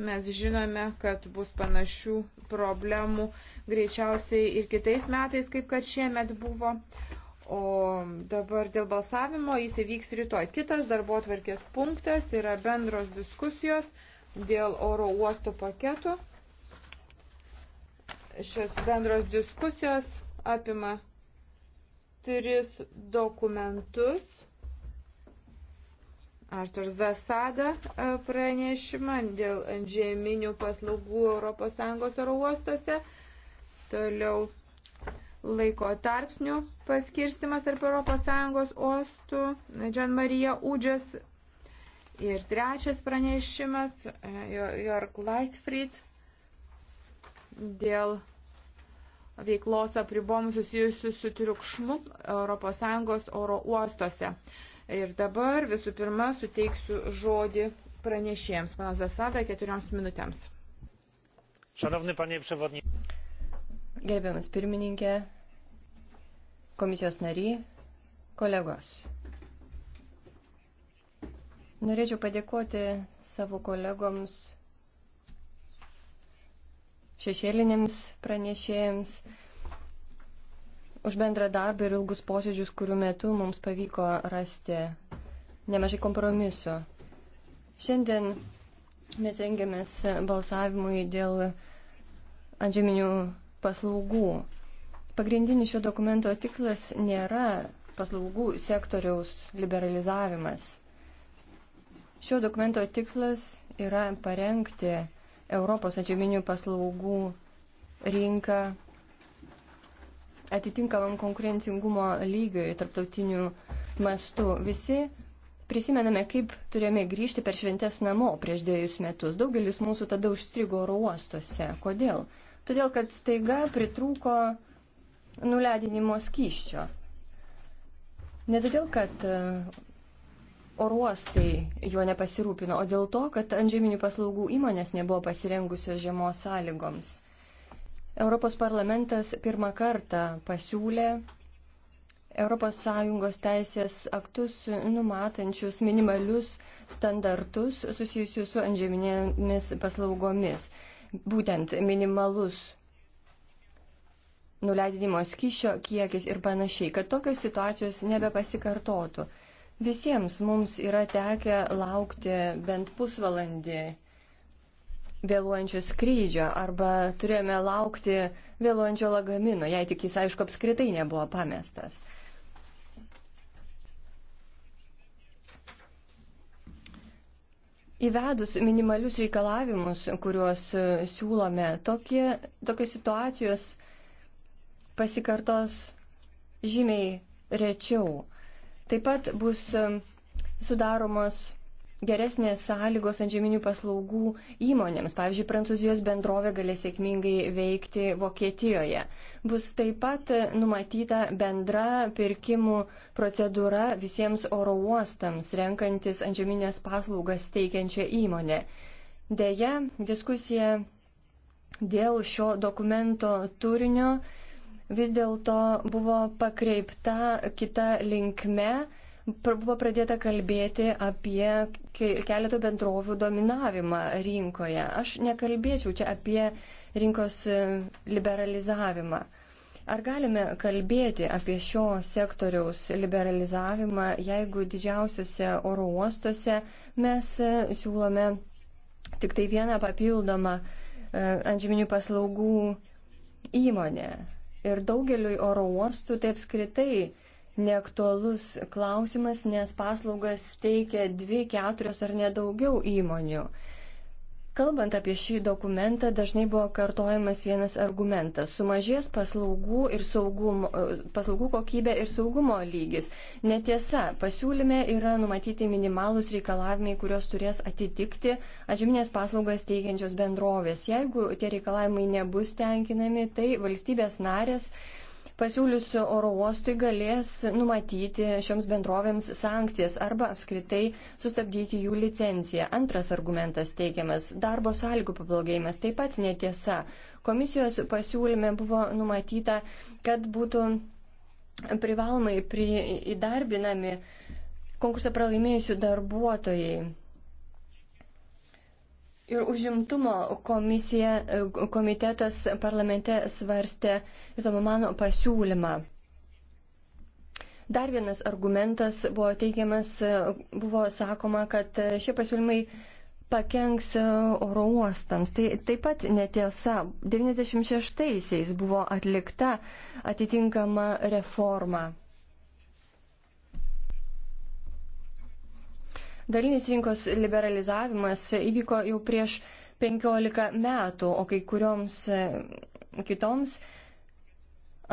Mes žinome, kad bus panašių problemų greičiausiai ir kitais metais, kaip kad šiemet buvo. O dabar dėl balsavimo jis įvyks rytoj. Kitas darbo atvarkės punktas yra bendros diskusijos dėl oro uostų paketų. Šios bendros diskusijos apima tris dokumentus. Artur Zasada e, pranešimą dėl žeminių paslaugų ES oro uostuose. Toliau laiko tarpsnių paskirstimas tarp ES uostų. Džan Marija Udžas. Ir trečias pranešimas, e, Jork Lightfried, dėl veiklos apribomų susijusių su triukšmu ES oro uostuose. Ir dabar visų pirma suteiksiu žodį pranešėjams. Pana Zasada, keturioms minutėms. Šanovni panie przewodniczący. Gerbiamas pirmininkė, komisijos nariai, kolegos. Norėčiau padėkoti savo kolegoms, šešėlinėms pranešėjams už bendrą darbą ir ilgus posėdžius, kurių metu mums pavyko rasti nemažai kompromisų. Šiandien mes rengiamės balsavimui dėl antžeminių paslaugų. Pagrindinis šio dokumento tikslas nėra paslaugų sektoriaus liberalizavimas. Šio dokumento tikslas yra parengti Europos atžeminių paslaugų rinką atitinkamam konkurencingumo lygiui tarptautiniu mastu. Visi prisimename, kaip turėjome grįžti per šventės namo prieš dviejus metus. Daugelis mūsų tada užstrigo oro uostuose. Kodėl? Todėl, kad staiga pritrūko nuledinimo skyščio. Ne todėl, kad e, oro uostai juo nepasirūpino, o dėl to, kad antžeminių paslaugų įmonės nebuvo pasirengusios žiemos sąlygoms. Europos parlamentas pirmą kartą pasiūlė ES teisės aktus numatančius minimalius standartus susijusius su antžeminėmis paslaugomis. Būtent minimalus nuleidinimo skyšio kiekis ir panašiai, kad tokios situacijos nebepasikartotų. Visiems mums yra tekę laukti bent pusvalandį vėluojančio skrydžio arba turėjome laukti vėluojančio lagamino, jei tik jis, aišku, apskritai nebuvo pamestas. Įvedus minimalius reikalavimus, kuriuos e, siūlome, tokie, tokios situacijos pasikartos žymiai rečiau. Taip pat bus e, sudaromos geresnės sąlygos antžeminių paslaugų įmonėms. Pavyzdžiui, Prancūzijos bendrovė galės sėkmingai veikti Vokietijoje. Bus taip pat numatyta bendra pirkimų procedūra visiems oro uostams, renkantis antžeminės paslaugas teikiančią įmonę. Deja, diskusija dėl šio dokumento turinio vis dėlto buvo pakreipta kita linkme buvo pradėta kalbėti apie keletų bendrovių dominavimą rinkoje. Aš nekalbėčiau čia apie rinkos e, liberalizavimą. Ar galime kalbėti apie šio sektoriaus liberalizavimą, jeigu didžiausiuose oro uostuose mes e, siūlome tik tai vieną papildomą e, antžeminių paslaugų įmonę? Ir daugeliui oro uostų tai apskritai neaktualus klausimas, nes paslaugas teikia dvi, keturios ar nedaugiau įmonių. Kalbant apie šį dokumentą, dažnai buvo kartojamas vienas argumentas - sumažės paslaugų, saugumo, paslaugų kokybė ir saugumo lygis. Netiesa, pasiūlyme yra numatyti minimalus reikalavimai, kurios turės atitikti atžyminės paslaugas teikiančios bendrovės. Jeigu tie reikalavimai nebus tenkinami, tai valstybės narės pasiūliusių oro uostui galės numatyti šioms bendrovėms sankcijas arba apskritai sustabdyti jų licenciją. Antras argumentas teikiamas - darbo sąlygų pablogėjimas. Taip pat netiesa. Komisijos pasiūlyme buvo numatyta, kad būtų privalomai pri įdarbinami konkursą pralaimėjusių darbuotojai. Ir užimtumo komisija, e, komitetas parlamente svarstė ir to mano pasiūlymą. Dar vienas argumentas buvo teigiamas, e, buvo sakoma, kad e, šie pasiūlymai pakenks oro uostams. Tai taip pat netiesa. 96-aisiais buvo atlikta atitinkama reforma. Dalinis rinkos liberalizavimas įvyko jau prieš 15 metų, o kai kurioms e, kitoms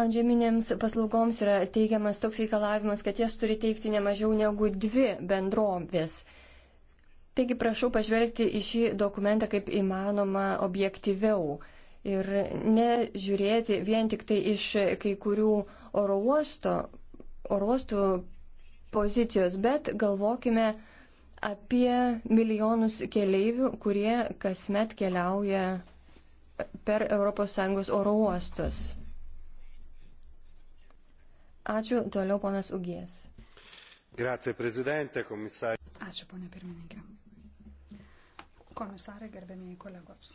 antžeminėms paslaugoms yra teigiamas toks reikalavimas, kad jas turi teikti ne mažiau negu dvi bendrovės. Taigi prašau pažvelgti į šį dokumentą kaip įmanoma objektyviau ir nežiūrėti vien tik tai iš kai kurių oro, uosto, oro uostų pozicijos, bet galvokime apie milijonus keleivių, kurie kasmet keliauja per ES oro uostus. Ačiū toliau, ponas Ugies. Grazie, prezidente, komisarė. Ačiū, ponė pirmininkė. Komisarė, gerbėmiai kolegos.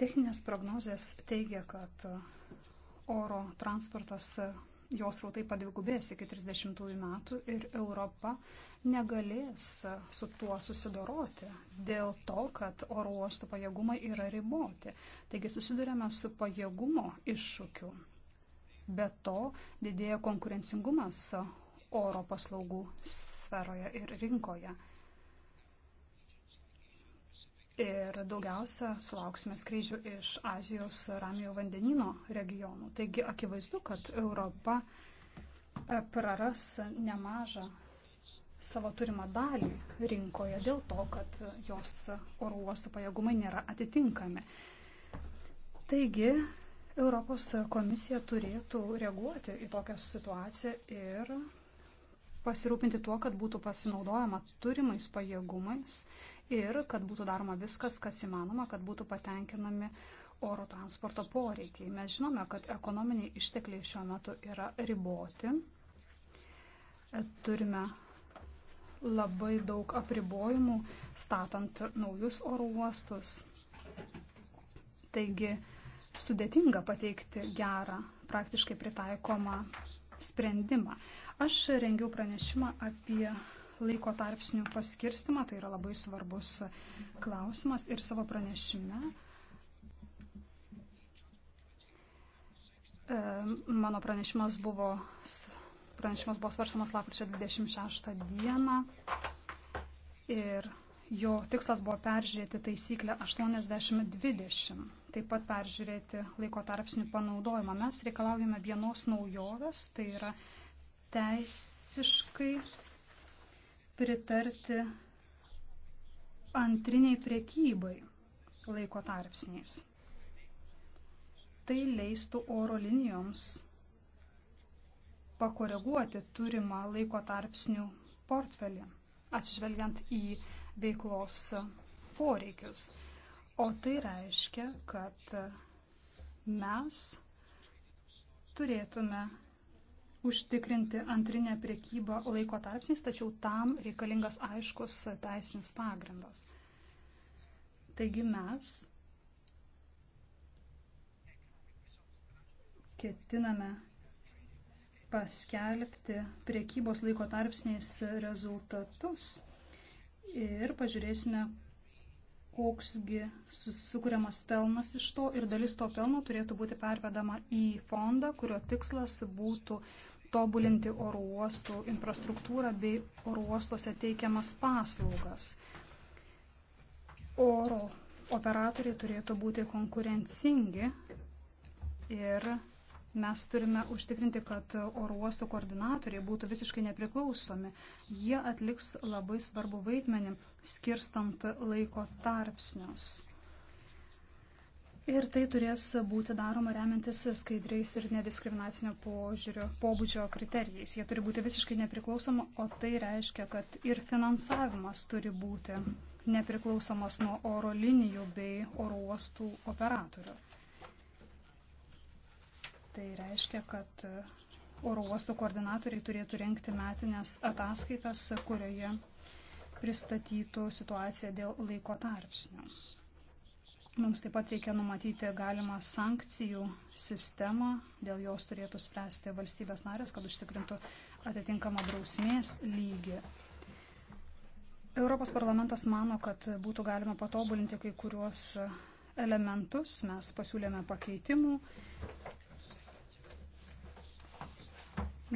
Techninės prognozės teigia, kad oro transportas jos rautai padvigubės iki 30 metų ir Europa negalės su tuo susidoroti dėl to, kad oro uosto pajėgumai yra riboti. Taigi susidurėme su pajėgumo iššūkiu. Be to didėja konkurencingumas oro paslaugų sferoje ir rinkoje ir daugiausia sulauksime skrydžių iš Azijos Ramijo vandenino regionų. Taigi akivaizdu, kad Europa e, praras nemažą savo turimą dalį rinkoje dėl to, kad jos oro uostų pajėgumai nėra atitinkami. Taigi Europos komisija turėtų reaguoti į tokią situaciją ir pasirūpinti tuo, kad būtų pasinaudojama turimais pajėgumais, ir kad būtų daroma viskas, kas įmanoma, kad būtų patenkinami oro transporto poreikiai. Mes žinome, kad ekonominiai ištekliai šiuo metu yra riboti. Turime labai daug apribojimų statant naujus oro uostus. Taigi sudėtinga pateikti gerą, praktiškai pritaikomą sprendimą. Aš rengiau pranešimą apie laiko tarpsnių paskirstimą, tai yra labai svarbus klausimas ir savo pranešime. E, mano pranešimas buvo, pranešimas buvo svarstamas lapkričio 26 dieną ir jo tikslas buvo peržiūrėti taisyklę 80-20, taip pat peržiūrėti laiko tarpsnių panaudojimą. Mes reikalaujame vienos naujovės, tai yra teisiškai pritarti antriniai priekybai laiko tarpsniais. Tai leistų oro linijoms pakoreguoti turimą laiko tarpsnių portfelį, atsižvelgiant į veiklos poreikius. O tai reiškia, kad mes turėtume užtikrinti antrinę priekybą laiko tarpsniais, tačiau tam reikalingas aiškus teisinis pagrindas. Taigi mes ketiname paskelbti priekybos laiko tarpsniais rezultatus ir pažiūrėsime, koksgi susikūriamas pelnas iš to ir dalis to pelno turėtų būti pervedama į fondą, kurio tikslas būtų uh, tobulinti oro uostų infrastruktūrą bei oro uostuose teikiamas paslaugas. Oro operatoriai turėtų būti konkurencingi ir mes turime užtikrinti, kad oro uosto koordinatoriai būtų visiškai nepriklausomi. Jie atliks labai svarbu vaidmenį, skirstant laiko tarpsnius. Ir tai turės būti daroma remiantis skaidriais ir nediskriminacinio požiūrio pobūdžio kriterijais. Jie turi būti visiškai nepriklausoma, o tai reiškia, kad ir finansavimas turi būti nepriklausomas nuo oro linijų bei oro uostų operatorių. Tai reiškia, kad oro uosto koordinatoriai turėtų renkti metinės ataskaitas, kurioje pristatytų situaciją dėl laiko tarpsnių. Mums taip pat reikia numatyti galimą sankcijų sistemą, dėl jos turėtų spręsti valstybės narės, kad užtikrintų atitinkamą drausmės lygį. Europos parlamentas mano, kad būtų galima patobulinti kai kuriuos elementus, mes pasiūlėme pakeitimų.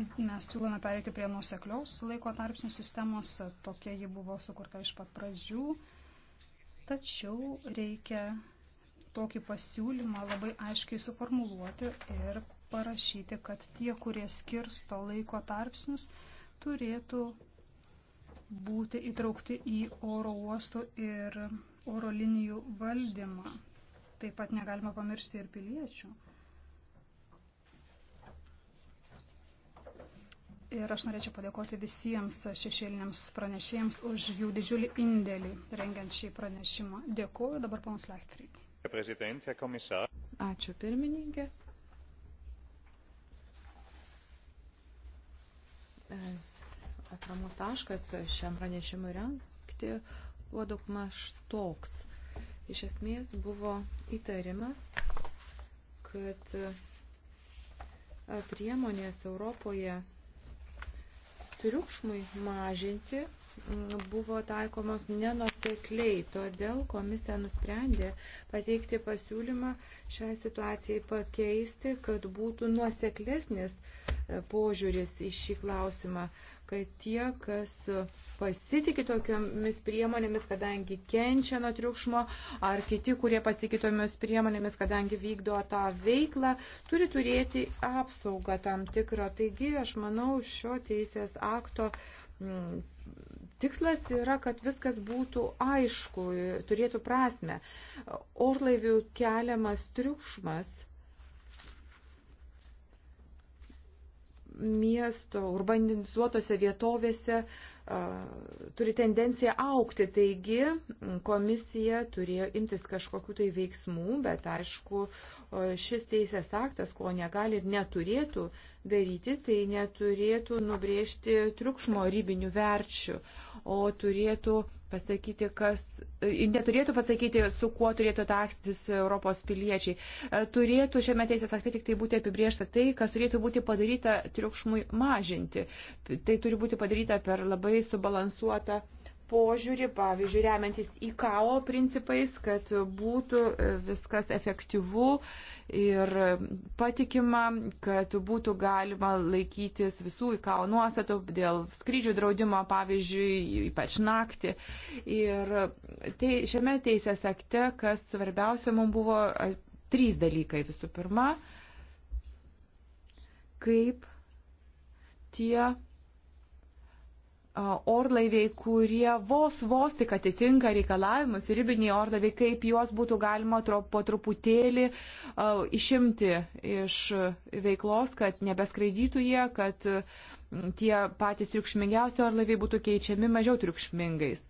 Mes siūlome pereiti prie nuosekliaus laiko tarpsnių sistemos, tokia ji buvo sukurta iš pat pradžių. Tačiau reikia tokį pasiūlymą labai aiškiai suformuluoti ir parašyti, kad tie, kurie skirsto laiko tarpsnius, turėtų būti įtraukti į oro uostų ir oro linijų valdymą. Taip pat negalima pamiršti ir piliečių. Ir aš norėčiau padėkoti visiems šešėliniams pranešėjams už jų didžiulį indėlį rengiant šį pranešimą. Dėkuoju dabar ponas Lechtfried. Ačiū pirmininkė. E, atramos taškas šiam pranešimui renkti buvo daugmaž toks. Iš esmės buvo įtarimas, kad e, priemonės Europoje triukšmui mažinti buvo taikomos nenotekliai, todėl komisija nusprendė pateikti pasiūlymą šią situaciją pakeisti, kad būtų nuoseklesnis uh, požiūris į šį klausimą, kad tie, kas pasitikė tokiomis priemonėmis, kadangi kenčia nuo triukšmo, ar kiti, kurie pasitikė tomis priemonėmis, kadangi vykdo tą veiklą, turi turėti apsaugą tam tikrą. Taigi, aš manau, šio teisės akto mm, Tikslas yra, kad viskas būtų aišku, turėtų prasme. Orlaivių keliamas triukšmas miesto urbanizuotose vietovėse turi tendenciją aukti. Taigi komisija turėjo imtis kažkokių tai veiksmų, bet aišku, šis teisės aktas, ko negali ir neturėtų daryti, tai neturėtų nubrėžti triukšmo ribinių verčių, o turėtų pasakyti, kas, e, neturėtų pasakyti, su kuo turėtų taktis Europos piliečiai. E, turėtų šiame teisės akte tik tai būti apibriešta tai, kas turėtų būti padaryta triukšmui mažinti. Tai turi būti padaryta per labai subalansuotą požiūrį, pavyzdžiui, remiantis IKAO principais, kad būtų viskas efektyvu ir patikima, kad būtų galima laikytis visų IKAO nuostatų dėl skrydžių draudimo, pavyzdžiui, ypač naktį. Ir tai, šiame teisės akte, kas svarbiausia, mums buvo trys dalykai. Visų pirma, kaip tie orlaiviai, kurie vos vos tik atitinka reikalavimus, ribiniai orlaiviai, kaip juos būtų galima po truputėlį išimti iš veiklos, kad nebeskraidytų jie, kad tie patys triukšmingiausi orlaiviai būtų keičiami mažiau triukšmingais.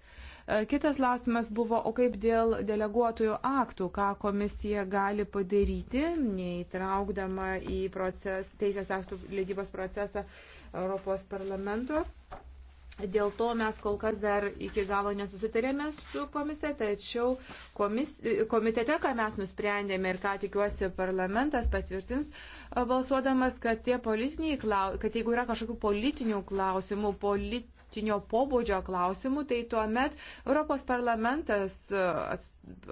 Kitas klausimas buvo, o kaip dėl deleguotojų aktų, ką komisija gali padaryti, neįtraukdama į proces, teisės aktų leidybos procesą Europos parlamento Dėl to mes kol kas dar iki galo nesusitarėme su komisija, tačiau komis, komitete, ką mes nusprendėme ir ką tikiuosi parlamentas patvirtins balsuodamas, kad, tie klaus, kad jeigu yra kažkokių politinių klausimų, polit, praktinio pobūdžio klausimų, tai tuomet Europos parlamentas,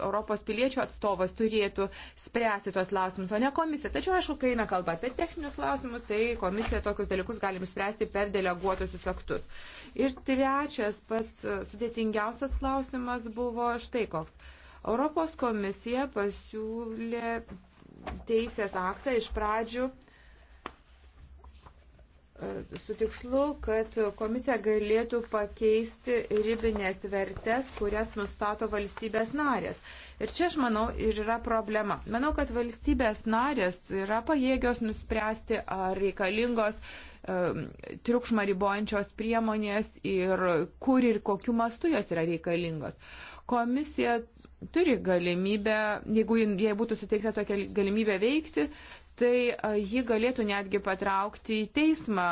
Europos piliečių atstovas turėtų spręsti tuos klausimus, o ne komisija. Tačiau, aišku, kai eina kalba apie techninius klausimus, tai komisija tokius dalykus galim spręsti per deleguotusius aktus. Ir trečias pats e, sudėtingiausias klausimas buvo štai koks. Europos komisija pasiūlė teisės aktą iš pradžių uh, su tikslu, kad komisija galėtų pakeisti ribinės vertės, kurias nustato valstybės narės. Ir čia, aš manau, ir yra problema. Manau, kad valstybės narės yra pajėgios nuspręsti, ar reikalingos e, triukšmą ribojančios priemonės ir kur ir kokiu mastu jos yra reikalingos. Komisija turi galimybę, jeigu jai būtų suteikta tokia galimybė veikti, tai ji galėtų netgi patraukti į teismą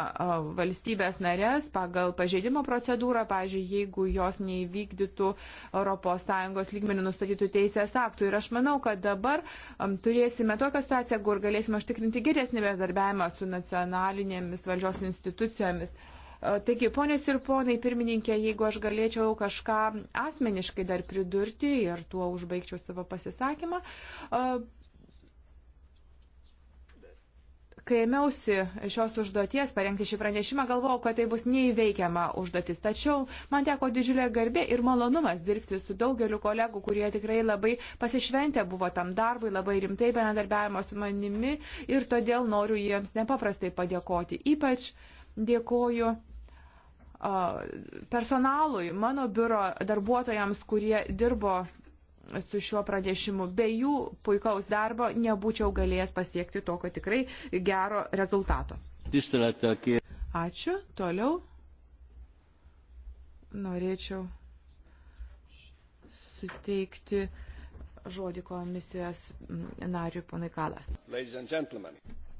valstybės narės pagal pažeidimo procedūrą, pažiūrėjau, jeigu jos neįvykdytų ES lygmenių nustatytų teisės aktų. Ir aš manau, kad dabar turėsime tokią situaciją, kur galėsime užtikrinti geresnį bendarbiavimą su nacionalinėmis valdžios institucijomis. Taigi, ponės ir ponai, pirmininkė, jeigu aš galėčiau kažką asmeniškai dar pridurti ir tuo užbaigčiau savo pasisakymą, Kai ėmiausi šios užduoties parengti šį pranešimą, galvojau, kad tai bus neįveikiama užduotis. Tačiau man teko didžiulė garbė ir malonumas dirbti su daugeliu kolegų, kurie tikrai labai pasišventę buvo tam darbui, labai rimtai bendradarbiavimo su manimi ir todėl noriu jiems nepaprastai padėkoti. Ypač dėkoju personalui, mano biuro darbuotojams, kurie dirbo su šiuo pranešimu. Be jų puikaus darbo nebūčiau galėjęs pasiekti tokio tikrai gero rezultato. Ačiū. Toliau. Norėčiau suteikti žodį komisijos nariui ponai Kalas.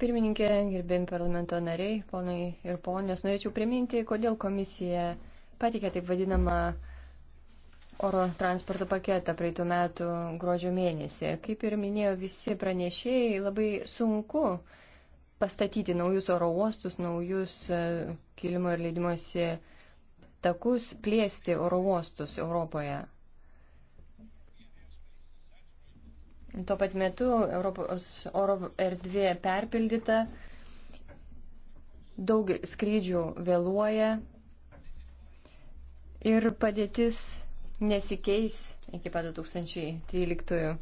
Pirmininkė, gerbėjim parlamento nariai, ponai ir ponios, norėčiau priminti, kodėl komisija patikė taip vadinamą uh, oro transporto paketą praeitų metų gruodžio mėnesį. Kaip ir minėjo visi pranešėjai, labai sunku pastatyti naujus oro uostus, naujus e, kilimo ir leidimosi takus, plėsti oro uostus Europoje. Tuo pat metu Europos oro erdvė perpildyta, daug skrydžių vėluoja ir padėtis nesikeis iki pat 2013.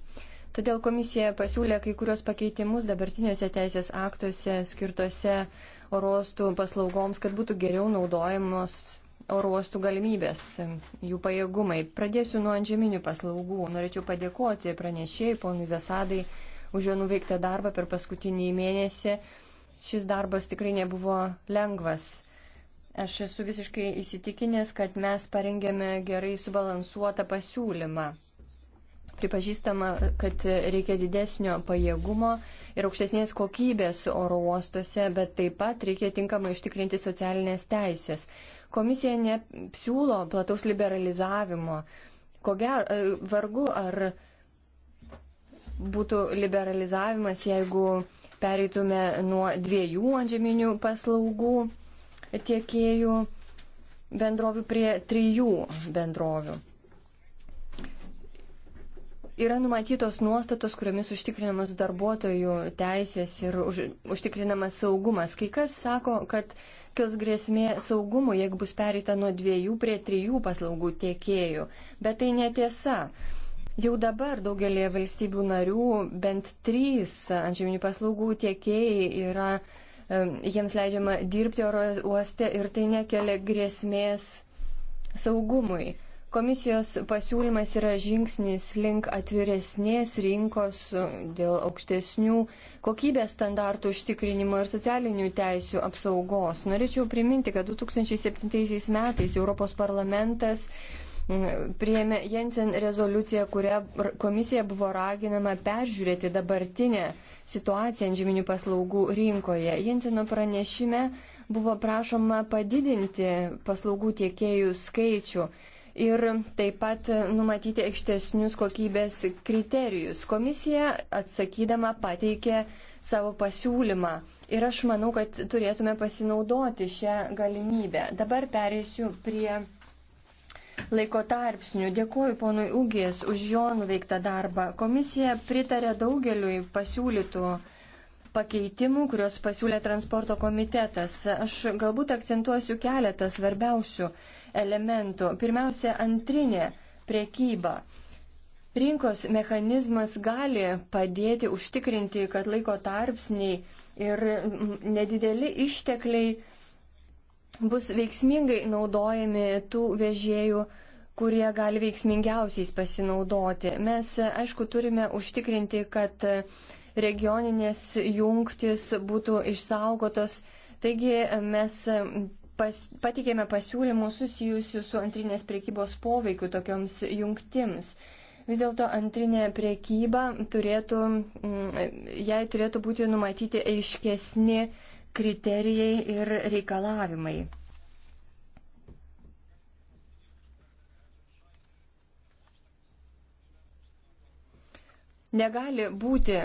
Todėl komisija pasiūlė kai kurios pakeitimus dabartiniuose teisės aktuose skirtose orostų paslaugoms, kad būtų geriau naudojamos orostų galimybės, jų pajėgumai. Pradėsiu nuo antžeminių paslaugų. Norėčiau padėkoti pranešėjai, ponui Zasadai, už jo nuveiktą darbą per paskutinį mėnesį. Šis darbas tikrai nebuvo lengvas. Aš esu visiškai įsitikinęs, kad mes parengėme gerai subalansuotą pasiūlymą. Pripažįstama, kad reikia didesnio pajėgumo ir aukštesnės kokybės oro uostuose, bet taip pat reikia tinkamai užtikrinti socialinės teisės. Komisija nepsiūlo plataus liberalizavimo. Ko gero, e, vargu ar būtų liberalizavimas, jeigu pereitume nuo dviejų antžeminių paslaugų tiekėjų bendrovių prie trijų bendrovių. Yra numatytos nuostatos, kuriomis užtikrinamas darbuotojų teisės ir už, užtikrinamas saugumas. Kai kas sako, kad kils grėsmė saugumui, jeigu bus pereita nuo dviejų prie trijų paslaugų tiekėjų. Bet tai netiesa. Jau dabar daugelie valstybių narių bent trys antžeminių paslaugų tiekėjai yra uh, jiems leidžiama dirbti oro uoste ir tai nekelia grėsmės saugumui. Komisijos pasiūlymas yra žingsnis link atviresnės rinkos e, dėl aukštesnių kokybės standartų užtikrinimo ir socialinių teisių apsaugos. Norėčiau priminti, kad 2007 metais Europos parlamentas priėmė Jensen rezoliuciją, kuria komisija buvo raginama peržiūrėti dabartinę situaciją antžeminių paslaugų rinkoje. Jensino pranešime buvo prašoma padidinti paslaugų tiekėjų skaičių ir taip pat numatyti aikštesnius kokybės kriterijus. Komisija atsakydama pateikė savo pasiūlymą ir aš manau, kad turėtume pasinaudoti šią galimybę. Dabar perėsiu prie laiko tarpsnių. Dėkuoju ponui Ūgės už jo nuveiktą darbą. Komisija pritarė daugeliui pasiūlytų pakeitimų, kuriuos pasiūlė transporto komitetas. Aš galbūt akcentuosiu keletą svarbiausių elementų. Pirmiausia, antrinė priekyba. Rinkos mechanizmas gali padėti užtikrinti, kad laiko tarpsniai ir nedideli ištekliai bus veiksmingai naudojami tų vežėjų, kurie gali veiksmingiausiais pasinaudoti. Mes, aišku, turime užtikrinti, kad regioninės jungtis būtų išsaugotos. Taigi mes pas, patikėme pasiūlymų susijusių su antrinės priekybos poveikiu tokioms jungtims. Vis dėlto antrinė priekyba turėtų, mm, jai turėtų būti numatyti aiškesni kriterijai ir reikalavimai. Negali būti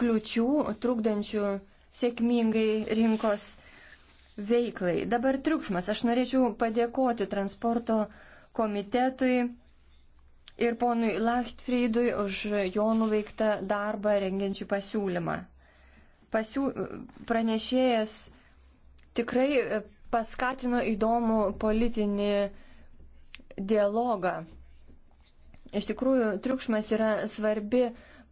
kliučių trukdančių sėkmingai rinkos veiklai. Dabar triukšmas. Aš norėčiau padėkoti transporto komitetui ir ponui Lachtfriedui už jo nuveiktą darbą rengiančių pasiūlymą pasiū, pranešėjas tikrai e, paskatino įdomų politinį dialogą. Iš tikrųjų, triukšmas yra svarbi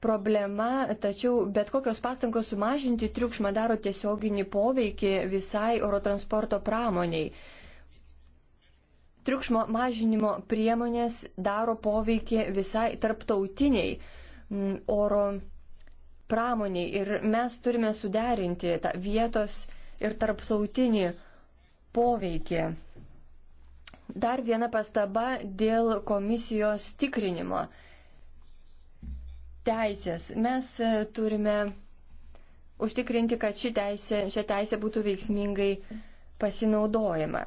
problema, tačiau bet kokios pastangos sumažinti triukšmą daro tiesioginį poveikį visai oro transporto pramoniai. Triukšmo mažinimo priemonės daro poveikį visai tarptautiniai mm, oro pramoniai ir mes turime suderinti tą vietos ir tarptautinį poveikį. Dar viena pastaba dėl komisijos tikrinimo teisės. Mes e, turime užtikrinti, kad ši teisė, šią teisę būtų veiksmingai pasinaudojama.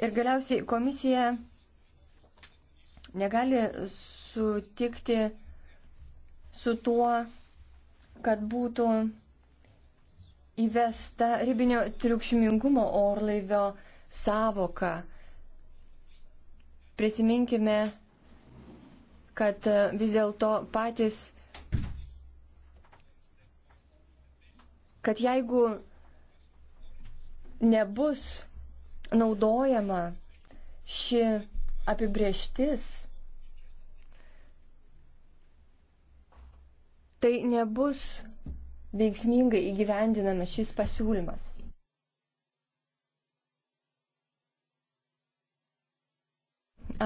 Ir galiausiai komisija negali sutikti su tuo, kad būtų įvesta ribinio triukšmingumo orlaivio savoka. Prisiminkime, kad vis dėlto patys, kad jeigu nebus naudojama ši apibrieštis, tai nebus veiksmingai įgyvendinamas šis pasiūlymas.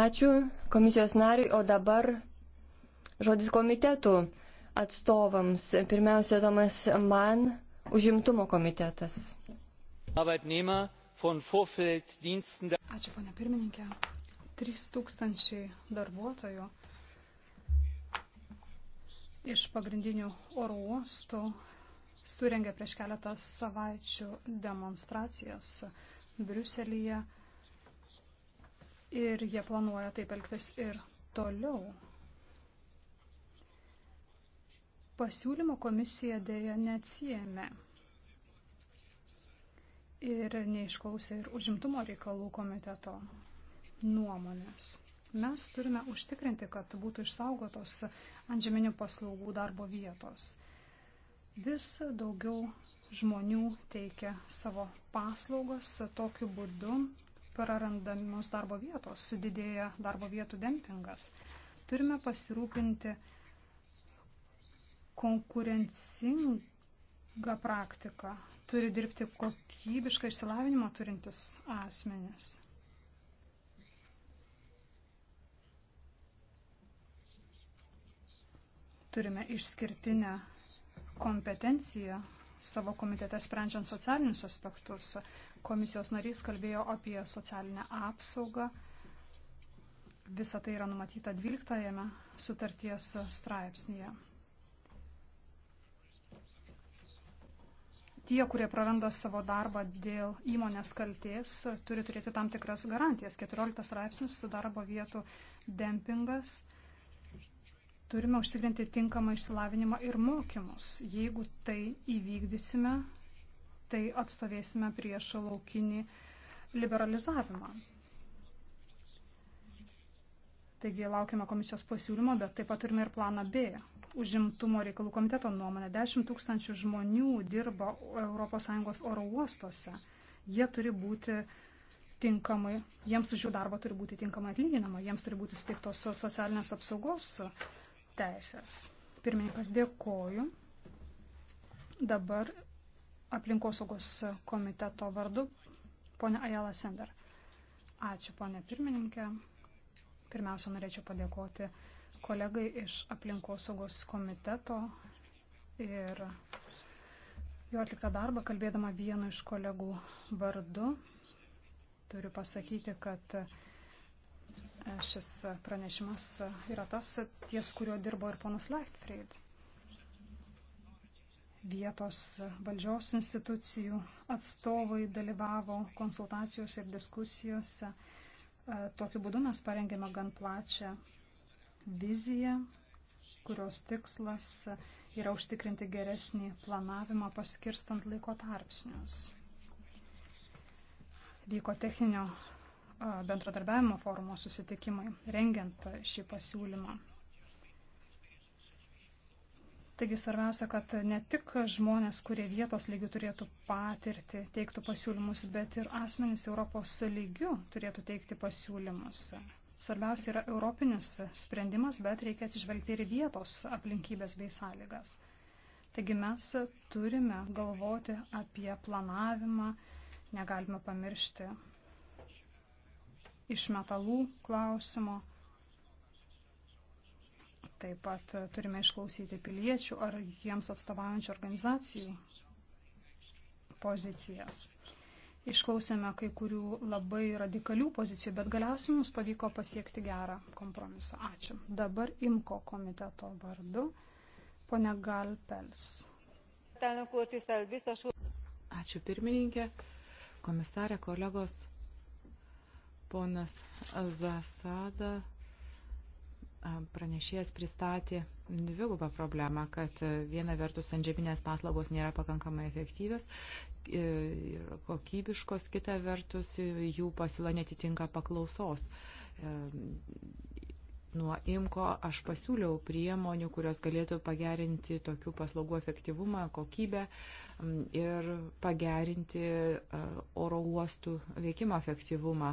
Ačiū komisijos nariui, o dabar žodis komitetų atstovams. Pirmiausia, Tomas Man, užimtumo komitetas. Ačiū, ponia pirmininkė. 3000 darbuotojų iš pagrindinių oro uostų surengė prieš keletą savaičių demonstracijas Briuselyje ir jie planuoja taip elgtis ir toliau. Pasiūlymo komisija dėja neatsijėmė ir neišklausė ir užimtumo reikalų komiteto nuomonės. Mes turime užtikrinti, kad būtų išsaugotos antžeminių paslaugų darbo vietos. Vis daugiau žmonių teikia savo paslaugas, tokiu būdu prarandamos darbo vietos, didėja darbo vietų dempingas. Turime pasirūpinti konkurencingą praktiką, turi dirbti kokybišką išsilavinimą turintis asmenis. turime išskirtinę kompetenciją savo komitete sprendžiant socialinius aspektus. Komisijos narys kalbėjo apie socialinę apsaugą. Visa tai yra numatyta 12 sutarties straipsnėje. Tie, kurie praranda savo darbą dėl įmonės kalties, turi turėti tam tikras garantijas. 14 straipsnis darbo vietų dempingas turime užtikrinti tinkamą išsilavinimą ir mokymus. Jeigu tai įvykdysime, tai atstovėsime prieš laukinį liberalizavimą. Taigi laukiame komisijos pasiūlymo, bet taip pat turime ir planą B. Užimtumo reikalų komiteto nuomonė 10 tūkstančių žmonių dirba ES oro uostuose. Jie turi būti tinkamai, jiems už jų darbą turi būti tinkamai atlyginama, jiems turi būti suteiktos socialinės apsaugos teisės. Pirmininkas, dėkoju. Dabar aplinkosaugos komiteto vardu ponia Ajala Sender. Ačiū, ponia pirmininkė. Pirmiausia, norėčiau padėkoti kolegai iš aplinkosaugos komiteto ir jo atliktą darbą, kalbėdama vienu iš kolegų vardu. Turiu pasakyti, kad Šis pranešimas yra tas, ties kurio dirbo ir ponas Leichtfried. Vietos valdžios institucijų atstovai dalyvavo konsultacijose ir diskusijose. Tokiu būdu mes parengėme gan plačią viziją, kurios tikslas yra užtikrinti geresnį planavimą paskirstant laiko tarpsnius. Vyko techninio bendradarbiavimo forumo susitikimai, rengiant šį pasiūlymą. Taigi svarbiausia, kad ne tik žmonės, kurie vietos lygių turėtų patirti, teiktų pasiūlymus, bet ir asmenys Europos lygių turėtų teikti pasiūlymus. Svarbiausia yra europinis sprendimas, bet reikia atsižvelgti ir vietos aplinkybės bei sąlygas. Taigi mes turime galvoti apie planavimą, negalime pamiršti iš metalų klausimo. Taip pat turime išklausyti piliečių ar jiems atstovaujančių organizacijų pozicijas. Išklausėme kai kurių labai radikalių pozicijų, bet galiausiai mums pavyko pasiekti gerą kompromisą. Ačiū. Dabar IMKO komiteto vardu pone Galpels. Ačiū pirmininkė, komisarė, kolegos. Ponas Zasada pranešėjas pristatė dvigubą problemą, kad viena vertus antžeminės paslaugos nėra pakankamai efektyvios ir kokybiškos, kita vertus jų pasiūla netitinka paklausos. E, nuo IMCO aš pasiūliau priemonių, kurios galėtų pagerinti tokių paslaugų efektyvumą, kokybę mm, ir pagerinti e, oro uostų veikimo efektyvumą.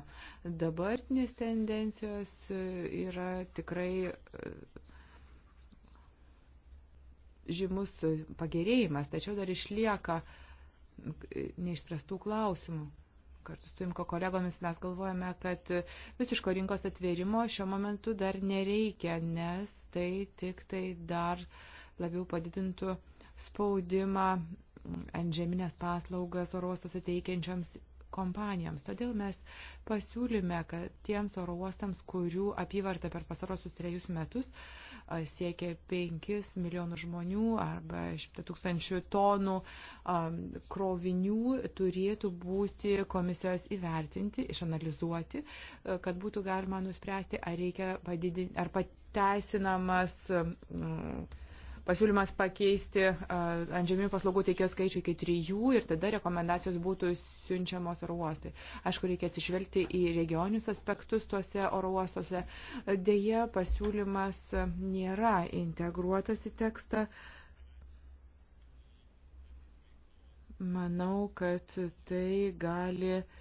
Dabartinės tendencijos e, yra tikrai e, žymus pagerėjimas, tačiau dar išlieka neišspręstų klausimų kartu su Imko kolegomis mes galvojame, kad visiško rinkos atvėrimo šiuo momentu dar nereikia, nes tai tik tai dar labiau padidintų spaudimą ant žeminės paslaugas orostus teikiančioms kompanijoms. Todėl mes pasiūlyme, kad tiems oro uostams, kurių apyvarta per pasarosius trejus metus uh, siekia 5 milijonų žmonių arba 100 tūkstančių tonų krovinių turėtų būti komisijos įvertinti, išanalizuoti, e, kad būtų galima nuspręsti, ar reikia padidinti, ar pateisinamas. Mm, pasiūlymas pakeisti ant žeminių paslaugų teikėjų skaičių iki trijų ir tada rekomendacijos būtų siunčiamos oro uostai. Aišku, reikia atsižvelgti į regionius aspektus tuose oro uostuose. Deja, pasiūlymas nėra integruotas į tekstą. Manau, kad tai gali uh,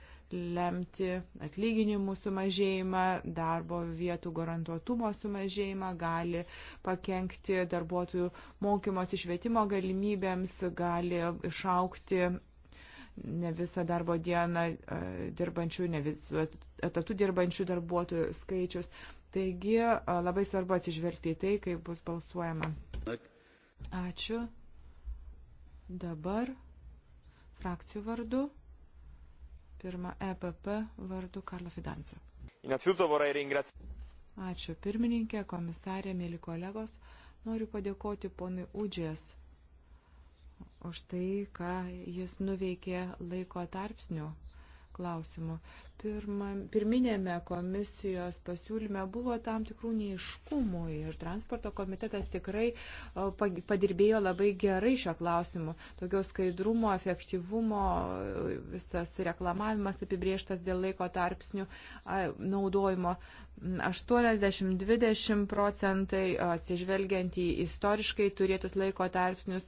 lemti atlyginimų sumažėjimą, darbo vietų garantuotumo sumažėjimą, gali pakengti darbuotojų mokymosi švietimo galimybėms, gali išaukti ne visą darbo dieną e, dirbančių, ne visą etatų dirbančių darbuotojų skaičius. Taigi e, labai svarbu atsižvelgti į tai, kaip bus balsuojama. Ačiū. Dabar frakcijų vardu. Pirma EPP vardu Karlo Fidanso. Ačiū pirmininkė, komisarė, mėly kolegos. Noriu padėkoti ponui Udžės už tai, ką jis nuveikė laiko tarpsniu klausimų. Pirma, pirminėme komisijos pasiūlyme buvo tam tikrų neiškumų ir transporto komitetas tikrai padirbėjo labai gerai šio klausimu. Tokio skaidrumo, efektyvumo, visas reklamavimas apibrieštas dėl laiko tarpsnių naudojimo. 80-20 procentai atsižvelgiant į istoriškai turėtus laiko tarpsnius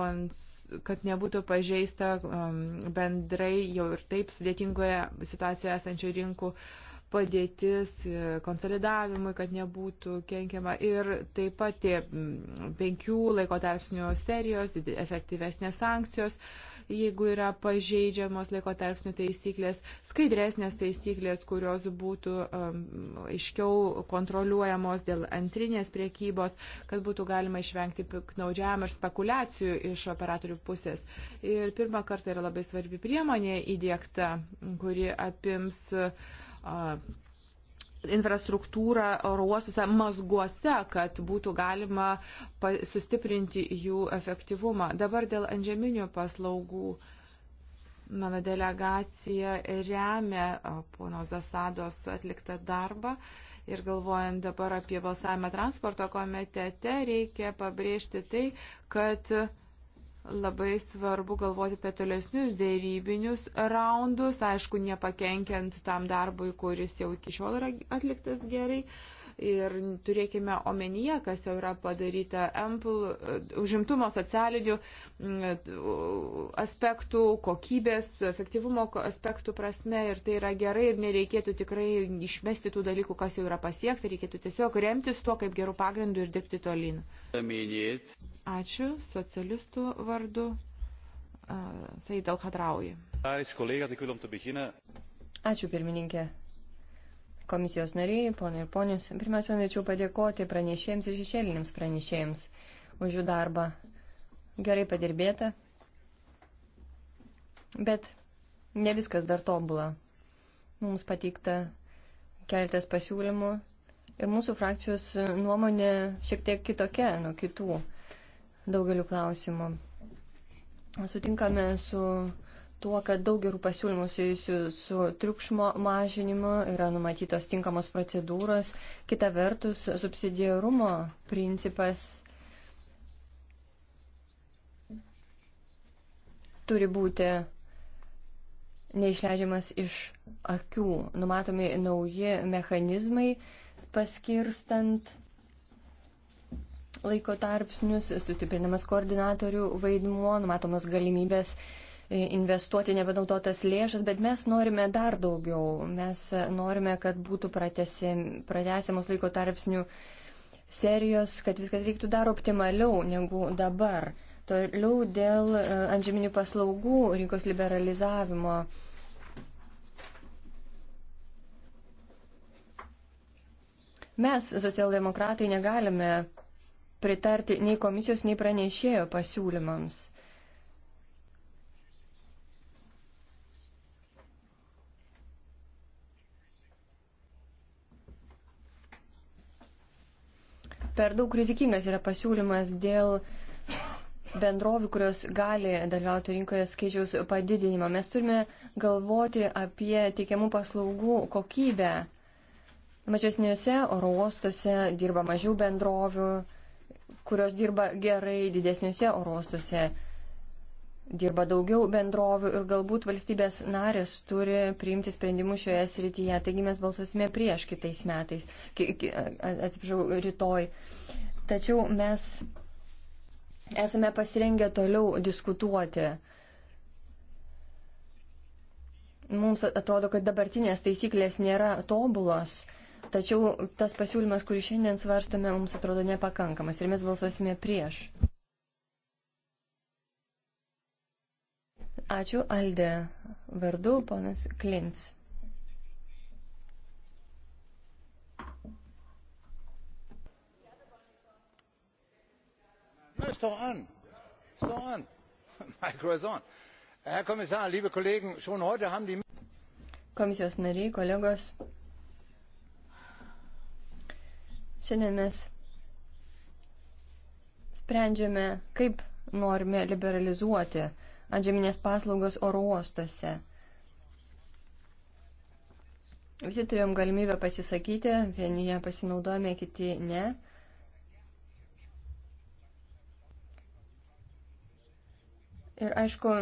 kons kad nebūtų pažeista um, bendrai jau ir taip sudėtingoje situacijoje esančių rinkų padėtis, e, konsolidavimui, kad nebūtų kenkiama. Ir taip pat tie penkių laiko tarpsnių serijos, efektyvesnės sankcijos. Uh, jeigu yra pažeidžiamos laiko tarpsnių taisyklės, skaidresnės taisyklės, kurios būtų um, aiškiau kontroliuojamos dėl antrinės priekybos, kad būtų galima išvengti piknaudžiavimą ir spekulacijų iš operatorių pusės. Ir pirmą kartą yra labai svarbi priemonė įdėkta, kuri apims uh, infrastruktūrą oro uostuose mazguose, kad būtų galima sustiprinti jų efektyvumą. Dabar dėl antžeminių paslaugų mano delegacija remia pono Zasados atliktą darbą. Ir galvojant dabar apie balsavimą transporto komitete, reikia pabrėžti tai, kad labai svarbu galvoti apie tolesnius dėrybinius raundus, aišku, nepakenkiant tam darbui, kuris jau iki šiol yra atliktas gerai. Ir turėkime omenyje, kas jau yra padaryta MPL, užimtumo socialinių aspektų, kokybės, efektyvumo aspektų prasme. Ir tai yra gerai ir nereikėtų tikrai išmesti tų dalykų, kas jau yra pasiekta. Reikėtų tiesiog remtis tuo kaip gerų pagrindų ir dirbti tolyn. Paminėti. Ačiū socialistų vardu Said Al-Hadraui. Ačiū pirmininkė. Komisijos nariai, ponai ir ponius, pirmiausia, norėčiau padėkoti pranešėjams ir šešėliniams pranešėjams už jų darbą. Gerai padirbėta, bet ne viskas dar tobula. Mums pateikta keletas pasiūlymų ir mūsų frakcijos nuomonė šiek tiek kitokia nuo kitų daugeliu klausimų. Sutinkame su tuo, kad daug gerų pasiūlymų susijusių su triukšmo mažinimu yra numatytos tinkamos procedūros. Kita vertus, subsidiarumo principas turi būti neišleidžiamas iš akių. Numatomi nauji mechanizmai paskirstant laiko tarpsnius, sustiprinamas koordinatorių vaidmuo, numatomas galimybės e, investuoti nebenaudotas lėšas, bet mes norime dar daugiau. Mes norime, kad būtų pratesiamos laiko tarpsnių serijos, kad viskas vyktų dar optimaliau negu dabar. Toliau dėl e, antžeminių paslaugų rinkos liberalizavimo. Mes, socialdemokratai, negalime pritarti nei komisijos, nei pranešėjo pasiūlymams. Per daug rizikingas yra pasiūlymas dėl bendrovių, kurios gali dalyvauti rinkoje skaičiaus padidinimą. Mes turime galvoti apie teikiamų paslaugų kokybę. Mažesniuose oro uostuose dirba mažiau bendrovių, kurios dirba gerai didesniuose orostuose, dirba daugiau bendrovių ir galbūt valstybės narės turi priimti sprendimus šioje srityje. Taigi mes balsuosime prieš kitais metais, atsiprašau, rytoj. Tačiau mes esame pasirengę toliau diskutuoti. Mums atrodo, kad dabartinės taisyklės nėra tobulos Tačiau tas pasiūlymas, kurį šiandien svarstame, mums atrodo nepakankamas ir mes balsuosime prieš. Ačiū Alde. Vardu ponas Klins. Ist doch an. Ist doch an. Herr Kommissar, liebe Kollegen, schon heute haben die Komisijos nariai, kolegos, Šiandien mes sprendžiame, kaip norime liberalizuoti antžeminės paslaugas oro uostose. Visi turėjom galimybę pasisakyti, vieni ją pasinaudojame, kiti ne. Ir aišku,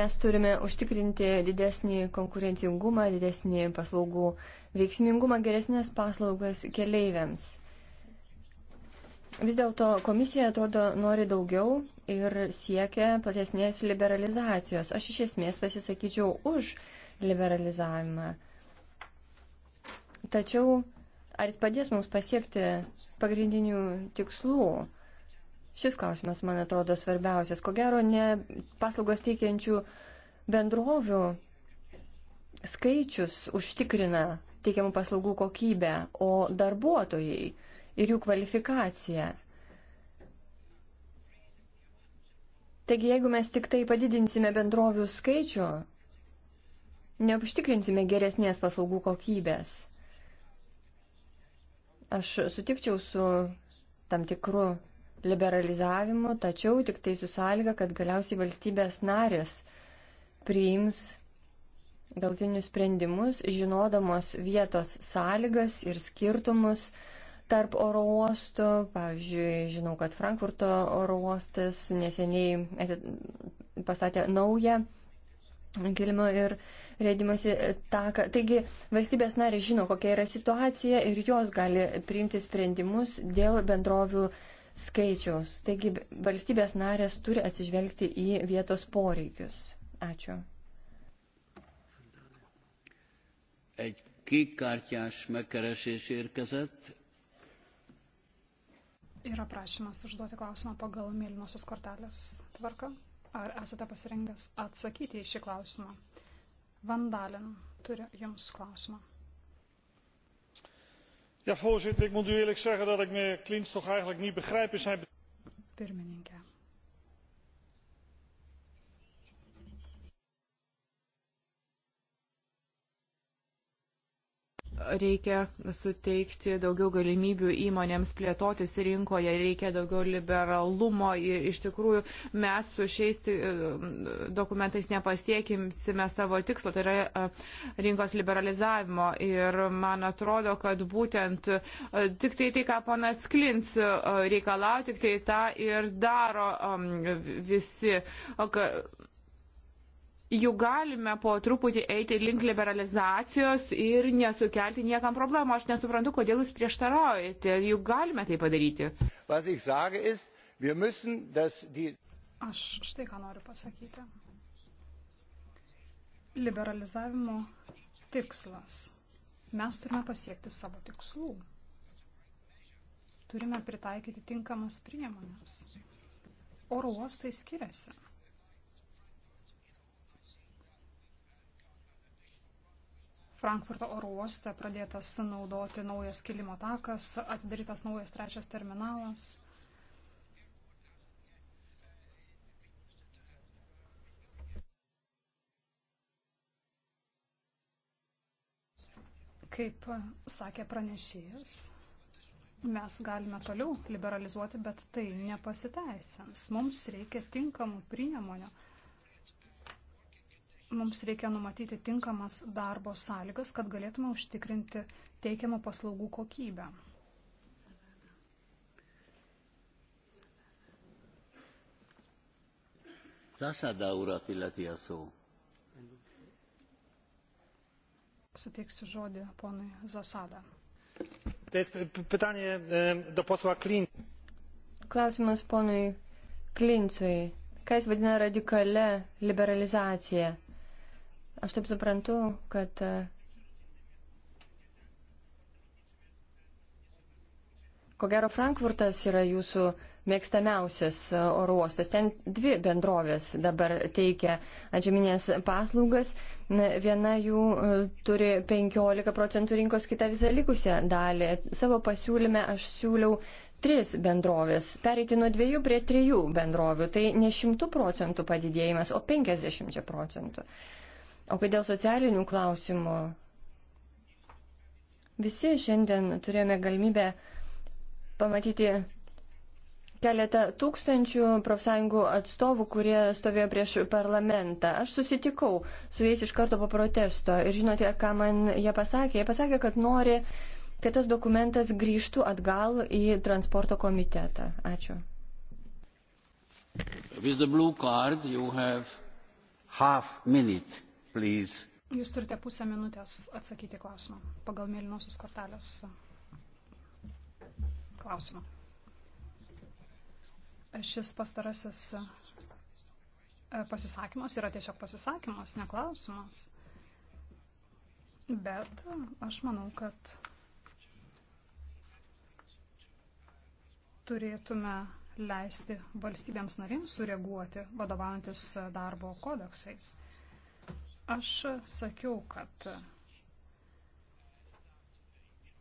mes turime užtikrinti didesnį konkurencingumą, didesnį paslaugų veiksmingumą, geresnės paslaugas keleiviams. Vis dėlto komisija atrodo nori daugiau ir siekia platesnės liberalizacijos. Aš iš esmės pasisakyčiau už liberalizavimą. Tačiau ar jis padės mums pasiekti pagrindinių tikslų? Šis klausimas, man atrodo, svarbiausias. Ko gero, ne paslaugos teikiančių bendrovių skaičius užtikrina teikiamų paslaugų kokybę, o darbuotojai ir jų kvalifikaciją. Taigi, jeigu mes tik tai padidinsime bendrovių skaičių, neužtikrinsime geresnės paslaugų kokybės. Aš sutikčiau su tam tikru liberalizavimu, tačiau tik tai su sąlyga, kad galiausiai valstybės narės priims galtinius sprendimus, žinodamos vietos sąlygas ir skirtumus, tarp oro uostų. Pavyzdžiui, žinau, kad Frankfurto oro uostas neseniai pastatė naują kilimo ir rėdimosi taką. Taigi valstybės narės žino, kokia yra situacija ir jos gali priimti sprendimus dėl bendrovių skaičiaus. Taigi valstybės narės turi atsižvelgti į vietos poreikius. Ačiū. Egy kékkártyás megkeresés érkezett. Yra prašymas užduoti klausimą pagal mėlynosios kortelės tvarką. Ar esate pasirengęs atsakyti į šį klausimą? Vandalin turi jums klausimą. Ja, voorzitter, ik moet u eerlijk zeggen dat ik meneer Klins toch eigenlijk niet begrijp in zijn. Pirmininkė. reikia suteikti daugiau galimybių įmonėms plėtotis rinkoje, reikia daugiau liberalumo ir iš tikrųjų mes su šiais e, dokumentais nepasiekimsime savo tikslo, tai yra e, rinkos liberalizavimo. Ir man atrodo, kad būtent e, tik tai tai, ką ponas Klins reikalauja, tik tai tą ir daro visi. O, juk galime po truputį eiti link liberalizacijos ir nesukelti niekam problemų. Aš nesuprantu, kodėl jūs prieštaraujate, juk galime tai padaryti. Aš štai ką noriu pasakyti. Liberalizavimo tikslas. Mes turime pasiekti savo tikslų. Turime pritaikyti tinkamas priemonės. Oro uostai skiriasi Frankfurto oro uoste pradėtas naudoti naujas kilimo takas, atidarytas naujas trečias terminalas. Kaip sakė pranešėjas, mes galime toliau liberalizuoti, bet tai nepasiteisins. Mums reikia tinkamų priemonių mums reikia numatyti tinkamas darbo sąlygas, kad galėtume užtikrinti teikiamų paslaugų kokybę. Zasada urat illeti a szó. Suteiksiu žodį ponui Zasada. To tai jest pytanie do posła Klin. Klausimas ponui Klincui. Ką jis vadina radikale liberalizacija? Aš taip suprantu, kad e, ko gero Frankfurtas yra jūsų mėgstamiausias e, oro uostas. Ten dvi bendrovės dabar teikia atžeminės paslaugas. Viena jų e, turi 15 procentų rinkos, kita visą likusią dalį. Savo pasiūlyme aš siūliau tris bendrovės, pereiti nuo dviejų prie trijų bendrovių. Tai ne šimtų procentų padidėjimas, o 50 procentų. Uh, O kai dėl socialinių klausimų, visi šiandien turėjome galimybę pamatyti keletą tūkstančių profsąjungų atstovų, kurie stovėjo prieš parlamentą. Aš susitikau su jais iš karto po protesto ir žinote, ką man jie pasakė? Jie pasakė, kad nori, kad tas dokumentas grįžtų atgal į transporto komitetą. Ačiū. With the blue card you have half minute please. Jūs turite pusę minutės atsakyti klausimą pagal mėlynosios kortelės klausimą. Šis pastarasis e, pasisakymas yra tiesiog pasisakymas, neklausimas. Bet aš manau, kad turėtume leisti valstybėms narėms sureaguoti vadovaujantis e, darbo kodeksais. Aš sakiau, kad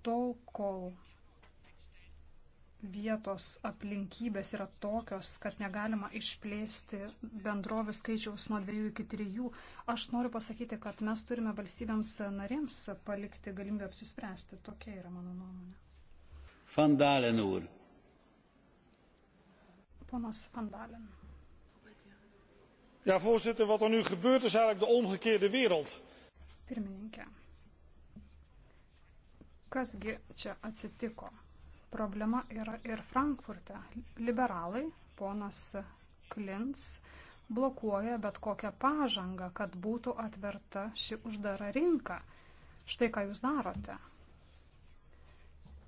tol, kol vietos aplinkybės yra tokios, kad negalima išplėsti bendrovių skaičiaus nuo dviejų iki trijų. Aš noriu pasakyti, kad mes turime valstybėms narėms palikti galimybę apsispręsti. Tokia yra mano nuomonė. Fandalen ur. Ponas Fandalen. Ja, voorzitter, wat er nu gebeurt is eigenlijk de omgekeerde wereld. Pirmininkė. Kasgi čia atsitiko? Problema yra ir Frankfurte. Liberalai, ponas Klins, blokuoja bet kokią pažangą, kad būtų atverta ši uždara rinka. Štai ką jūs darote.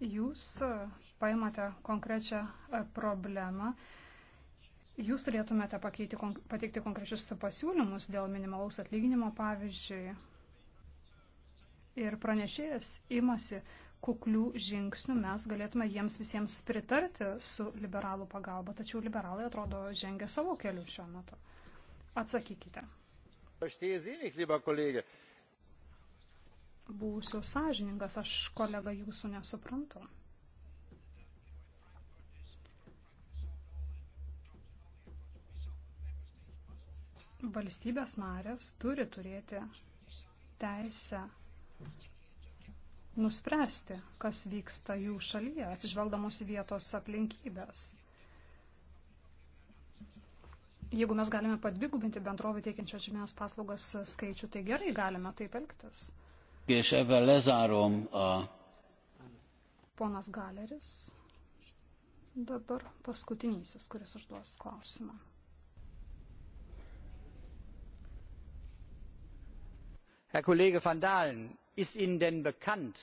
Jūs paimate konkrečią problemą Jūs turėtumėte pakeiti, pateikti konkrečius pasiūlymus dėl minimalaus atlyginimo, pavyzdžiui. Ir pranešėjas imasi kuklių žingsnių, mes galėtume jiems visiems pritarti su liberalų pagalba, tačiau liberalai atrodo žengia savo keliu šiuo metu. Atsakykite. Būsiu sąžiningas, aš kolega jūsų nesuprantu. valstybės narės turi turėti teisę nuspręsti, kas vyksta jų šalyje, atsižvelgdamos į vietos aplinkybės. Jeigu mes galime padvigubinti bendrovį teikiančio žemės paslaugas skaičių, tai gerai galime taip elgtis. Ponas Galeris dabar paskutinysis, kuris užduos klausimą. herr kollege van dalen ist ihnen denn bekannt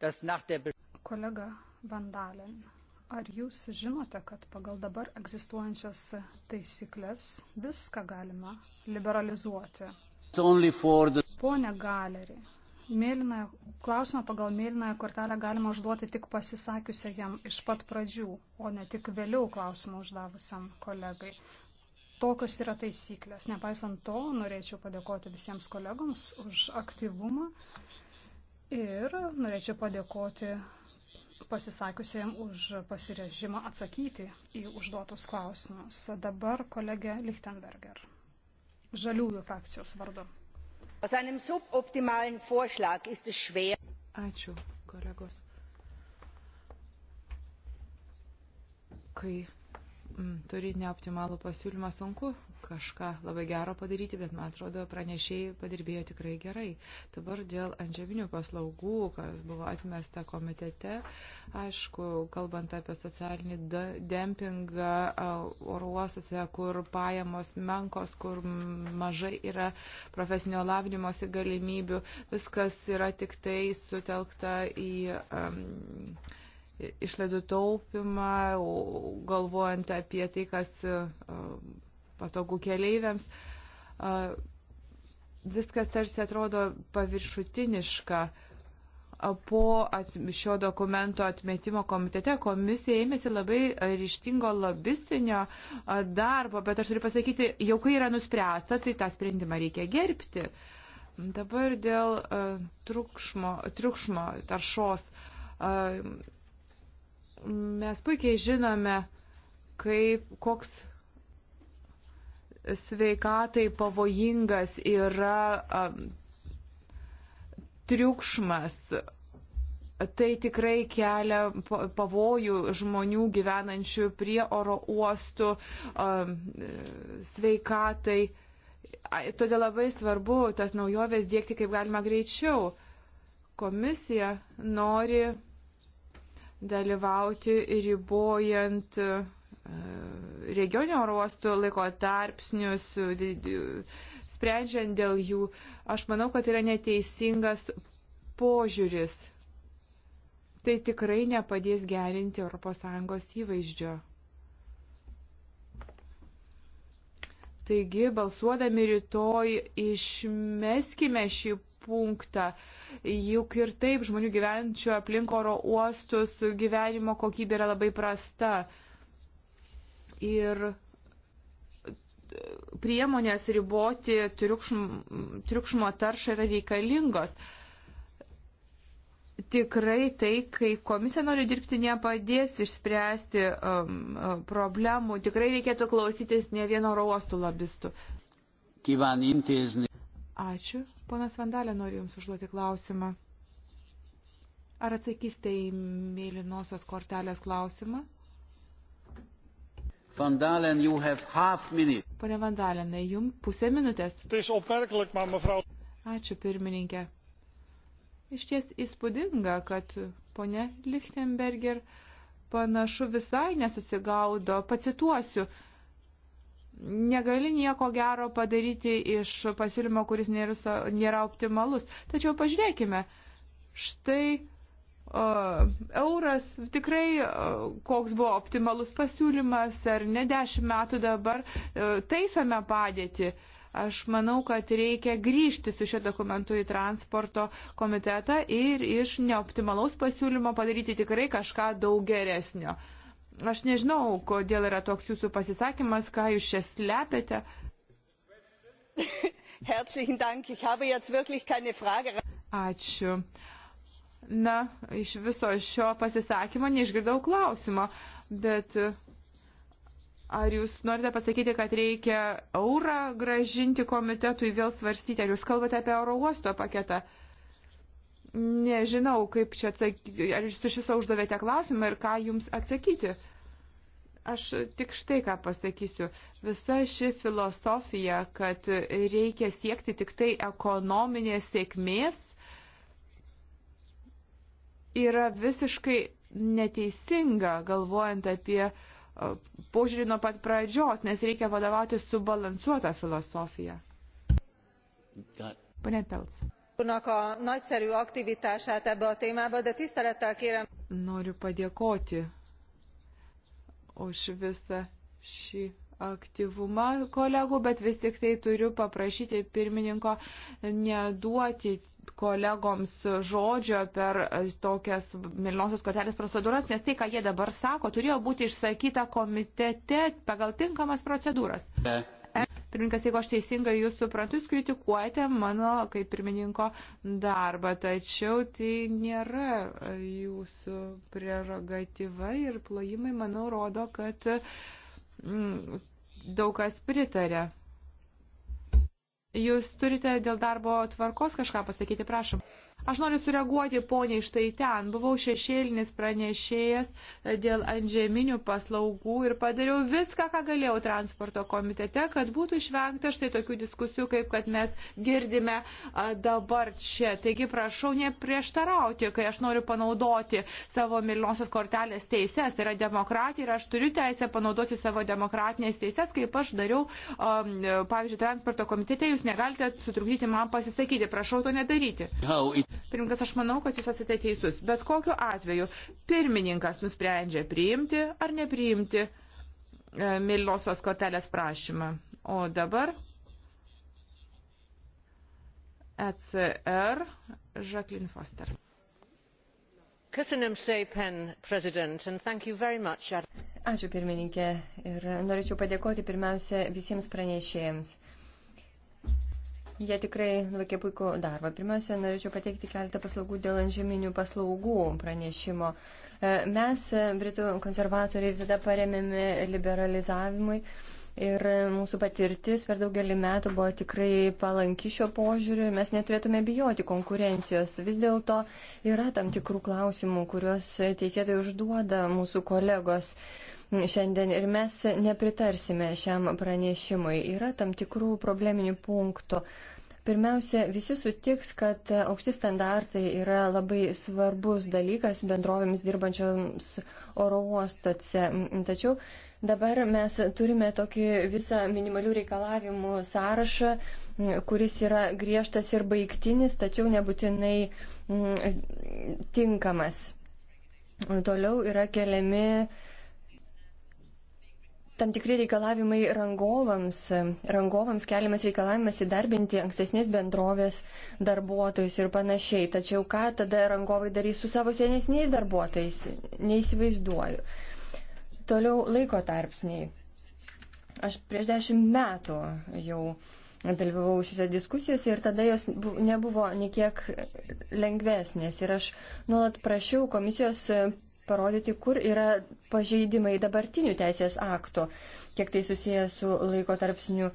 dass nach der kolega van dalen ar jūs žinote kad pagal dabar egzistuojančias taisykles viską galima liberalizuoti the... pone galeri mėlynąją klausimą pagal mėlynąją kortelę galima užduoti tik pasisakiusiam iš pat pradžių o ne tik vėliau klausimą uždavusiam kolegai tokios yra taisyklės. Nepaisant to, norėčiau padėkoti visiems kolegoms už aktyvumą ir norėčiau padėkoti pasisakiusiem už pasirežimą atsakyti į užduotus klausimus. Dabar kolegė Lichtenberger. Žaliųjų frakcijos vardu. Ačiū, kolegos. Kai Mm, turi neoptimalų pasiūlymą, sunku kažką labai gero padaryti, bet man atrodo, pranešėjai padirbėjo tikrai gerai. Dabar dėl antžeminių paslaugų, kas buvo atmesta komitete, aišku, kalbant apie socialinį dempingą oro uostuose, kur pajamos menkos, kur mažai yra profesinio lavdymosi galimybių, viskas yra tik tai sutelkta į. Um, išlaidų taupimą, galvojant apie tai, kas e, patogu keleiviams. E, viskas tarsi atrodo paviršutiniška. E, po šio dokumento atmetimo komitete komisija ėmėsi labai ryštingo lobistinio darbo, bet aš turiu pasakyti, jau kai yra nuspręsta, tai tą sprendimą reikia gerbti. Dabar dėl triukšmo, triukšmo taršos Mes puikiai žinome, kaip, koks sveikatai pavojingas yra a, triukšmas. Tai tikrai kelia pavojų žmonių gyvenančių prie oro uostų a, sveikatai. Todėl labai svarbu tas naujoves dėkti kaip galima greičiau. Komisija nori dalyvauti ribojant e, regioninio oro uostų laiko tarpsnius, e, sprendžiant dėl jų. Aš manau, kad yra neteisingas požiūris. Tai tikrai nepadės gerinti ES įvaizdžio. Taigi, balsuodami rytoj, išmeskime šį punktą. Juk ir taip žmonių gyvenčių aplink oro uostus gyvenimo kokybė yra labai prasta. Ir priemonės riboti triukšmo, triukšmo taršą yra reikalingos. Tikrai tai, kai komisija nori dirbti, nepadės išspręsti um, um problemų. Tikrai reikėtų klausytis ne vieno oro uostų lobistų. Ačiū. Ponas Vandalė nori Jums užduoti klausimą. Ar atsakysite į mėlynosios kortelės klausimą? Vandalen, you have half minute. Pone Vandalenai, jums pusė minutės. Ačiū pirmininkė. Iš ties įspūdinga, kad ponė Lichtenberger panašu visai nesusigaudo. Pacituosiu, Negali nieko gero padaryti iš pasiūlymo, kuris nėra, nėra optimalus. Tačiau pažiūrėkime, štai uh, euras tikrai uh, koks buvo optimalus pasiūlymas, ar ne dešimt metų dabar uh, taisome padėtį. Aš manau, kad reikia grįžti su šio dokumentu į transporto komitetą ir iš neoptimalaus pasiūlymo padaryti tikrai kažką daug geresnio. Uh, Aš nežinau, kodėl yra toks jūsų pasisakymas, ką jūs čia slepiate. Ačiū. Na, iš viso šio pasisakymo neišgirdau klausimo, bet e, ar jūs norite pasakyti, kad reikia eurą gražinti komitetui vėl svarstyti, ar jūs kalbate apie oro uosto paketą? Uh, nežinau, kaip čia atsakyti, ar jūs iš viso uždavėte klausimą ir ką jums atsakyti. Aš tik štai ką pasakysiu. Visa ši filosofija, kad reikia siekti tik tai ekonominės sėkmės, yra visiškai neteisinga, galvojant apie požiūrį nuo pat pradžios, nes reikia vadovauti subalansuotą filosofiją. Pane Pelts úrnak a nagyszerű aktivitását ebbe a témába, de tisztelettel kérem. Noriu padėkoti už visą šį aktyvumą kolegų, bet vis tik tai turiu paprašyti pirmininko neduoti kolegoms žodžio per tokias Milnosios kortelės procedūras, nes tai, ką jie dabar sako, turėjo būti išsakyta komitete pagal tinkamas procedūras. Be. Pirmininkas, jeigu aš teisingai jūs suprantu, jūs kritikuojate mano kaip pirmininko darbą, tačiau tai nėra e, jūsų prerogatyva ir plojimai, manau, rodo, kad mm, daug kas pritarė. Jūs turite dėl darbo tvarkos kažką pasakyti, prašom. Aš noriu sureaguoti, ponia, iš tai ten. Buvau šešėlinis pranešėjas e, dėl antžeminių paslaugų ir padariau viską, ką galėjau transporto komitete, kad būtų išvengta štai tokių diskusijų, kaip kad mes girdime e, dabar čia. Taigi prašau neprieštarauti, kai aš noriu panaudoti savo mylinosios kortelės teises. Tai yra demokratija ir aš turiu teisę panaudoti savo demokratinės teises, kaip aš dariau, e, pavyzdžiui, transporto komitete. Jūs negalite sutrukdyti man pasisakyti. Prašau to nedaryti. No, it... Pirmininkas, aš manau, kad jūs esate teisus. Bet kokiu atveju pirmininkas nusprendžia priimti ar nepriimti e, mėlynosios kortelės prašymą. O dabar ECR Jacqueline Foster. Köszönöm szépen, President, and thank you very much. Ačiū pirmininkė ir norėčiau padėkoti pirmiausia visiems pranešėjams. Uh, Jie tikrai nuveikė puikų darbą. Pirmiausia, norėčiau pateikti keletą paslaugų dėl antžeminių paslaugų pranešimo. E, mes, e, Britų konservatoriai, visada paremėme liberalizavimui ir mūsų patirtis per daugelį metų buvo tikrai palanki šio požiūriu ir mes neturėtume bijoti konkurencijos. Vis dėlto yra tam tikrų klausimų, kuriuos teisėtai užduoda mūsų kolegos šiandien ir mes nepritarsime šiam pranešimui. Yra tam tikrų probleminių punktų. Pirmiausia, visi sutiks, kad aukšti standartai yra labai svarbus dalykas bendrovėms dirbančioms oro uostose. Tačiau dabar mes turime tokį visą minimalių reikalavimų sąrašą, kuris yra griežtas ir baigtinis, tačiau nebūtinai mm, tinkamas. Toliau yra keliami tam tikri reikalavimai rangovams. Rangovams keliamas reikalavimas įdarbinti ankstesnės bendrovės darbuotojus ir panašiai. Tačiau ką tada rangovai darys su savo senesniais darbuotojais, neįsivaizduoju. Toliau laiko tarpsniai. Aš prieš dešimt metų jau dalyvavau šiose diskusijose ir tada jos nebuvo nekiek lengvesnės. Ir aš nuolat prašiau komisijos parodyti, kur yra pažeidimai dabartinių teisės aktų, kiek tai susiję su laiko tarpsnių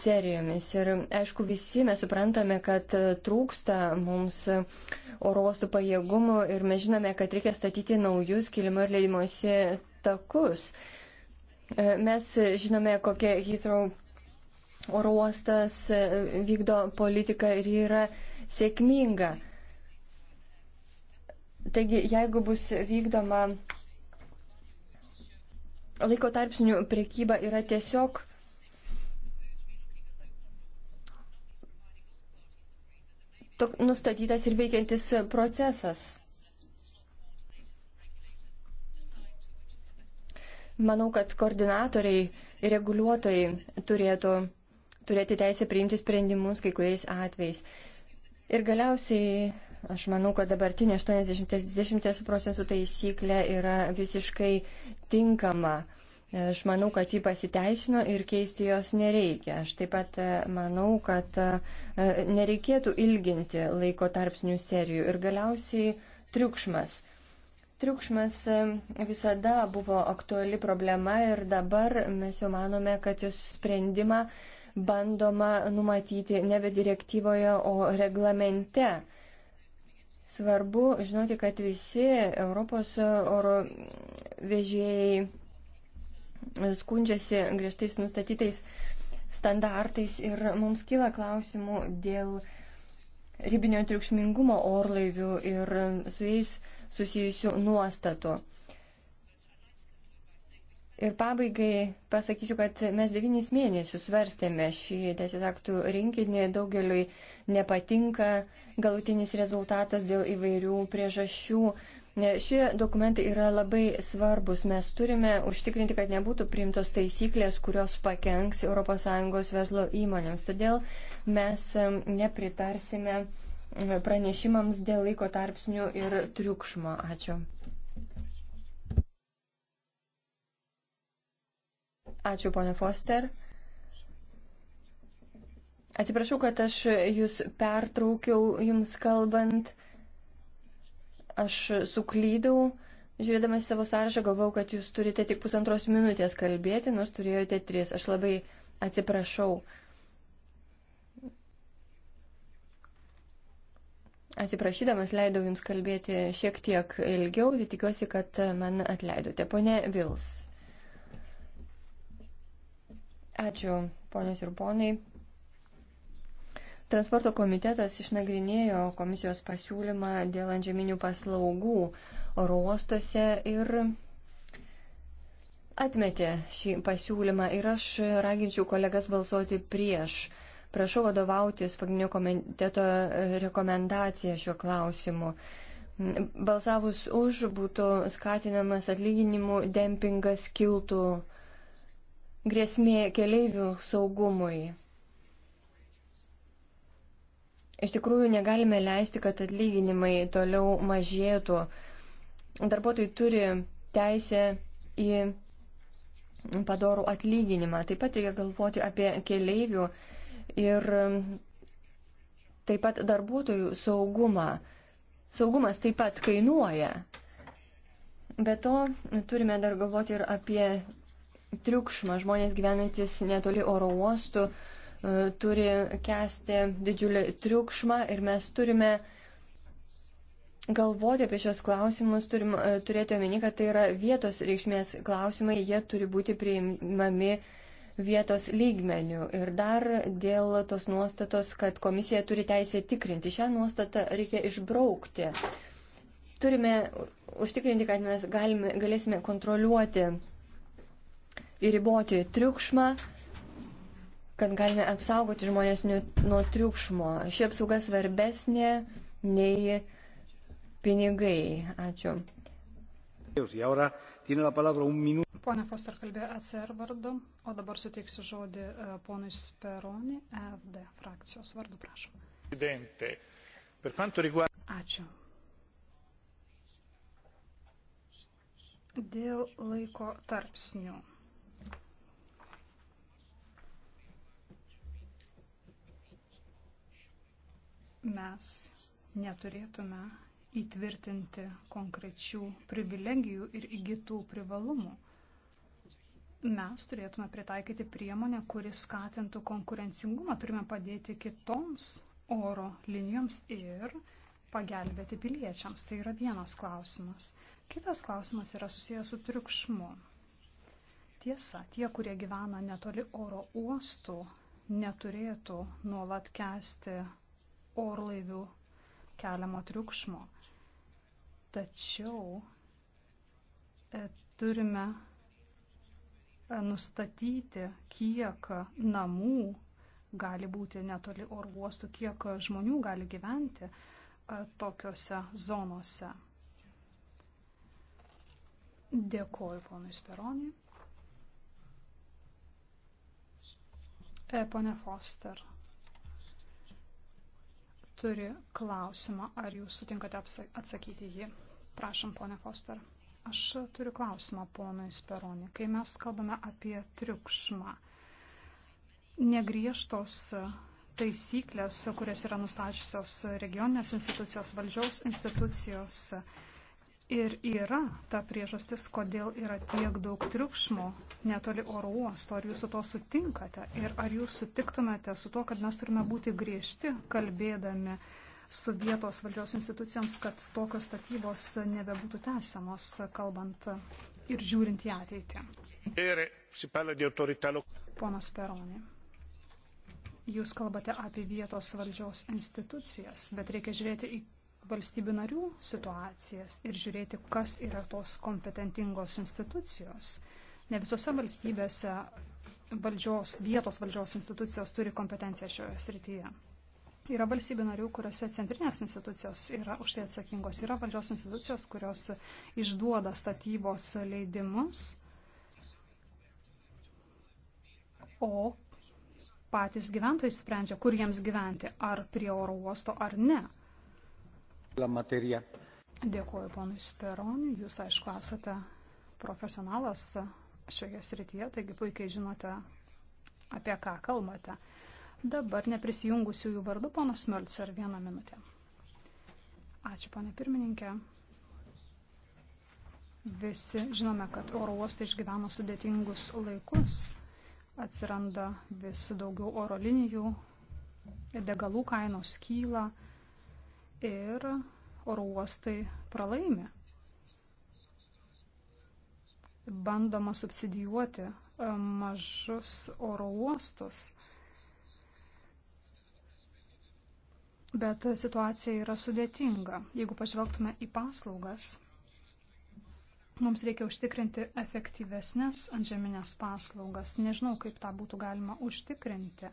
serijomis. Ir aišku, visi mes suprantame, kad trūksta mums orostų pajėgumų ir mes žinome, kad reikia statyti naujus kilimo ir leidimosi takus. E, mes žinome, kokia Heathrow oro uostas e, vykdo politiką ir yra sėkminga. Taigi, jeigu bus vykdoma laiko tarpsnių priekyba yra tiesiog tok, nustatytas ir veikiantis procesas. Manau, kad koordinatoriai ir reguliuotojai turėtų turėti teisę priimti sprendimus kai kuriais atvejais. Ir galiausiai Aš manau, kad dabartinė 80-20 procentų taisyklė yra visiškai tinkama. Aš manau, kad jį pasiteisino ir keisti jos nereikia. Aš taip pat e, manau, kad e, nereikėtų ilginti laiko tarpsnių serijų. Ir galiausiai triukšmas. Triukšmas e, visada buvo aktuali problema ir dabar mes jau manome, kad jos sprendimą bandoma numatyti nebe direktyvoje, o reglamente. Svarbu žinoti, kad visi Europos oro vežėjai skundžiasi griežtais nustatytais standartais ir mums kyla klausimų dėl ribinio triukšmingumo orlaivių ir su jais susijusių nuostatų. Ir pabaigai pasakysiu, kad mes devynis mėnesius svarstėme šį teisės aktų rinkinį, daugeliui nepatinka, galutinis rezultatas dėl įvairių priežasčių. Šie dokumentai yra labai svarbus. Mes turime užtikrinti, kad nebūtų priimtos taisyklės, kurios pakenks ES verslo įmonėms. Todėl mes nepritarsime pranešimams dėl laiko tarpsnių ir triukšmo. Ačiū. Ačiū, ponė Foster. Atsiprašau, kad aš jūs pertraukiau jums kalbant. Aš suklydau. Žiūrėdamas savo sąrašą, galvau, kad jūs turite tik pusantros minutės kalbėti, nors turėjote tris. Aš labai atsiprašau. Atsiprašydamas leidau Jums kalbėti šiek tiek ilgiau, tai tikiuosi, kad man atleidote. Pone Vils. Ačiū, ponios ir ponai. Transporto komitetas išnagrinėjo komisijos pasiūlymą dėl antžeminių paslaugų oro uostose ir atmetė šį pasiūlymą ir aš raginčiau kolegas balsuoti prieš. Prašau vadovautis pagrindinio komiteto rekomendacija šiuo klausimu. Balsavus už būtų skatinamas atlyginimų dempingas kiltų grėsmė keleivių saugumui. Iš tikrųjų, negalime leisti, kad atlyginimai toliau mažėtų. Darbuotojai turi teisę į padorų atlyginimą. Taip pat reikia galvoti apie keleivių ir taip pat darbuotojų saugumą. Saugumas taip pat kainuoja. Be to, turime dar galvoti ir apie triukšmą. Žmonės gyvenantis netoli oro uostų E, turi kesti didžiulį triukšmą ir mes turime galvoti apie šios klausimus, turim e, turėti omeny, kad tai yra vietos reikšmės klausimai, jie turi būti priimami vietos lygmenių. Ir dar dėl tos nuostatos, kad komisija turi teisę tikrinti, šią nuostatą reikia išbraukti. Turime užtikrinti, kad mes galime, galėsime kontroliuoti ir riboti triukšmą kad galime apsaugoti žmonės nuo triukšmo. Ši apsauga svarbesnė nei pinigai. Ačiū. Pone Foster kalbėjo ACR vardu, o dabar suteiksiu žodį e, ponui Speroni, e FD frakcijos vardu, prašom. Ačiū. Dėl laiko tarpsnių. mes neturėtume įtvirtinti konkrečių privilegijų ir įgytų privalumų. Mes turėtume pritaikyti priemonę, kuri skatintų konkurencingumą, turime padėti kitoms oro linijoms ir pagelbėti piliečiams. Tai yra vienas klausimas. Kitas klausimas yra susijęs su triukšmu. Tiesa, tie, kurie gyvena netoli oro uostų, neturėtų nuolat kesti orlaivių keliamo triukšmo. Tačiau e, turime e, nustatyti, kiek namų gali būti netoli orguostų, kiek žmonių gali gyventi e, tokiuose zonuose. Dėkoju ponui Speroniui. Pone Foster turi klausimą, ar jūs sutinkate atsakyti jį. Prašom, ponė Foster. Aš turiu klausimą ponui Speroni. Kai mes kalbame apie triukšmą, negriežtos taisyklės, kurias yra nustačiusios regioninės institucijos, valdžiaus institucijos, Ir yra ta priežastis, kodėl yra tiek daug triukšmo netoli oro uosto. Ar jūs su to sutinkate? Ir ar jūs sutiktumėte su to, kad mes turime būti griežti, kalbėdami su vietos valdžios institucijoms, kad tokios statybos nebebūtų tęsiamos, kalbant ir žiūrint į ateitį? Ponas Peronė. Jūs kalbate apie vietos valdžios institucijas, bet reikia žiūrėti į valstybių narių situacijas ir žiūrėti, kas yra tos kompetentingos institucijos. Ne visose valstybėse valdžios, vietos valdžios institucijos turi kompetenciją šioje srityje. Yra valstybių narių, kuriuose centrinės institucijos yra už tai atsakingos. Yra valdžios institucijos, kurios išduoda statybos leidimus, o patys gyventojai sprendžia, kur jiems gyventi, ar prie oro uosto, ar ne. Dėkuoju ponui Speroniui, jūs aišku esate profesionalas šioje srityje, taigi puikiai žinote, apie ką kalbate. Dabar neprisijungusiųjų vardu ponas Mölcer vieną minutę. Ačiū, ponė pirmininkė. Visi žinome, kad oro uostai išgyveno sudėtingus laikus. Atsiranda vis daugiau oro linijų, degalų kainos kyla ir oro uostai pralaimi. Bandoma subsidijuoti e, mažus oro uostus. Bet situacija yra sudėtinga. Jeigu pažvelgtume į paslaugas, mums reikia užtikrinti efektyvesnės antžeminės paslaugas. Nežinau, kaip tą būtų galima užtikrinti.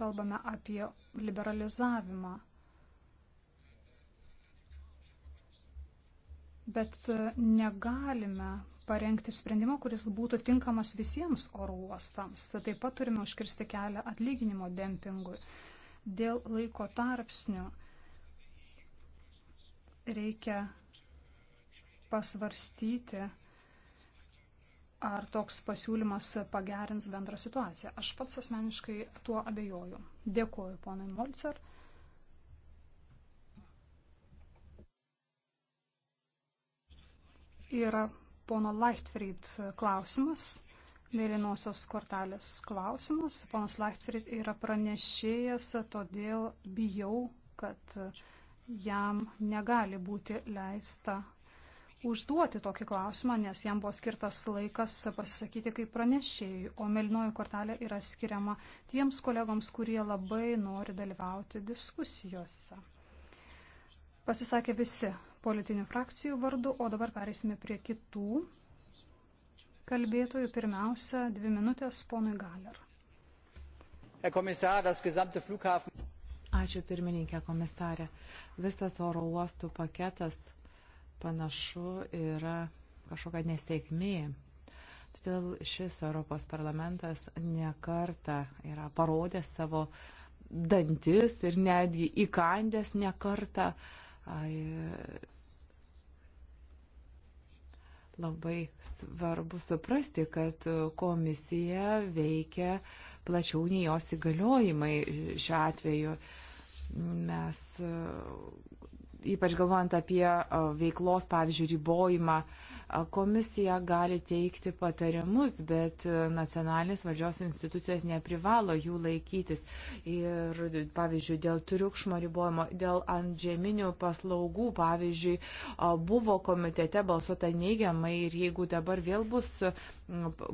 Kalbame apie liberalizavimą bet e, negalime parengti sprendimą, kuris būtų tinkamas visiems oro uostams. Taip pat turime užkirsti kelią atlyginimo dempingui. Dėl laiko tarpsnių reikia pasvarstyti, ar toks pasiūlymas pagerins bendrą situaciją. Aš pats asmeniškai tuo abejoju. Dėkuoju, ponai Molcer. yra pono Leichtfried klausimas. Mėlynosios kortelės klausimas. Ponas Lachtfrid yra pranešėjas, todėl bijau, kad jam negali būti leista užduoti tokį klausimą, nes jam buvo skirtas laikas pasisakyti kaip pranešėjui, o mėlynoji kortelė yra skiriama tiems kolegoms, kurie labai nori dalyvauti diskusijose. Pasisakė visi politinių frakcijų vardu, o dabar pereisime prie kitų kalbėtojų. Pirmiausia, dvi minutės ponui Galer. Ačiū pirmininkė komisarė. Visas oro uostų paketas panašu yra kažkokia nesėkmė. Todėl šis Europos parlamentas nekarta yra parodęs savo dantis ir netgi įkandęs nekarta uh, Labai svarbu suprasti, kad komisija veikia plačiau nei jos įgaliojimai šiuo atveju. Mes ypač galvojant apie veiklos, pavyzdžiui, ribojimą, Komisija gali teikti patarimus, bet nacionalinės valdžios institucijos neprivalo jų laikytis. Ir, pavyzdžiui, dėl triukšmo ribojimo, dėl antžeminių paslaugų, pavyzdžiui, buvo komitete balsuota neigiamai ir jeigu dabar vėl bus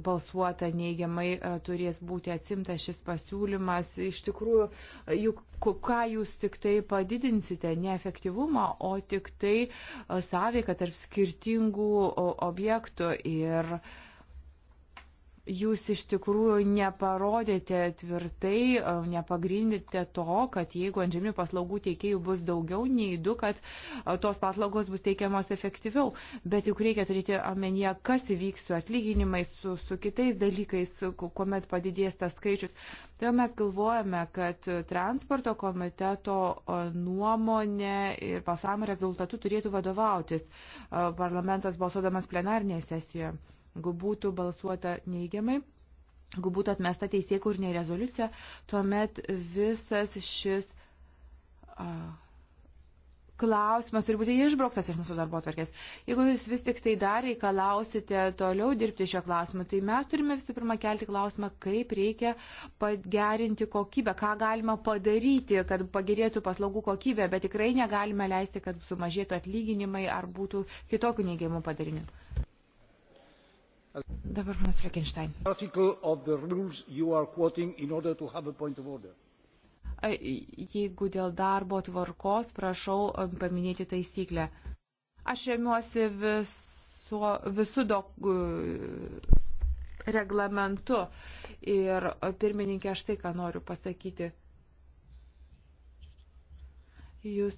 balsuota neigiamai, e, turės būti atsimtas šis pasiūlymas. Iš tikrųjų, juk ką jūs tik tai padidinsite, neefektyvumą, o tik tai e, sąveiką tarp skirtingų objektų. Ir uh, jūs iš tikrųjų neparodėte tvirtai, e, nepagrindite to, kad jeigu antžeminių paslaugų teikėjų bus daugiau nei du, kad e, tos paslaugos bus teikiamos efektyviau. Bet juk reikia turėti omenyje, kas įvyks su atlyginimais, su, su kitais dalykais, kuomet padidės tas skaičius. Tai mes galvojame, kad transporto komiteto e, nuomonė ir pasamų rezultatų turėtų vadovautis parlamentas balsuodamas plenarnėje sesijoje jeigu būtų balsuota neigiamai, jeigu būtų atmesta teisėkūrinė rezoliucija, tuomet visas šis uh, klausimas turi būti išbrauktas iš mūsų darbo atvarkės. Jeigu jūs vis tik tai dar reikalausite toliau dirbti šio klausimu, tai mes turime visų pirma kelti klausimą, kaip reikia pagerinti kokybę, ką galima padaryti, kad pagerėtų paslaugų kokybė, bet tikrai negalime leisti, kad sumažėtų atlyginimai ar būtų kitokių neigiamų padarinių. Dabar panas Fleckenstein. Jeigu dėl darbo tvarkos, prašau um, paminėti taisyklę. Aš remiuosi visu, visu dok, uh, reglamentu. Ir uh, pirmininkė, aš tai, ką noriu pasakyti. Jūs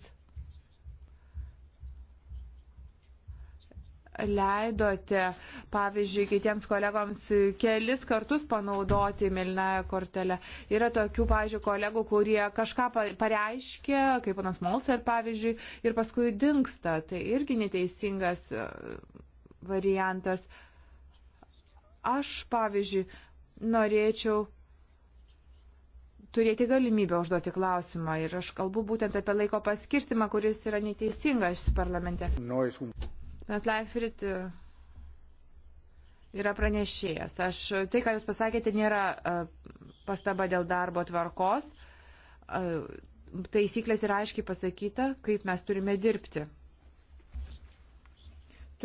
leidote, pavyzdžiui, kitiems kolegoms kelis kartus panaudoti mėlynąją kortelę. Yra tokių, pavyzdžiui, kolegų, kurie kažką pareiškia, kaip panas Molser, pavyzdžiui, ir paskui dinksta. Tai irgi neteisingas e, variantas. Aš, pavyzdžiui, norėčiau turėti galimybę užduoti klausimą ir aš kalbu būtent apie laiko paskirstimą, kuris yra neteisingas parlamente. Mes Leifrit yra pranešėjas. Aš, tai, ką Jūs pasakėte, nėra e, pastaba dėl darbo tvarkos. E, taisyklės yra aiškiai pasakyta, kaip mes turime dirbti.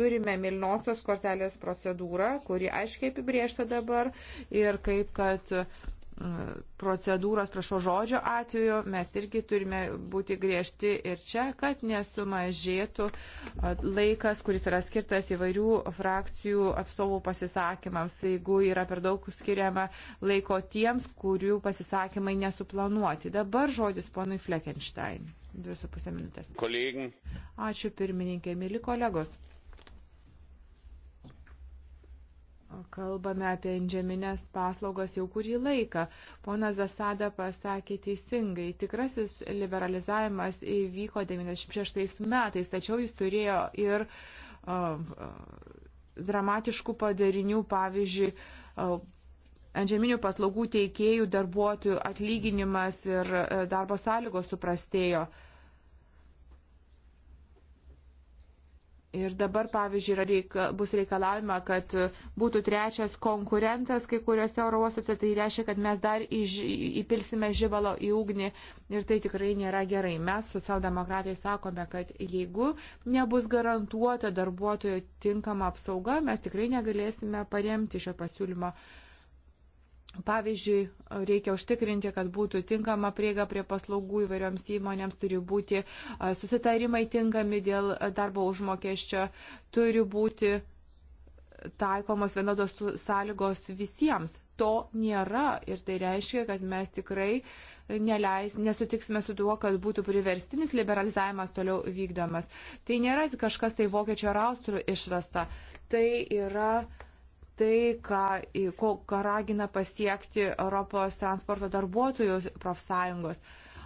Turime Milnosios kortelės procedūrą, kuri aiškiai apibriešta dabar ir kaip kad procedūros prašo žodžio atveju mes irgi turime būti griežti ir čia, kad nesumažėtų laikas, kuris yra skirtas įvairių frakcijų atstovų pasisakymams, jeigu yra per daug skiriama laiko tiems, kurių pasisakymai nesuplanuoti. Dabar žodis ponui Fleckenstein. Dvi su pusė minutės. Kolegin. Ačiū pirmininkė, mėly kolegos. Kalbame apie indžiaminės paslaugas jau kurį laiką. Pona Zasada pasakė teisingai, tikrasis liberalizavimas įvyko 96 metais, tačiau jis turėjo ir uh, dramatiškų padarinių, pavyzdžiui, uh, antžeminių paslaugų teikėjų darbuotojų atlyginimas ir darbo sąlygos suprastėjo. Uh, Ir dabar, pavyzdžiui, reika, bus reikalavima, kad būtų trečias konkurentas kai kuriuose oro uostuose, tai reiškia, kad mes dar iš, įpilsime žibalo į ugnį ir tai tikrai nėra gerai. Mes, socialdemokratai, sakome, kad jeigu nebus garantuota darbuotojo tinkama apsauga, mes tikrai negalėsime paremti šio pasiūlymo. Uh, Pavyzdžiui, reikia užtikrinti, kad būtų tinkama prieiga prie paslaugų įvairioms įmonėms, turi būti susitarimai tinkami dėl darbo užmokesčio, turi būti taikomos vienodos sąlygos visiems. To nėra ir tai reiškia, kad mes tikrai neleis, nesutiksime su tuo, kad būtų priverstinis liberalizavimas toliau vykdomas. Tai nėra kažkas tai vokiečio ar austrų išrasta. Tai yra uh, tai, ką, ko, ką ragina pasiekti Europos transporto darbuotojų profsąjungos.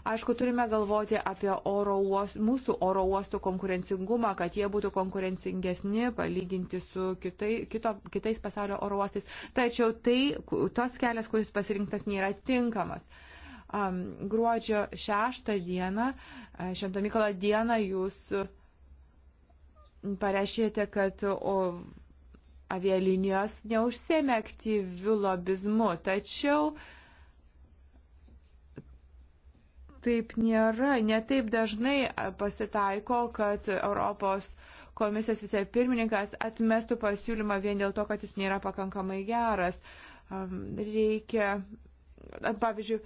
Aišku, turime galvoti apie oro uostų, mūsų oro uostų konkurencingumą, kad jie būtų konkurencingesni palyginti su kitai, kito, kitais pasaulio oro uostais. Tačiau tai, tos kelias, kuris pasirinktas, nėra tinkamas um, gruodžio 6 dieną, Šventą Mykolą dieną jūs pareiškėte, kad o, avialinijos neužsėmė aktyvių lobizmų, tačiau taip nėra, netaip dažnai pasitaiko, kad Europos komisijos vicepirmininkas atmestų pasiūlymą vien dėl to, kad jis nėra pakankamai geras. Reikia, pavyzdžiui,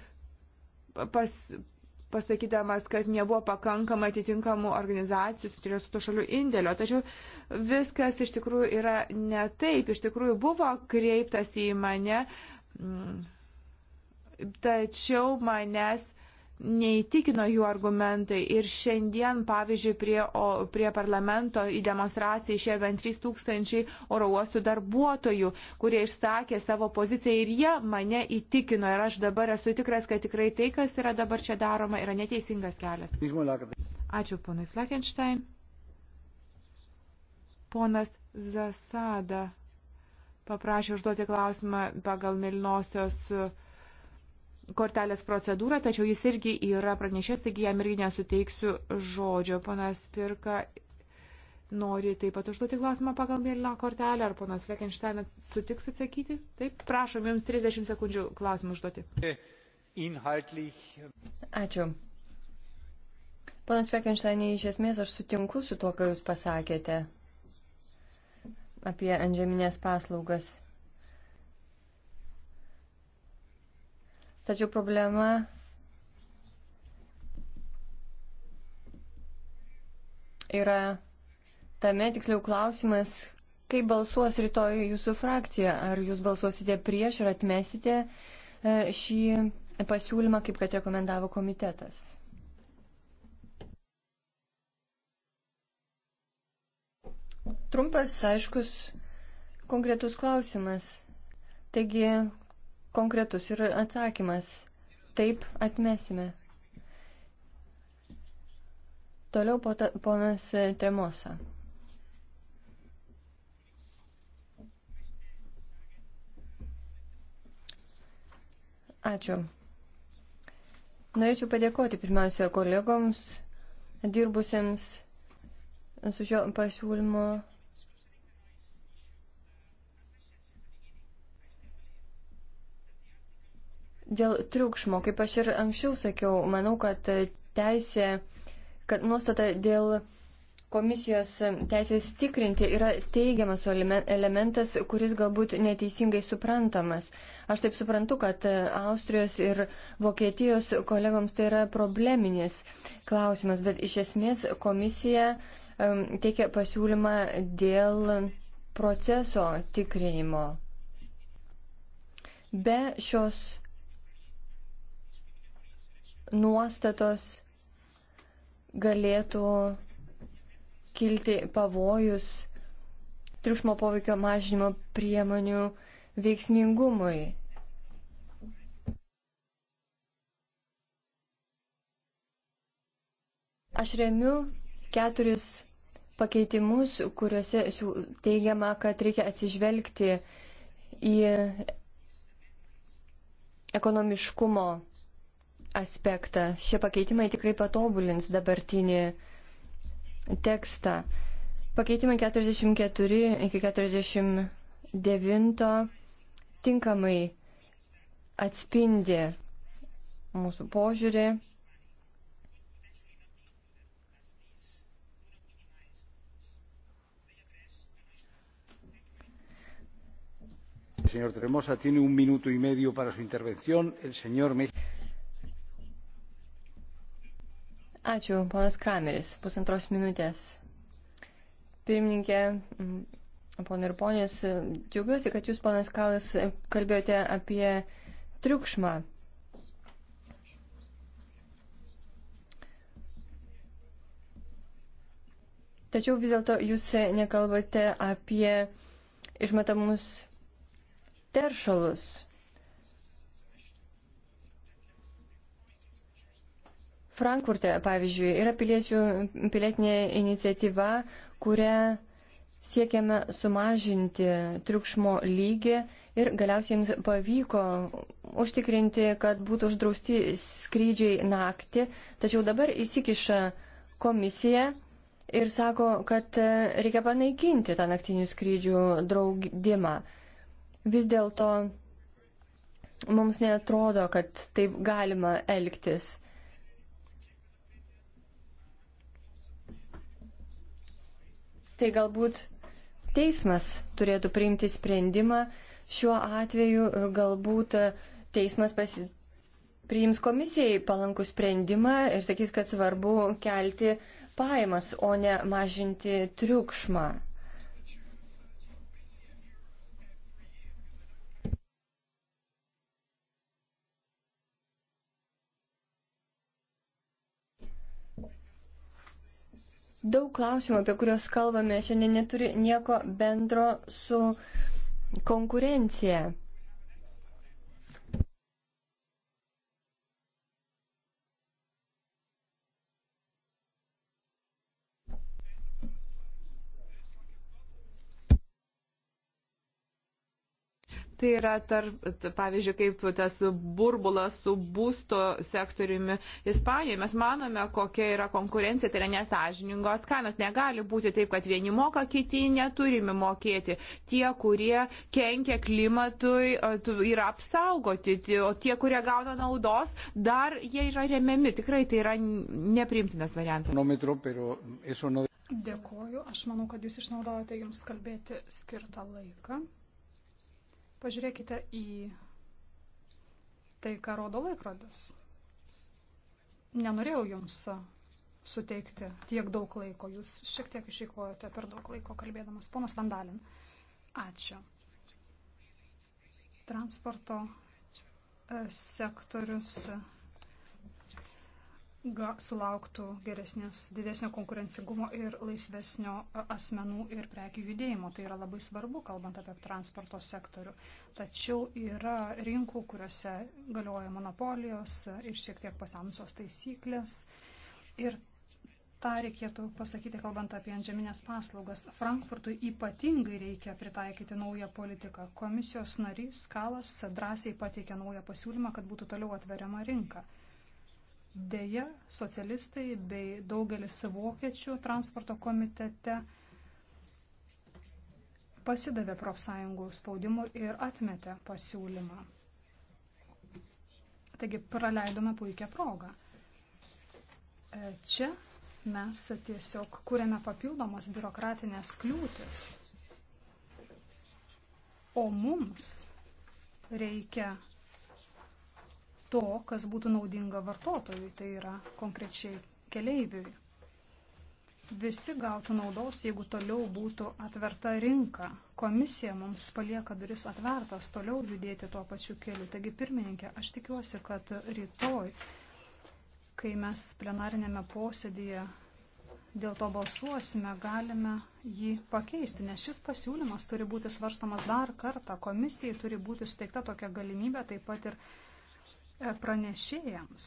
pas, pasakydamas, kad nebuvo pakankamai atitinkamų organizacijų, suinteresuotų šalių indėlio. Tačiau viskas iš tikrųjų yra ne taip. Iš tikrųjų buvo kreiptas į mane. Mm, tačiau manęs neįtikino jų argumentai ir šiandien, pavyzdžiui, prie, o, prie parlamento į demonstraciją išėjo bent 3000 oro uostų darbuotojų, kurie išsakė savo poziciją ir jie mane įtikino ir aš dabar esu tikras, kad tikrai tai, kas yra dabar čia daroma, yra neteisingas kelias. Ačiū ponui Fleckenstein. Ponas Zasada paprašė užduoti klausimą pagal Milnosios kortelės procedūrą, tačiau jis irgi yra pranešęs, taigi jam irgi nesuteiksiu žodžio. Ponas Pirka nori taip pat užduoti klausimą pagal mėlyną kortelę, ar ponas Fleckensteinas sutiks atsakyti? Taip, prašom, jums 30 sekundžių klausimą užduoti. Inhaltlich. Ačiū. Panas Fleckensteinai, iš esmės aš sutinku su tuo, ką jūs pasakėte apie antžeminės paslaugas Tačiau problema yra tame, tiksliau klausimas, kaip balsuos rytoj jūsų frakcija. Ar jūs balsuosite prieš ir atmesite e, šį pasiūlymą, kaip kad rekomendavo komitetas? Trumpas, aiškus, konkretus klausimas. Taigi, konkretus ir atsakymas. Taip atmesime. Toliau po ta, ponas Tremosa. Ačiū. Norėčiau padėkoti pirmiausia kolegoms, dirbusiems su šio pasiūlymo Dėl triukšmo, kaip aš ir anksčiau sakiau, manau, kad teisė, kad nuostata dėl komisijos teisės tikrinti yra teigiamas elementas, kuris galbūt neteisingai suprantamas. Aš taip suprantu, kad Austrijos ir Vokietijos kolegoms tai yra probleminis klausimas, bet iš esmės komisija um, teikia pasiūlymą dėl proceso tikrinimo. Be šios nuostatos galėtų kilti pavojus triukšmo poveikio mažinimo priemonių veiksmingumui. Aš remiu keturis pakeitimus, kuriuose teigiama, kad reikia atsižvelgti į ekonomiškumo aspektą. Šie pakeitimai tikrai patobulins dabartinį tekstą. Pakeitimai 44 iki 49 tinkamai atspindi mūsų požiūrį. señor tremosa tiene un minuto y medio para su intervención el señor mejía Ačiū, ponas Krameris, pusantros minutės. Pirmininkė, mm, ponai ir ponės, džiaugiuosi, kad jūs, ponas Kalas, kalbėjote apie triukšmą. Tačiau vis dėlto jūs nekalbate apie išmetamus teršalus. Frankfurte, pavyzdžiui, yra piliečių, pilietinė iniciatyva, kurią siekiame sumažinti triukšmo lygį ir galiausiai jums pavyko užtikrinti, kad būtų uždrausti skrydžiai naktį, tačiau dabar įsikiša komisija ir sako, kad reikia panaikinti tą naktinių skrydžių draudimą. Vis dėlto mums netrodo, kad taip galima elgtis tai galbūt teismas turėtų priimti sprendimą šiuo atveju ir galbūt e, teismas pasi... priims komisijai palankų sprendimą ir sakys, kad svarbu kelti pajamas, o ne mažinti triukšmą. Daug klausimų, apie kuriuos kalbame, šiandien neturi nieko bendro su konkurencija. Tai yra, tarp, pavyzdžiui, kaip tas burbulas su būsto sektoriumi Ispanijoje. Mes manome, kokia yra konkurencija, tai yra nesažiningos kainos. Negali būti taip, kad vieni moka, kiti neturime mokėti. Tie, kurie kenkia klimatui, yra apsaugoti, o tie, kurie gauna naudos, dar jie yra remiami. Tikrai tai yra neprimtinas variantas. Dėkoju. Aš manau, kad jūs išnaudojate jums kalbėti skirtą laiką. Pažiūrėkite į tai, ką rodo laikrodis. Nenorėjau jums suteikti tiek daug laiko. Jūs šiek tiek išeikvojote per daug laiko kalbėdamas. Ponas Vandalin, ačiū. Transporto e, sektorius ga, sulauktų geresnės, didesnio konkurencingumo ir laisvesnio asmenų ir prekių judėjimo. Tai yra labai svarbu, kalbant apie transporto sektorių. Tačiau yra rinkų, kuriuose galioja monopolijos ir šiek tiek pasenusios taisyklės. Ir tą reikėtų pasakyti, kalbant apie antžeminės paslaugas. Frankfurtui ypatingai reikia pritaikyti naują politiką. Komisijos narys Kalas drąsiai pateikė naują pasiūlymą, kad būtų toliau atveriama rinka. Deja, socialistai bei daugelis vokiečių transporto komitete pasidavė profsąjungų spaudimu ir atmetė pasiūlymą. Taigi praleidome puikią progą. E, čia mes tiesiog kūrėme papildomas biurokratinės kliūtis, o mums reikia to, kas būtų naudinga vartotojui, tai yra konkrečiai keleiviui. Visi gautų naudos, jeigu toliau būtų atverta rinka. Komisija mums palieka duris atvertas toliau judėti tuo pačiu keliu. Taigi, pirmininkė, aš tikiuosi, kad rytoj, kai mes plenarinėme posėdėje dėl to balsuosime, galime jį pakeisti, nes šis pasiūlymas turi būti svarstomas dar kartą. Komisijai turi būti suteikta tokia galimybė, taip pat ir pranešėjams,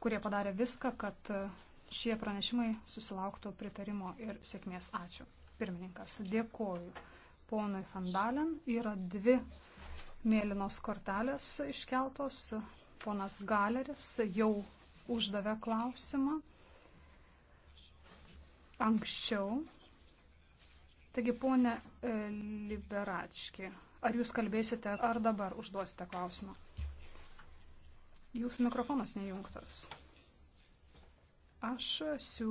kurie padarė viską, kad šie pranešimai susilauktų pritarimo ir sėkmės. Ačiū. Pirmininkas, dėkoju. Ponui Fandalen yra dvi mėlynos kortelės iškeltos. Ponas Galeris jau uždavė klausimą anksčiau. Taigi, ponė e, Liberački, ar jūs kalbėsite, ar dabar užduosite klausimą? Jūsų mikrofonas nejungtas. Aš, siū,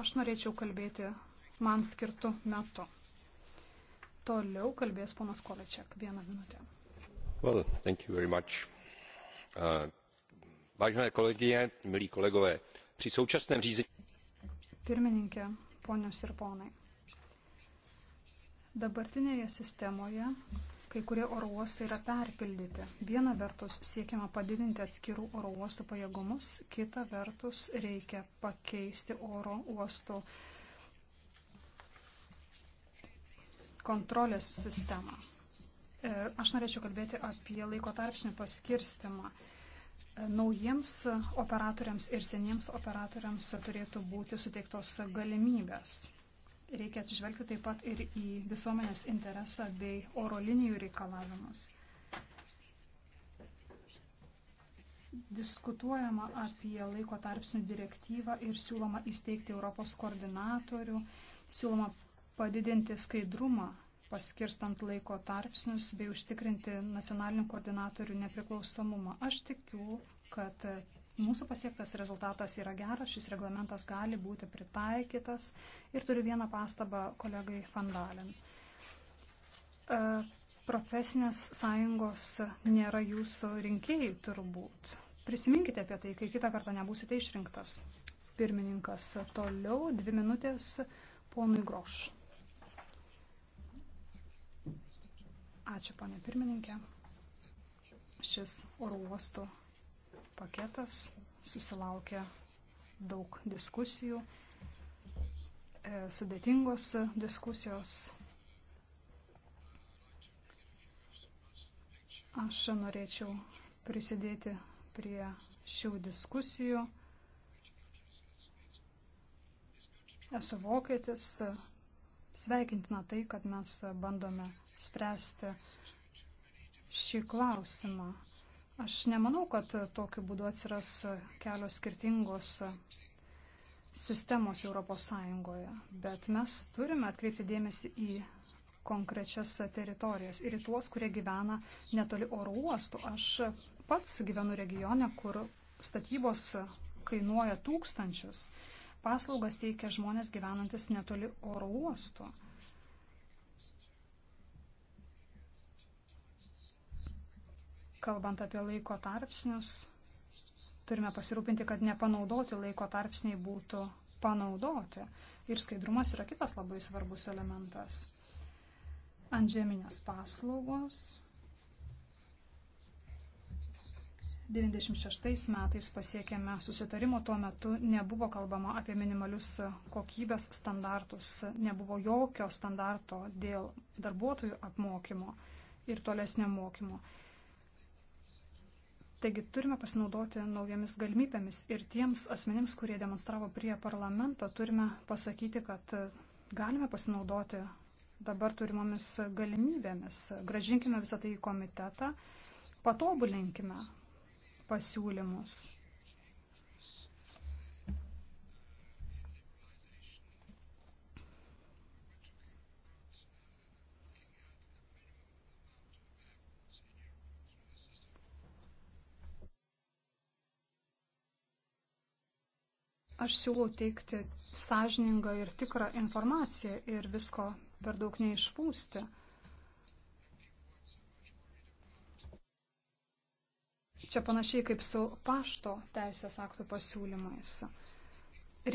aš norėčiau kalbėti man skirtų metu. Toliau kalbės ponas Kolečiak. Vieną minutę. Well, thank you very much. Uh, vážené kolegyně, milí kolegové, při současném řízení... Pirmininkė, ponios ir ponai. Dabartinėje sistemoje kai kurie oro uostai yra perpildyti. Viena vertus siekiama padidinti atskirų oro uostų pajėgumus, kita vertus reikia pakeisti oro uostų kontrolės sistemą. E, aš norėčiau kalbėti apie laiko tarpsnių paskirstimą. E, naujiems operatoriams ir seniems operatoriams turėtų būti suteiktos galimybės reikia atsižvelgti taip pat ir į visuomenės interesą bei oro linijų reikalavimus. Diskutuojama apie laiko tarpsnių direktyvą ir siūloma įsteigti Europos koordinatorių, siūloma padidinti skaidrumą, paskirstant laiko tarpsnius bei užtikrinti nacionalinių koordinatorių nepriklausomumą. Aš tikiu, kad Mūsų pasiektas rezultatas yra geras, šis reglamentas gali būti pritaikytas ir turiu vieną pastabą kolegai Fandalin. E, profesinės sąjungos nėra jūsų rinkėjai turbūt. Prisiminkite apie tai, kai kitą kartą nebūsite išrinktas. Pirmininkas toliau, dvi minutės ponui Groš. Ačiū, ponė pirmininkė. Šis oro uosto paketas susilaukė daug diskusijų, e, sudėtingos diskusijos. Aš norėčiau prisidėti prie šių diskusijų. Esu vokietis, sveikintina tai, kad mes bandome spręsti šį klausimą. Aš nemanau, kad tokiu būdu atsiras kelios skirtingos sistemos ES, bet mes turime atkreipti dėmesį į konkrečias teritorijas ir į tuos, kurie gyvena netoli oro uostų. Aš pats gyvenu regione, kur statybos kainuoja tūkstančius. Paslaugas teikia žmonės gyvenantis netoli oro uosto. Kalbant apie laiko tarpsnius, turime pasirūpinti, kad nepanaudoti laiko tarpsniai būtų panaudoti. Ir skaidrumas yra kitas labai svarbus elementas. Antžeminės paslaugos. 96 metais pasiekėme susitarimo, tuo metu nebuvo kalbama apie minimalius kokybės standartus, nebuvo jokio standarto dėl darbuotojų apmokymo ir tolesnio mokymo. Taigi turime pasinaudoti naujomis galimybėmis ir tiems asmenims, kurie demonstravo prie parlamento, turime pasakyti, kad galime pasinaudoti dabar turimomis galimybėmis. Gražinkime visą tai į komitetą, patobulinkime pasiūlymus. Aš siūlau teikti sąžiningą ir tikrą informaciją ir visko per daug neišpūsti. Čia panašiai kaip su pašto teisės aktų pasiūlymais.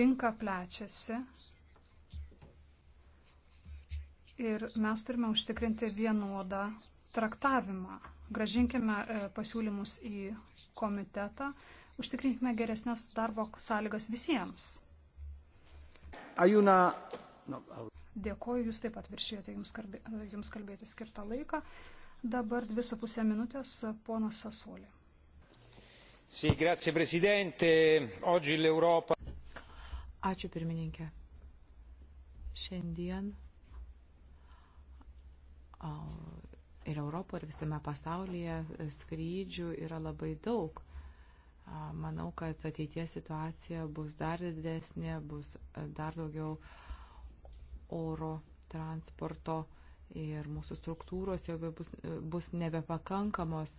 Rinka plečiasi ir mes turime užtikrinti vienodą traktavimą. Gražinkime e, pasiūlymus į komitetą, užtikrinkime geresnės darbo sąlygas visiems. Ajuna. No. Dėkoju, jūs taip pat viršijote jums, kalbė, jums kalbėti skirtą laiką. Dabar dvi su pusė minutės, ponas Sasolė. Sì, grazie Presidente. Oggi l'Europa. Ačiū pirmininkė. Šiandien ir Europoje, ir visame pasaulyje skrydžių yra labai daug. Manau, kad ateitie situacija bus dar didesnė, bus e, dar daugiau oro transporto ir mūsų struktūros jau bus, e, bus nebepakankamos,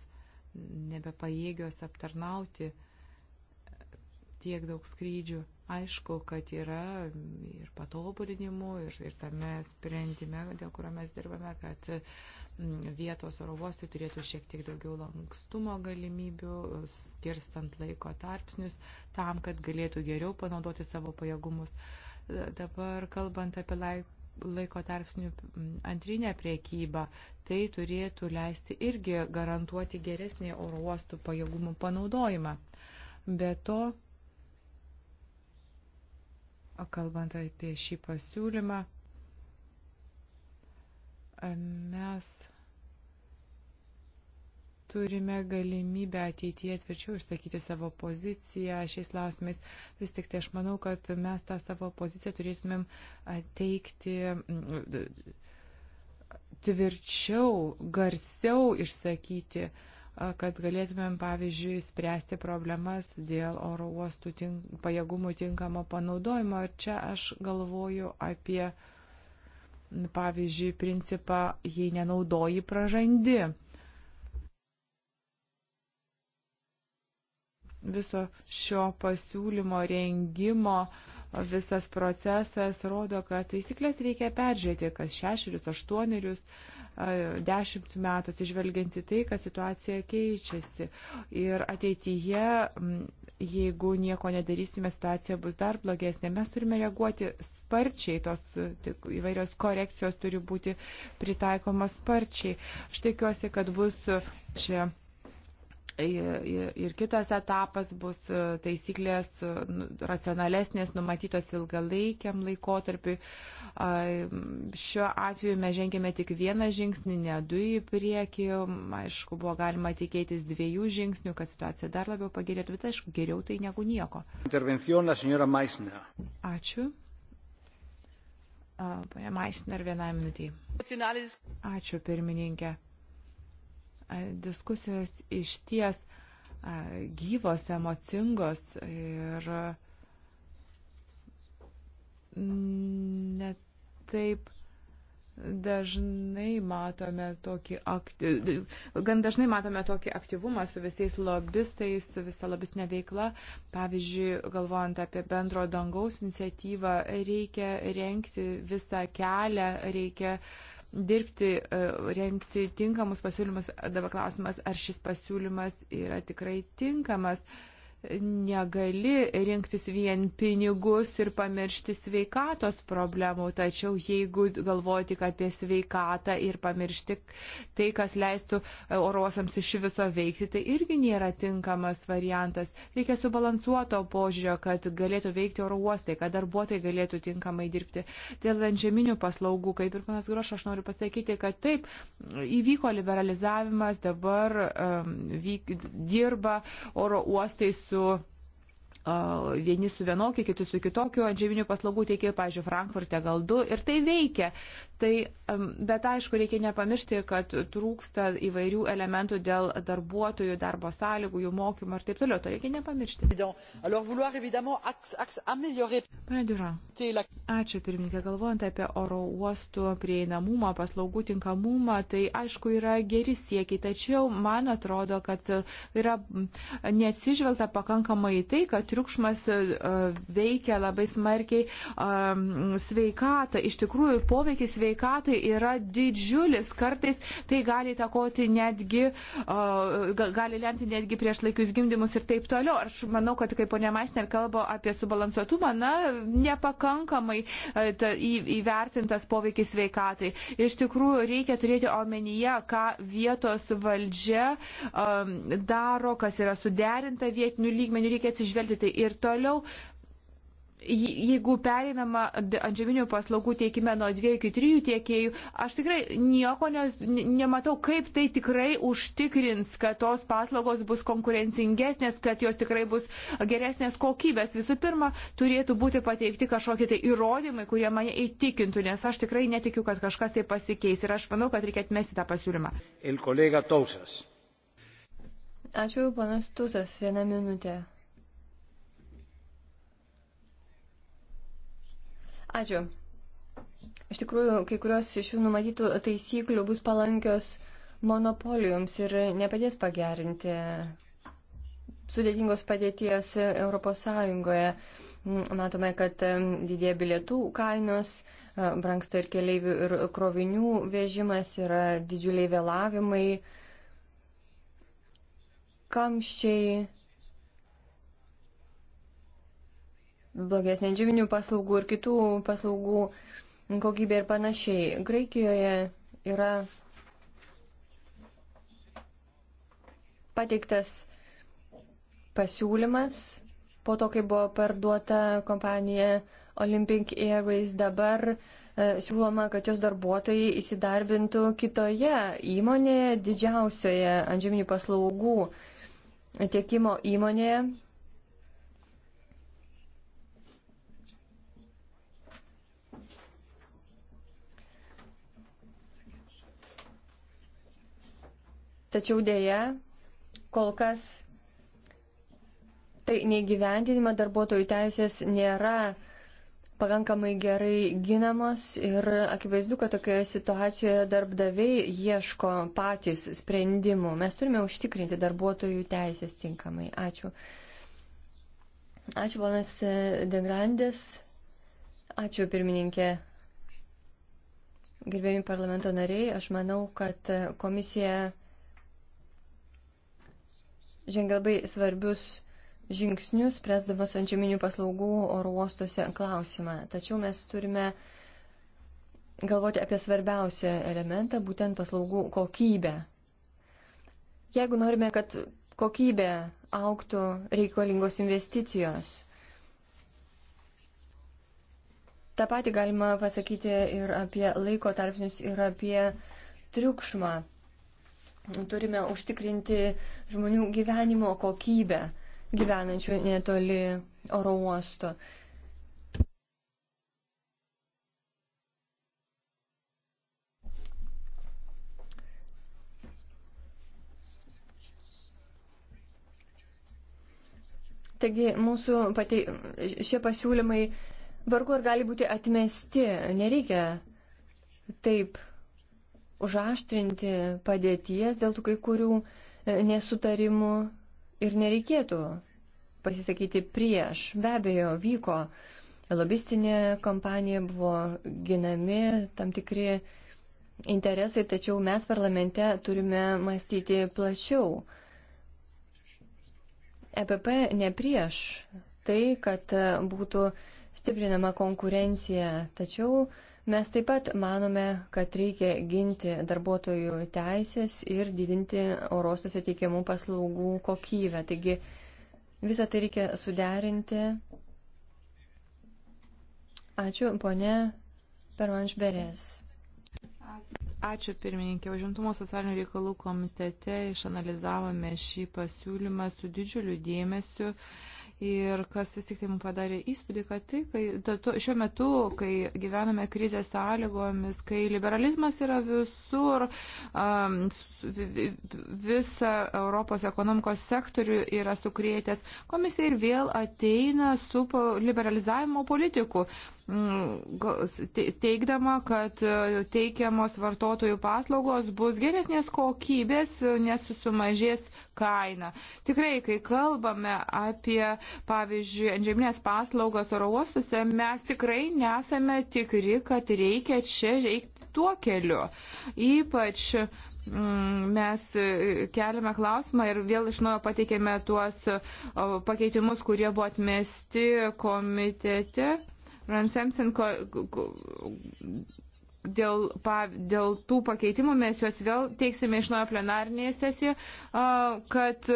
nebepajėgios aptarnauti e, tiek daug skrydžių. Aišku, kad yra ir patobulinimų, ir, ir tame sprendime, dėl kurio mes dirbame, kad uh, vietos oro uostai turėtų šiek tiek daugiau lankstumo galimybių, skirstant laiko tarpsnius, tam, kad galėtų geriau panaudoti savo pajėgumus. Dabar kalbant apie laiko tarpsnių antrinę priekybą, tai turėtų leisti irgi garantuoti geresnį oro uostų pajėgumų panaudojimą. Be to, kalbant apie šį pasiūlymą, mes turime galimybę ateityje tvirčiau išsakyti savo poziciją šiais klausimais. Vis tik tai aš manau, kad mes tą savo poziciją turėtumėm teikti mm, tvirčiau, garsiau išsakyti kad galėtumėm, pavyzdžiui, spręsti problemas dėl oro uostų tink, pajėgumų tinkamo panaudojimo. Ir čia aš galvoju apie, pavyzdžiui, principą, jei nenaudoji, pražandi. viso šio pasiūlymo rengimo visas procesas rodo, kad taisyklės reikia peržiūrėti kas šešerius, aštuonerius, dešimt metų, atsižvelgiant į tai, kad situacija keičiasi. Ir ateityje, jeigu nieko nedarysime, situacija bus dar blogesnė. Mes turime reaguoti sparčiai, tos tik, įvairios korekcijos turi būti pritaikomas sparčiai. Aš tikiuosi, kad bus čia ir kitas etapas bus e, taisyklės e, nu, racionalesnės, numatytos ilgalaikiam laikotarpiu. Šiuo atveju mes žengėme tik vieną žingsnį, ne du į priekį. Aišku, buvo galima tikėtis dviejų žingsnių, kad situacija dar labiau pagerėtų, bet aišku, geriau tai negu nieko. Ačiū. Pane Maisner, vienai minutiai. Ačiū, pirmininkė diskusijos iš ties gyvos, emocingos ir net taip dažnai matome tokį aktyv... gan dažnai matome tokį aktyvumą su visais lobistais, visa lobistinė veikla. Pavyzdžiui, galvojant apie bendro dangaus iniciatyvą, reikia renkti visą kelią, reikia uh, dirbti, e, renkti tinkamus pasiūlymus. Dabar klausimas, ar šis pasiūlymas yra tikrai tinkamas. Uh, negali rinktis vien pinigus ir pamiršti sveikatos problemų, tačiau jeigu galvoji tik apie sveikatą ir pamiršti tai, kas leistų orosams iš viso veikti, tai irgi nėra tinkamas variantas. Reikia subalansuoto požiūrio, kad galėtų veikti oro uostai, kad darbuotojai galėtų tinkamai dirbti. Dėl antžeminių paslaugų, kaip ir panas Groš, aš noriu pasakyti, kad taip, įvyko liberalizavimas, dabar um, vyk, dirba oro uostais su vieni su vienokiu, kiti su kitokiu antžeminių paslaugų teikėjų, pažiūrėjau, Frankfurte gal du ir tai veikia. Tai, bet aišku, reikia nepamiršti, kad trūksta įvairių elementų dėl darbuotojų, darbo sąlygų, jų mokymo ir taip toliau. To reikia nepamiršti. Pane Dura. Ačiū pirmininkė, galvojant apie oro uostų prieinamumą, paslaugų tinkamumą, tai aišku yra geri siekiai, tačiau man atrodo, kad yra neatsižvelgta pakankamai į tai, kad triukšmas e, veikia labai smarkiai e, sveikatą. Iš tikrųjų, poveikis sveikatai yra didžiulis. Kartais tai gali įtakoti netgi, e, gali lemti netgi prieš laikius gimdymus ir taip toliau. Aš manau, kad kaip ponia Maisner kalba apie subalansuotumą, na, nepakankamai įvertintas poveikis sveikatai. Iš tikrųjų, reikia turėti omenyje, ką vietos valdžia um, daro, kas yra suderinta vietinių lygmenių, reikia atsižvelgti tai ir toliau jeigu pereinama antžeminių paslaugų teikime nuo dviejų iki trijų tiekėjų, aš tikrai nieko ne, nematau, kaip tai tikrai užtikrins, kad tos paslaugos bus konkurencingesnės, kad jos tikrai bus geresnės kokybės. Visų pirma, turėtų būti pateikti kažkokie tai įrodymai, kurie mane įtikintų, nes aš tikrai netikiu, kad kažkas tai pasikeis ir aš manau, kad reikia atmesti tą pasiūlymą. Ačiū, panas Tuzas, vieną minutę. Ačiū. Iš tikrųjų, kai kurios iš jų numatytų taisyklių bus palankios monopolijoms ir nepadės pagerinti sudėtingos padėties ES. Matome, kad didėja bilietų kainos, e, branksta ir keliaivių ir krovinių vežimas, yra didžiuliai vėlavimai, kamščiai blogesnė žyminių paslaugų ir kitų paslaugų kokybė ir panašiai. Graikijoje yra pateiktas pasiūlymas po to, kai buvo parduota kompanija Olympic Airways dabar e, siūloma, kad jos darbuotojai įsidarbintų kitoje įmonėje, didžiausioje antžeminių paslaugų tiekimo įmonėje Tačiau dėja, kol kas tai neįgyvendinime darbuotojų teisės nėra pakankamai gerai ginamos ir akivaizdu, kad tokioje situacijoje darbdaviai ieško patys sprendimų. Mes turime užtikrinti darbuotojų teisės tinkamai. Ačiū. Ačiū, ponas Degrandės. Ačiū, pirmininkė. Gerbėjami parlamento nariai, aš manau, kad komisija žengia labai svarbius žingsnius, presdamas antžeminių paslaugų oro uostuose klausimą. Tačiau mes turime galvoti apie svarbiausią elementą, būtent paslaugų kokybę. Jeigu norime, kad kokybė auktų, reikalingos investicijos. Ta pati galima pasakyti ir apie laiko tarpsnius, ir apie triukšmą turime užtikrinti žmonių gyvenimo kokybę gyvenančių netoli oro uosto. Taigi mūsų patei, šie pasiūlymai vargu ar gali būti atmesti. Nereikia taip užaštrinti padėties dėl tų kai kurių e, nesutarimų ir nereikėtų pasisakyti prieš. Be abejo, vyko lobistinė kampanija, buvo ginami tam tikri interesai, tačiau mes parlamente turime mąstyti plačiau. EPP ne prieš tai, kad būtų stiprinama konkurencija, tačiau uh, Mes taip pat manome, kad reikia ginti darbuotojų teisės ir didinti orosiuose teikiamų paslaugų kokybę. Taigi visą tai reikia suderinti. Ačiū, ponė Pervanšberės. Ačiū pirmininkė. Užimtumo socialinių reikalų komitete išanalizavome šį pasiūlymą su didžiuliu dėmesiu. Uh, Ir kas vis tik tai mums padarė įspūdį, kad tai, kai, tato, šiuo metu, kai gyvename krizės sąlygomis, kai liberalizmas yra visur, um, visą Europos ekonomikos sektorių yra sukrėtęs, komisija ir vėl ateina su liberalizavimo politiku mm, teikdama, kad e, teikiamos vartotojų paslaugos bus geresnės kokybės, nes sumažės kainą. Tikrai, kai kalbame apie, pavyzdžiui, antžeminės paslaugas oro uostuose, mes tikrai nesame tikri, kad reikia čia eiti tuo keliu. Ypač mm, mes e, keliame klausimą ir vėl iš naujo pateikėme tuos e, pakeitimus, kurie buvo atmesti komitete. Ransemsen dėl, pa, dėl tų pakeitimų mes juos vėl teiksime iš naujo plenarnėje sesijoje, kad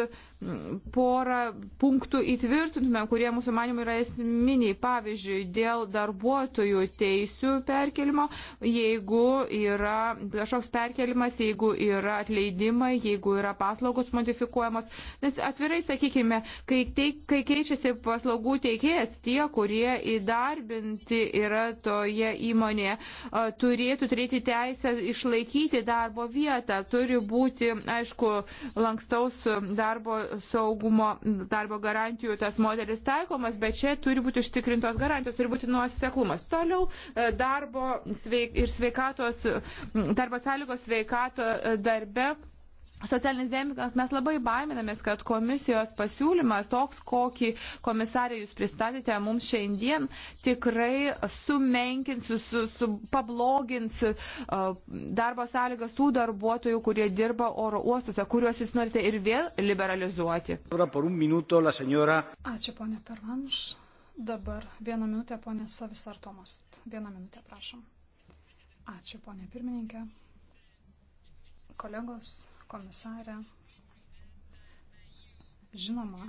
porą punktų įtvirtintumėm, kurie mūsų manimų yra esminiai. Pavyzdžiui, dėl darbuotojų teisių perkelimo, jeigu yra kažkoks perkelimas, jeigu yra atleidimai, jeigu yra paslaugos modifikuojamos. Nes atvirai sakykime, kai, teik, kai keičiasi paslaugų teikėjas, tie, kurie įdarbinti yra toje įmonėje, turėtų turėti teisę išlaikyti darbo vietą. Turi būti, aišku, lankstaus darbo saugumo darbo garantijų tas modelis taikomas, bet čia turi būti užtikrintos garantijos, turi būti nuoseklumas. Toliau e, darbo sveik, ir sveikatos, darbo sąlygos sveikato e, darbe socialinis dėmikas, mes labai baiminamės, kad komisijos pasiūlymas toks, kokį komisarė jūs pristatėte mums šiandien, tikrai sumenkins, su, su, pablogins uh, darbo sąlygas tų darbuotojų, kurie dirba oro uostuose, kuriuos jūs norite ir vėl liberalizuoti. Ačiū, ponė Pervanš. Dabar vieną minutę, ponė Savisartomas. Vieną minutę, prašom. Ačiū, ponė pirmininkė. Kolegos komisarė. Žinoma,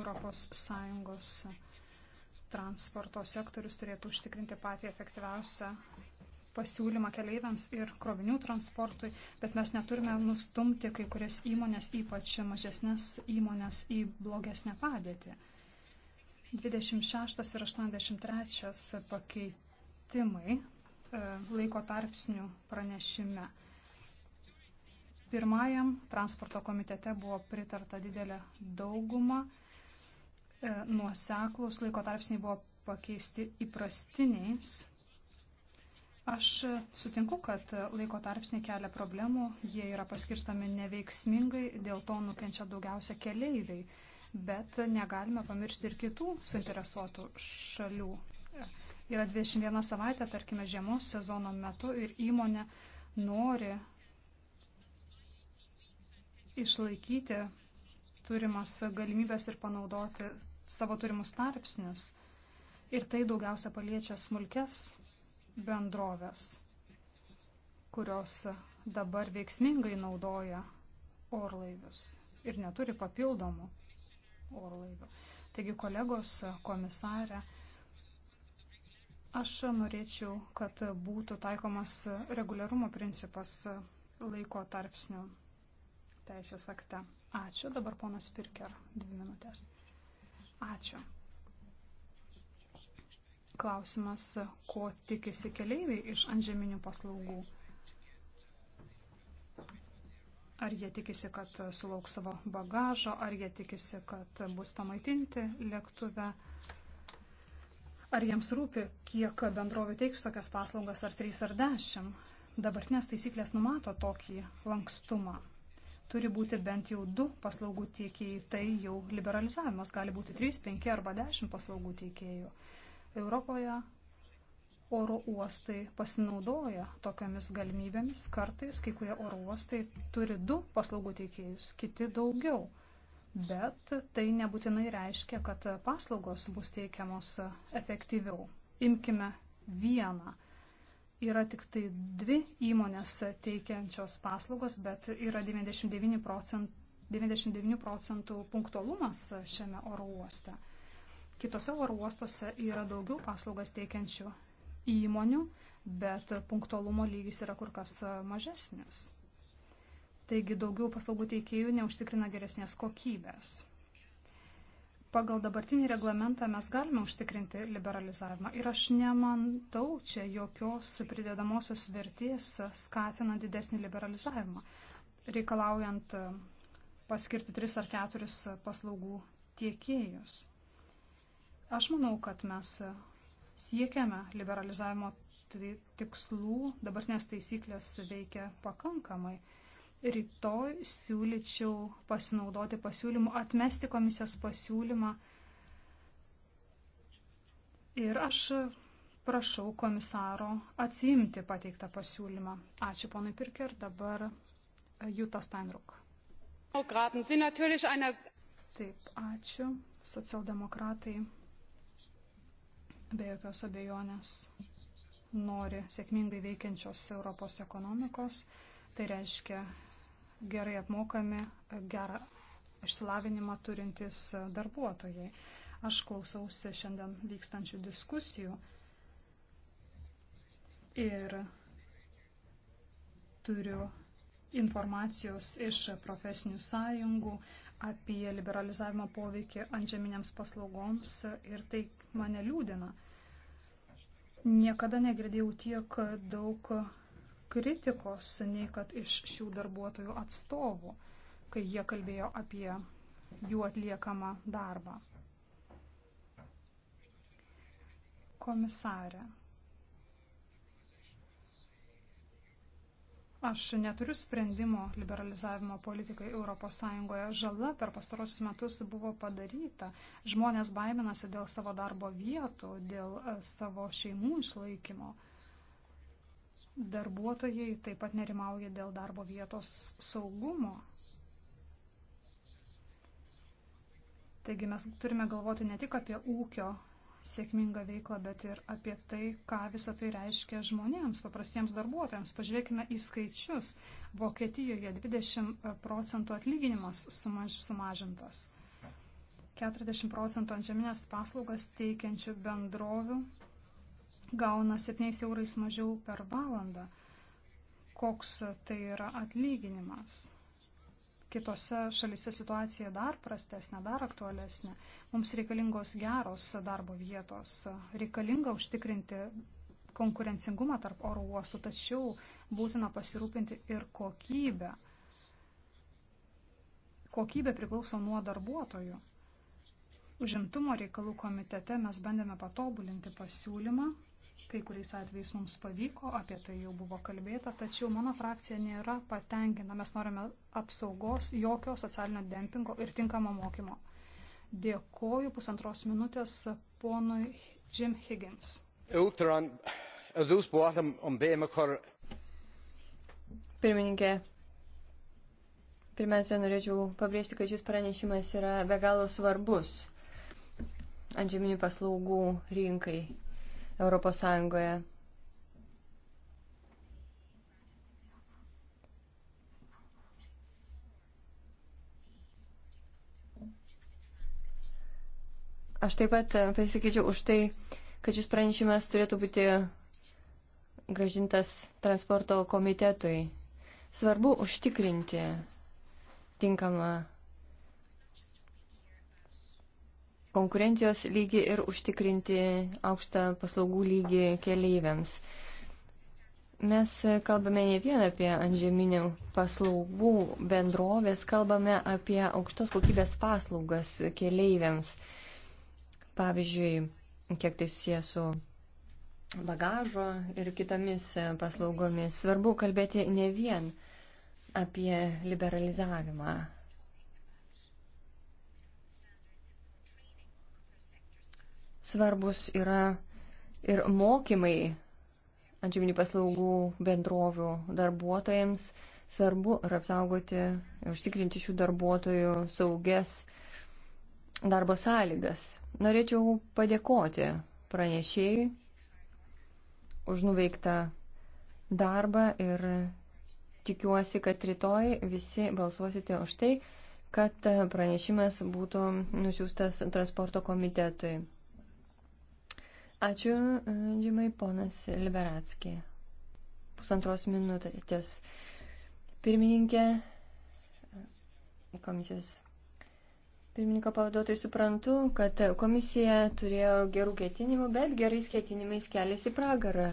ES transporto sektorius turėtų užtikrinti patį efektyviausią pasiūlymą keleiviams ir krovinių transportui, bet mes neturime nustumti kai kurias įmonės, ypač mažesnės įmonės, į blogesnę padėtį. 26 ir 83 pakeitimai e, laiko tarpsnių pranešime. Pirmajam transporto komitete buvo pritarta didelė dauguma. E, nuoseklus laiko tarpsniai buvo pakeisti įprastiniais. Aš sutinku, kad laiko tarpsniai kelia problemų, jie yra paskirstami neveiksmingai, dėl to nukenčia daugiausia keleiviai, bet negalime pamiršti ir kitų suinteresuotų šalių. Yra 21 savaitė, tarkime, žiemos sezono metu ir įmonė nori išlaikyti turimas galimybės ir panaudoti savo turimus tarpsnius. Ir tai daugiausia paliečia smulkes bendrovės, kurios dabar veiksmingai naudoja orlaivius ir neturi papildomų orlaivių. Taigi, kolegos komisarė, aš norėčiau, kad būtų taikomas reguliarumo principas laiko tarpsnių teisės akte. Ačiū. Dabar ponas Pirker, dvi minutės. Ačiū. Klausimas, ko tikisi keleiviai iš antžeminių paslaugų. Ar jie tikisi, kad sulauks savo bagažo, ar jie tikisi, kad bus pamaitinti lėktuve, ar jiems rūpi, kiek bendrovių teiks tokias paslaugas, ar 3 ar 10. Dabartinės taisyklės numato tokį lankstumą turi būti bent jau du paslaugų tiekėjai, tai jau liberalizavimas gali būti 3, 5 arba 10 paslaugų tiekėjų. Europoje oro uostai pasinaudoja tokiamis galimybėmis, kartais kai kurie oro uostai turi du paslaugų teikėjus, kiti daugiau. Bet tai nebūtinai reiškia, kad paslaugos bus teikiamos efektyviau. Imkime vieną yra tik tai dvi įmonės teikiančios paslaugos, bet yra 99 procentų, 99 procentų punktualumas šiame oro uoste. Kitose oro uostuose yra daugiau paslaugas teikiančių įmonių, bet punktualumo lygis yra kur kas mažesnis. Taigi daugiau paslaugų teikėjų neužtikrina geresnės kokybės pagal dabartinį reglamentą mes galime užtikrinti liberalizavimą ir aš nemantau čia jokios pridedamosios vertės skatinant didesnį liberalizavimą, reikalaujant e, paskirti tris ar keturis paslaugų tiekėjus. Aš manau, kad mes siekiame liberalizavimo tikslų, dabartinės taisyklės veikia pakankamai rytoj siūlyčiau pasinaudoti pasiūlymu, atmesti komisijos pasiūlymą. Ir aš prašau komisaro atsiimti pateiktą pasiūlymą. Ačiū ponui Pirker, dabar Jūta Steinruk. Taip, ačiū. Socialdemokratai be jokios abejonės nori sėkmingai veikiančios Europos ekonomikos. Tai reiškia gerai apmokami, gerą išsilavinimą turintys darbuotojai. Aš klausausi šiandien vykstančių diskusijų ir turiu informacijos iš profesinių sąjungų apie liberalizavimo poveikį antžeminiams paslaugoms ir tai mane liūdina. Niekada negirdėjau tiek daug kritikos, nei kad iš šių darbuotojų atstovų, kai jie kalbėjo apie jų atliekamą darbą. Komisarė. Aš neturiu sprendimo liberalizavimo politikai ES. Žala per pastarosius metus buvo padaryta. Žmonės baiminasi dėl savo darbo vietų, dėl e, savo šeimų išlaikymo. Darbuotojai taip pat nerimauja dėl darbo vietos saugumo. Taigi mes turime galvoti ne tik apie ūkio sėkmingą veiklą, bet ir apie tai, ką visą tai reiškia žmonėms, paprastiems darbuotojams. Pažiūrėkime į skaičius. Vokietijoje 20 procentų atlyginimas sumaž, sumažintas. 40 procentų antžeminės paslaugas teikiančių bendrovių gauna 7 eurais mažiau per valandą. Koks tai yra atlyginimas? Kitose šalise situacija dar prastesnė, dar aktualesnė. Mums reikalingos geros darbo vietos, reikalinga užtikrinti konkurencingumą tarp oro uostų, tačiau būtina pasirūpinti ir kokybę. Kokybė priklauso nuo darbuotojų. Užimtumo reikalų komitete mes bandėme patobulinti pasiūlymą, Kai kuriais atvejais mums pavyko, apie tai jau buvo kalbėta, tačiau mano frakcija nėra patenkinta. Mes norime apsaugos, jokio socialinio dempingo ir tinkamo mokymo. Dėkoju pusantros minutės ponui Jim Higgins. Pirmininkė, pirmiausia, norėčiau pabrėžti, kad šis pranešimas yra be galo svarbus antžeminių paslaugų rinkai Europos Sąjungoje. Aš taip pat e, pasisakyčiau už tai, kad šis pranešimas turėtų būti gražintas transporto komitetui. Svarbu užtikrinti tinkamą konkurencijos lygį ir užtikrinti aukštą paslaugų lygį keleiviams. Mes kalbame ne vien apie antžeminių paslaugų bendrovės, kalbame apie aukštos kokybės paslaugas keleiviams. Pavyzdžiui, kiek tai susijęs su bagažo ir kitomis paslaugomis. Svarbu kalbėti ne vien apie liberalizavimą Svarbus yra ir mokymai antžeminių paslaugų bendrovių darbuotojams. Svarbu ir apsaugoti, užtikrinti šių darbuotojų saugias darbo sąlygas. Norėčiau padėkoti pranešėjai už nuveiktą darbą ir tikiuosi, kad rytoj visi balsuosite už tai, kad pranešimas būtų nusiųstas transporto komitetui. Ačiū, Džimai, e, ponas Liberatski. Pusantros minutės. Pirmininkė, komisijos pirmininko pavaduotojai suprantu, kad komisija turėjo gerų ketinimų, bet gerais ketinimais kelias į pragarą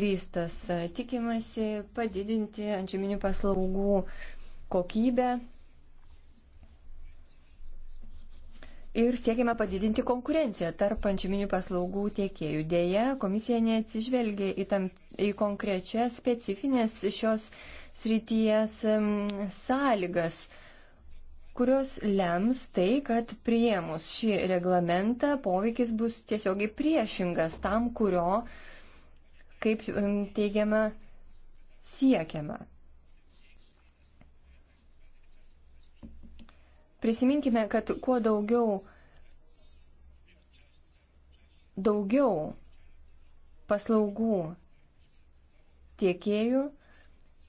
grįstas. Tikimasi padidinti antžeminių paslaugų kokybę ir siekiame padidinti konkurenciją tarp pančiminių paslaugų tiekėjų. Deja, komisija neatsižvelgia į, tam, į konkrečias specifines šios srities um, sąlygas kurios lems tai, kad prieimus šį reglamentą poveikis bus tiesiogiai priešingas tam, kurio, kaip teigiama, siekiama. Prisiminkime, kad kuo daugiau, daugiau paslaugų tiekėjų,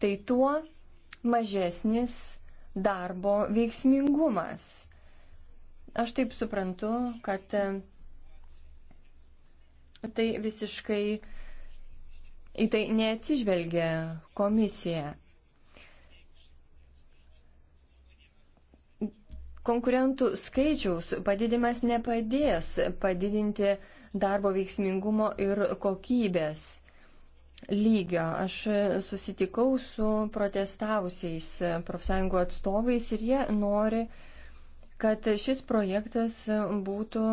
tai tuo mažesnis darbo veiksmingumas. Aš taip suprantu, kad tai visiškai į tai neatsižvelgia komisija. Konkurentų skaičiaus padidimas nepadės padidinti darbo veiksmingumo ir kokybės lygio. Aš susitikau su protestavusiais profsąjungų atstovais ir jie nori, kad šis projektas būtų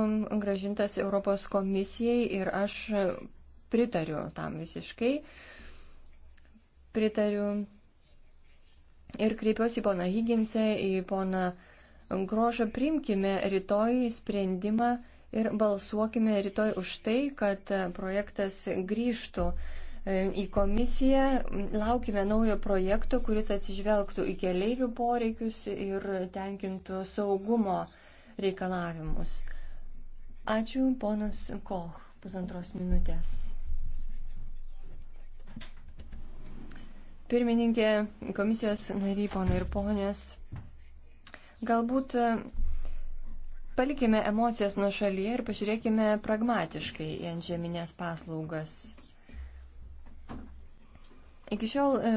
gražintas Europos komisijai ir aš pritariu tam visiškai. Pritariu ir kreipiuosi į poną Higginsą, į poną grožą primkime rytoj sprendimą ir balsuokime rytoj už tai, kad projektas grįžtų e, į komisiją. Laukime naujo projekto, kuris atsižvelgtų į keleivių poreikius ir tenkintų saugumo reikalavimus. Ačiū, ponas Koch, pusantros minutės. Pirmininkė, komisijos nariai, ponai ir ponės. Galbūt e, palikime emocijas nuo šalyje ir pažiūrėkime pragmatiškai į antžeminės paslaugas. Iki šiol e,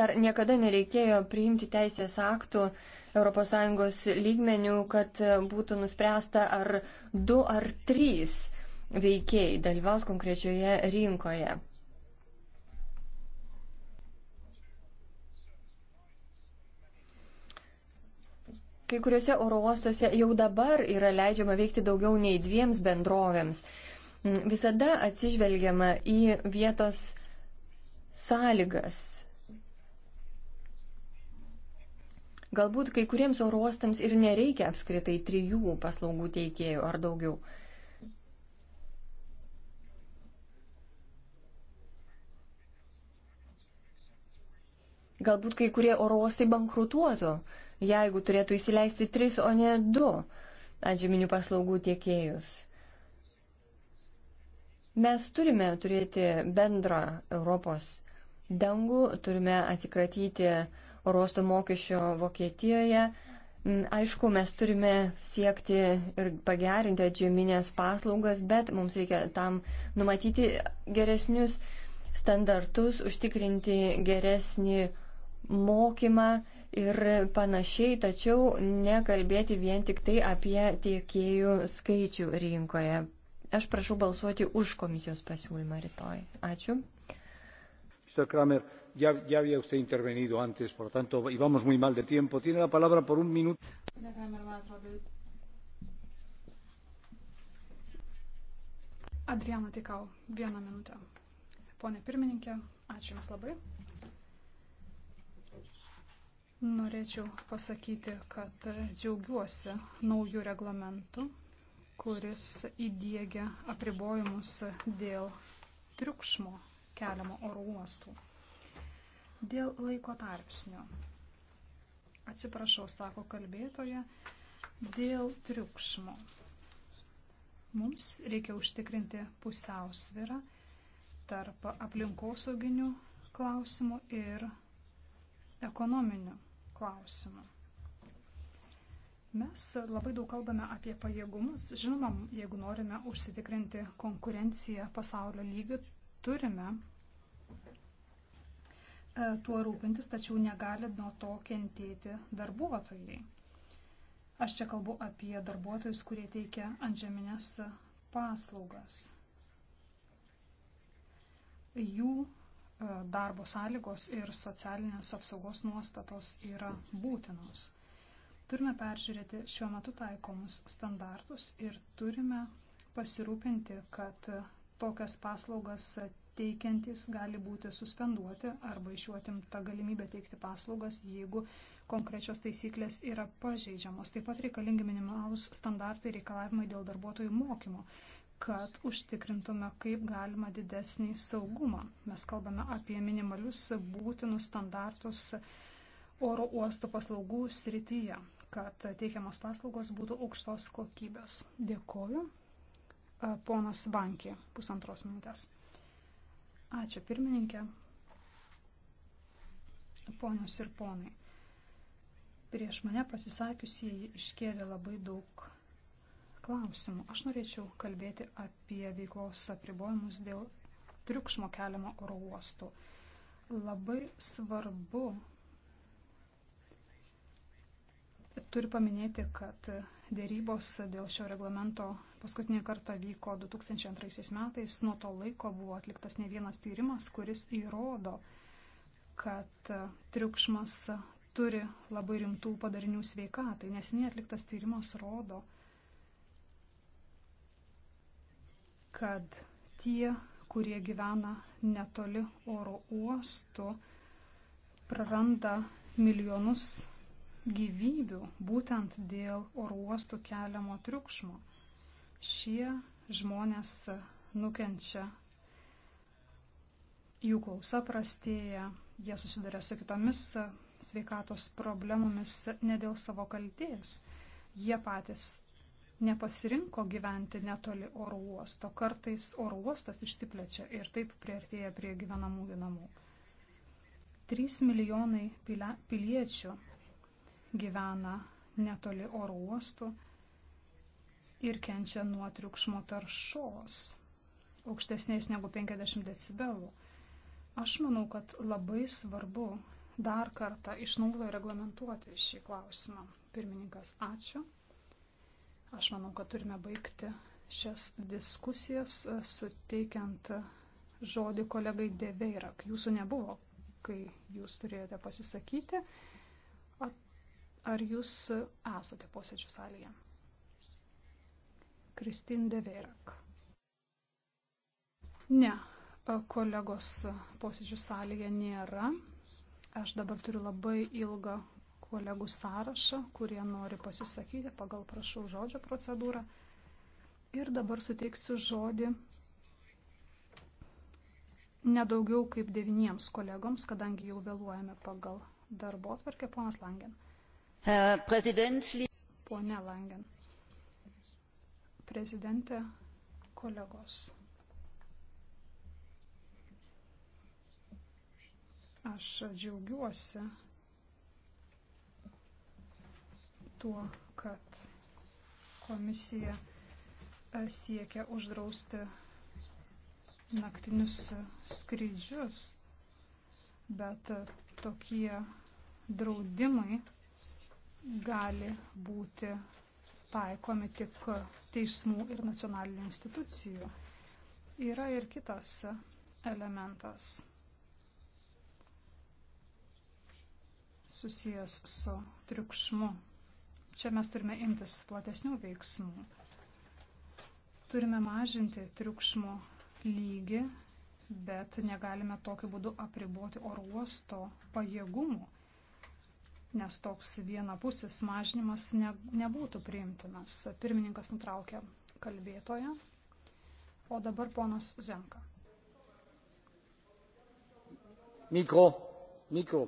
dar niekada nereikėjo priimti teisės aktų ES lygmenių, kad e, būtų nuspręsta ar du ar trys veikėjai dalyvaus konkrečioje rinkoje. Kai kuriuose oro uostuose jau dabar yra leidžiama veikti daugiau nei dviems bendrovėms. Mm, visada atsižvelgiama į vietos sąlygas. Galbūt kai kuriems oro uostams ir nereikia apskritai trijų paslaugų teikėjų ar daugiau. Galbūt kai kurie oro uostai bankrutuotų jeigu turėtų įsileisti tris, o ne du antžeminių paslaugų tiekėjus. Mes turime turėti bendrą Europos dangų, turime atsikratyti orosto mokesčio Vokietijoje. Mm, aišku, mes turime siekti ir pagerinti atžeminės paslaugas, bet mums reikia tam numatyti geresnius standartus, užtikrinti geresnį mokymą ir panašiai, tačiau nekalbėti vien tik tai apie tiekėjų skaičių rinkoje. Aš prašau balsuoti už komisijos pasiūlymą rytoj. Ačiū. Mr. Kramer, ya, ya había usted intervenido antes, por lo tanto, íbamos muy mal de tiempo. Tiene la palabra por un minuto. Adriana Tikau, vieną minutę. Pone pirmininkė, ačiū Jums labai. Norėčiau pasakyti, kad džiaugiuosi naujų reglamentų, kuris įdėgia apribojimus dėl triukšmo keliamo oro uostų. Dėl laiko tarpsnio. Atsiprašau, sako kalbėtoja, dėl triukšmo. Mums reikia užtikrinti pusiausvirą tarp aplinkosauginių klausimų ir ekonominių klausimu. Mes labai daug kalbame apie pajėgumus. Žinoma, jeigu norime užsitikrinti konkurenciją pasaulio lygių, turime e, tuo rūpintis, tačiau negali nuo to kentėti darbuotojai. Aš čia kalbu apie darbuotojus, kurie teikia antžeminės paslaugas. Jų E, darbo sąlygos ir socialinės apsaugos nuostatos yra būtinos. Turime peržiūrėti šiuo metu taikomus standartus ir turime pasirūpinti, kad tokias paslaugas teikiantys gali būti suspenduoti arba iš jų atimta galimybė teikti paslaugas, jeigu konkrečios taisyklės yra pažeidžiamos. Taip pat reikalingi minimalus standartai reikalavimai dėl darbuotojų mokymo kad užtikrintume kaip galima didesnį saugumą. Mes kalbame apie minimalius būtinus standartus oro uosto paslaugų srityje, kad teikiamas paslaugos būtų aukštos kokybės. Dėkoju. Ponas Bankė, pusantros minutės. Ačiū pirmininkė. Ponios ir ponai. Prieš mane pasisakiusieji iškėlė labai daug klausimų. Aš norėčiau kalbėti apie veiklos apribojimus dėl triukšmo keliamo oro uostų. Labai svarbu turiu paminėti, kad dėrybos dėl šio reglamento paskutinį kartą vyko 2002 metais. Nuo to laiko buvo atliktas ne vienas tyrimas, kuris įrodo, kad triukšmas turi labai rimtų padarinių sveikatai. Nesiniai atliktas tyrimas rodo, kad kad tie, kurie gyvena netoli oro uostų, praranda milijonus gyvybių būtent dėl oro uostų keliamo triukšmo. Šie žmonės nukenčia, jų klausa prastėja, jie susiduria su kitomis sveikatos problemomis ne dėl savo kalties. Jie patys nepasirinko gyventi netoli oro uosto. Kartais oro uostas išsiplečia ir taip prieartėja prie gyvenamųjų namų. 3 milijonai piliečių gyvena netoli oro uostų ir kenčia nuo triukšmo taršos aukštesnės negu 50 decibelų. Aš manau, kad labai svarbu dar kartą iš naujo reglamentuoti šį klausimą. Pirmininkas, ačiū. Aš manau, kad turime baigti šias diskusijas, e, suteikiant e, žodį kolegai Deveirak. Jūsų nebuvo, kai jūs turėjote pasisakyti. Ar jūs e, esate posėdžių salėje? Kristin Deveirak. Ne, kolegos posėdžių salėje nėra. Aš dabar turiu labai ilgą kolegų sąrašą, kurie nori pasisakyti pagal prašau žodžio procedūrą. Ir dabar suteiksiu žodį nedaugiau kaip devyniems kolegoms, kadangi jau vėluojame pagal darbo atvarkę, ponas Langen. Pone Langen. Prezidentė, kolegos. Aš džiaugiuosi tuo, kad komisija e, siekia uždrausti naktinius e, skrydžius, bet e, tokie draudimai gali būti taikomi tik teismų ir nacionalinių institucijų. Yra ir kitas elementas susijęs su triukšmu Čia mes turime imtis platesnių veiksmų. Turime mažinti triukšmo lygį, bet negalime tokiu būdu apriboti oro uosto pajėgumų, nes toks vienapusis mažinimas ne, nebūtų priimtinas. Pirmininkas nutraukė kalbėtoją, o dabar ponas Zenka. Mikro, mikro.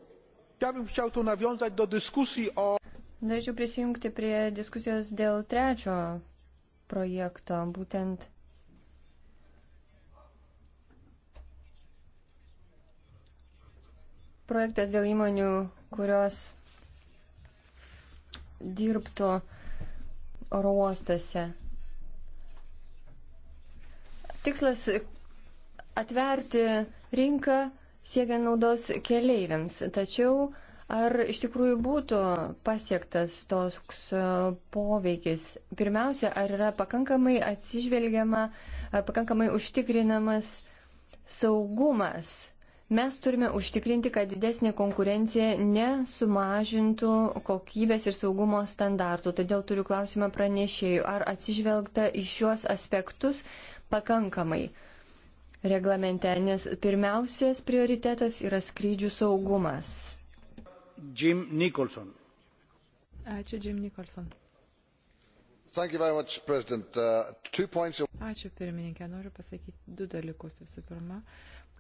Ja bym chciał tu nawiązać do dyskusji o Norėčiau prisijungti prie diskusijos dėl trečio projekto, būtent projektas dėl įmonių, kurios dirbtų oro uostose. Tikslas atverti rinką siekiant naudos keleiviams, tačiau ar iš tikrųjų būtų pasiektas toks e, poveikis. Pirmiausia, ar yra pakankamai atsižvelgiama, pakankamai užtikrinamas saugumas. Mes turime užtikrinti, kad didesnė konkurencija nesumažintų kokybės ir saugumo standartų. Todėl turiu klausimą pranešėjų, ar atsižvelgta į šiuos aspektus pakankamai reglamente, nes pirmiausias prioritetas yra skrydžių saugumas. Jim Nicholson. Ačiū, Jim Nicholson. Much, uh, points... Ačiū, pirmininkė. Noriu pasakyti du dalykus. Visų pirma,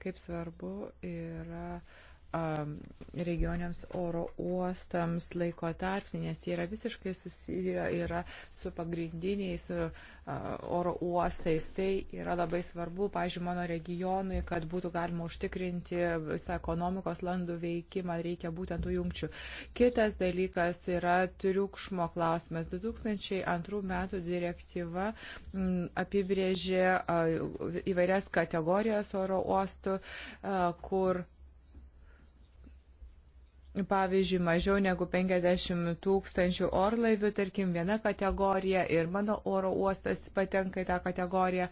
kaip svarbu yra uh, Um, regioniams oro uostams laiko tarpsnį, nes jie yra visiškai susiję yra su pagrindiniais uh, oro uostais. Tai yra labai svarbu, pažiūrėjau, mano regionui, kad būtų galima užtikrinti visą ekonomikos landų veikimą, reikia būtent tų jungčių. Kitas dalykas yra triukšmo klausimas. 2002 metų direktyva mm, apibrėžė uh, įvairias kategorijas oro uostų, uh, kur pavyzdžiui, mažiau negu 50 tūkstančių orlaivių, tarkim, viena kategorija ir mano oro uostas patenka į tą kategoriją.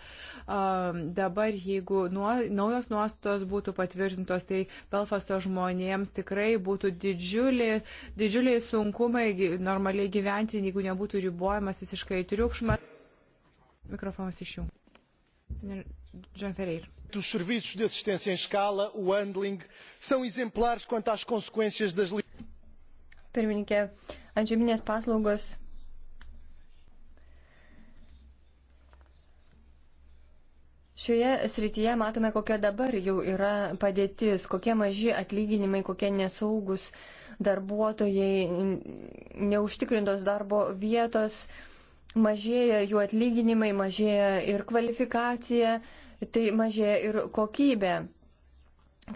Dabar, jeigu nuo, naujos nuostos būtų patvirtintos, tai Belfasto žmonėms tikrai būtų didžiuliai, didžiuliai sunkumai normaliai gyventi, jeigu nebūtų ribojamas visiškai triukšmas. Mikrofonas iš jų. John Ferreira dos serviços de assistência em escala, o handling, são exemplares quanto às consequências das. Pirmininkė, antžeminės paslaugos. Šioje srityje matome, kokia dabar jau yra padėtis, kokie maži atlyginimai, kokie nesaugus darbuotojai, neužtikrintos darbo vietos, mažėja jų atlyginimai, mažėja ir kvalifikacija, uh, tai mažėja ir kokybė.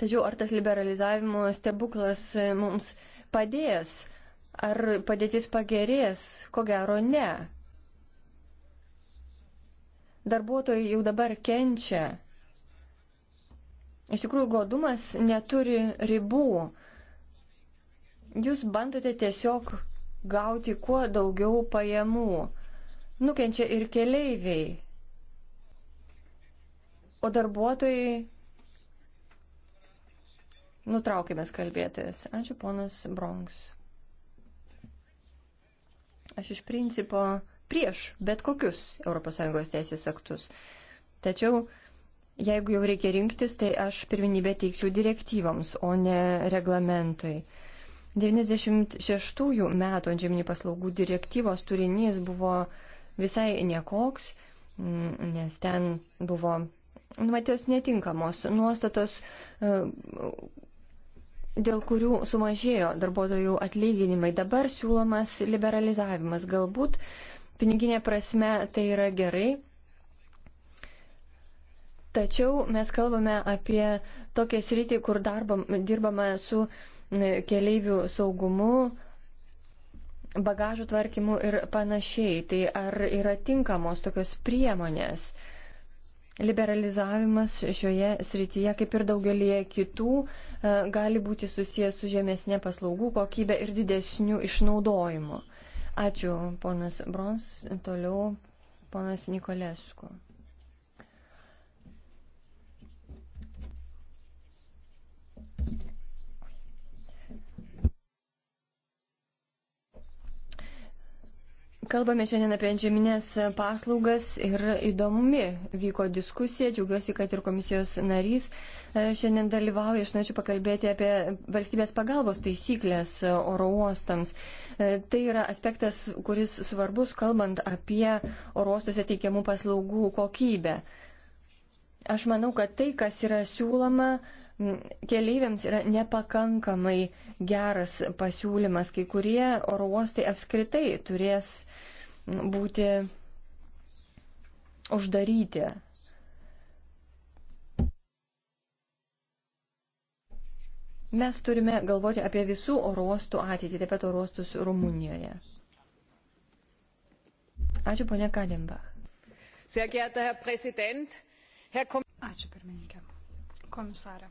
Tačiau ar tas liberalizavimo stebuklas mums padės, ar padėtis pagerės, ko gero ne. Darbuotojai jau dabar kenčia. Iš tikrųjų, godumas neturi ribų. Jūs bandote tiesiog gauti kuo daugiau pajamų. Nukenčia ir keleiviai. O darbuotojai. Nutraukime kalbėtojas. Ačiū, ponas Bronks. Aš iš principo prieš bet kokius ES teisės aktus. Tačiau, jeigu jau reikia rinktis, tai aš pirminybę teikčiau direktyvams, o ne reglamentui. 96 metų antžeminių paslaugų direktyvos turinys buvo visai nekoks, nes ten buvo numatytos netinkamos nuostatos, e, dėl kurių sumažėjo darbuotojų atlyginimai. Dabar siūlomas liberalizavimas. Galbūt piniginė prasme tai yra gerai. Tačiau mes kalbame apie tokią sritį, kur darbam, dirbama su e, keleivių saugumu, bagažų tvarkymu ir panašiai. Tai ar yra tinkamos tokios priemonės? Uh, Liberalizavimas šioje srityje, kaip ir daugelie kitų, e, gali būti susijęs su žemesnė paslaugų kokybė ir didesniu išnaudojimu. Ačiū, ponas Brons. Toliau, ponas Nikolesku. Kalbame šiandien apie žeminės paslaugas ir įdomi vyko diskusija. Džiaugiuosi, kad ir komisijos narys e, šiandien dalyvauja. Aš norėčiau pakalbėti apie valstybės pagalbos taisyklės oro uostams. E, tai yra aspektas, kuris svarbus, kalbant apie oro uostuose teikiamų paslaugų kokybę. Aš manau, kad tai, kas yra siūloma, keleiviams yra nepakankamai geras pasiūlymas. Kai kurie oro uostai apskritai turės būti uždaryti. Mes turime galvoti apie visų oro uostų ateitį, taip pat oro uostus Rumunijoje. Ačiū, ponia Kalimbach. Ačiū, pirmininkė. Komisarė.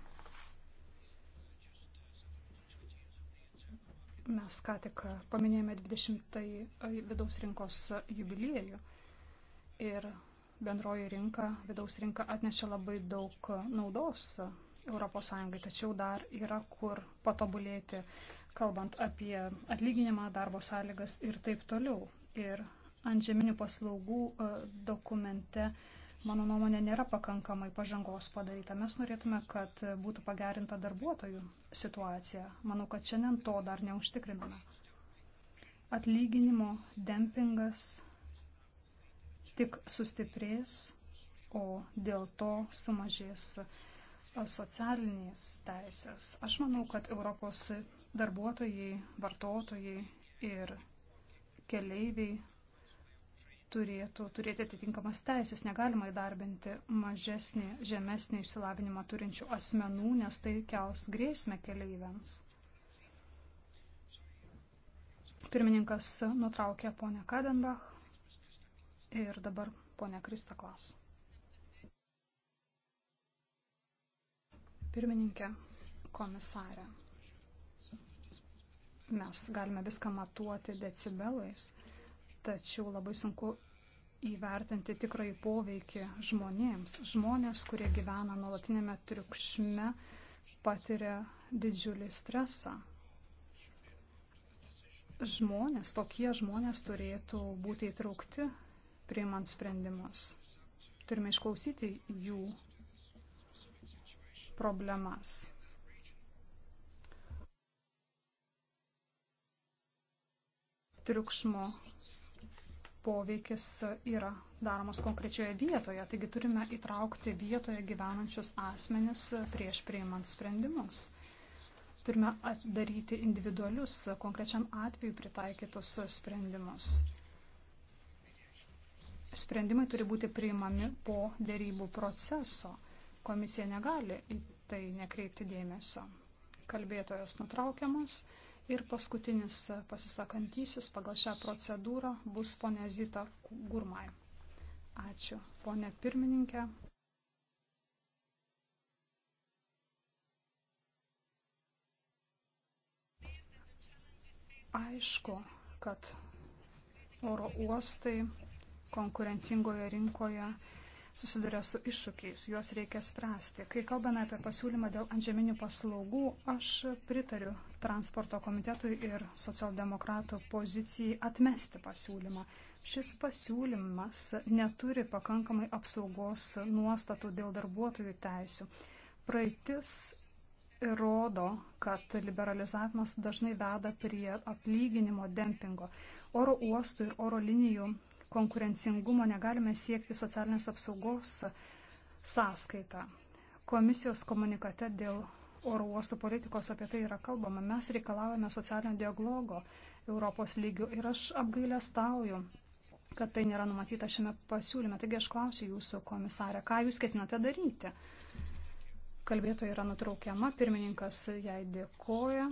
Mes ką tik paminėjome 20-ąjį vidaus rinkos jubiliejų ir bendroji rinka, vidaus rinka atnešė labai daug naudos ES, tačiau dar yra kur patobulėti, kalbant apie atlyginimą, darbo sąlygas ir taip toliau. Ir ant žeminių paslaugų dokumente uh, mano nuomonė, nėra pakankamai pažangos padaryta. Mes norėtume, kad būtų pagerinta darbuotojų situacija. Manau, kad šiandien to dar neužtikriname. Atlyginimo dempingas tik sustiprės, o dėl to sumažės socialinės teisės. Aš manau, kad Europos darbuotojai, vartotojai ir keleiviai turėtų turėti atitinkamas teisės. Negalima įdarbinti mažesnį, žemesnį išsilavinimą turinčių asmenų, nes tai kels grėsmę keleiviams. Pirmininkas nutraukė ponę Kadenbach ir dabar ponę Krista Klas. Pirmininkė, komisarė. Mes galime viską matuoti decibelais tačiau labai sunku įvertinti tikrai poveikį žmonėms. Žmonės, kurie gyvena nuolatinėme triukšme, patiria didžiulį stresą. Žmonės, tokie žmonės turėtų būti įtraukti priimant sprendimus. Turime išklausyti jų problemas. Triukšmo poveikis yra daromas konkrečioje vietoje. Taigi turime įtraukti vietoje gyvenančius asmenis prieš priimant sprendimus. Turime daryti individualius, konkrečiam atveju pritaikytus sprendimus. Sprendimai turi būti priimami po dėrybų proceso. Komisija negali į tai nekreipti dėmesio. Kalbėtojas nutraukiamas. Ir paskutinis pasisakantysis pagal šią procedūrą bus ponė Zita Gurmai. Ačiū, ponė pirmininkė. Aišku, kad oro uostai konkurencingoje rinkoje susiduria su iššūkiais, juos reikia spręsti. Kai kalbame apie pasiūlymą dėl antžeminių paslaugų, aš pritariu transporto komitetui ir socialdemokratų pozicijai atmesti pasiūlymą. Šis pasiūlymas neturi pakankamai apsaugos nuostatų dėl darbuotojų teisių. Praeitis rodo, kad liberalizavimas dažnai veda prie atlyginimo dempingo. Oro uostų ir oro linijų konkurencingumo negalime siekti socialinės apsaugos sąskaitą. Komisijos komunikate dėl oro uosto politikos apie tai yra kalbama. Mes reikalavome socialinio dialogo Europos lygių ir aš apgailę stauju, kad tai nėra numatyta šiame pasiūlyme. Taigi aš klausiu jūsų komisarė, ką jūs ketinate daryti? Kalbėtoja yra nutraukiama, pirmininkas jai dėkoja.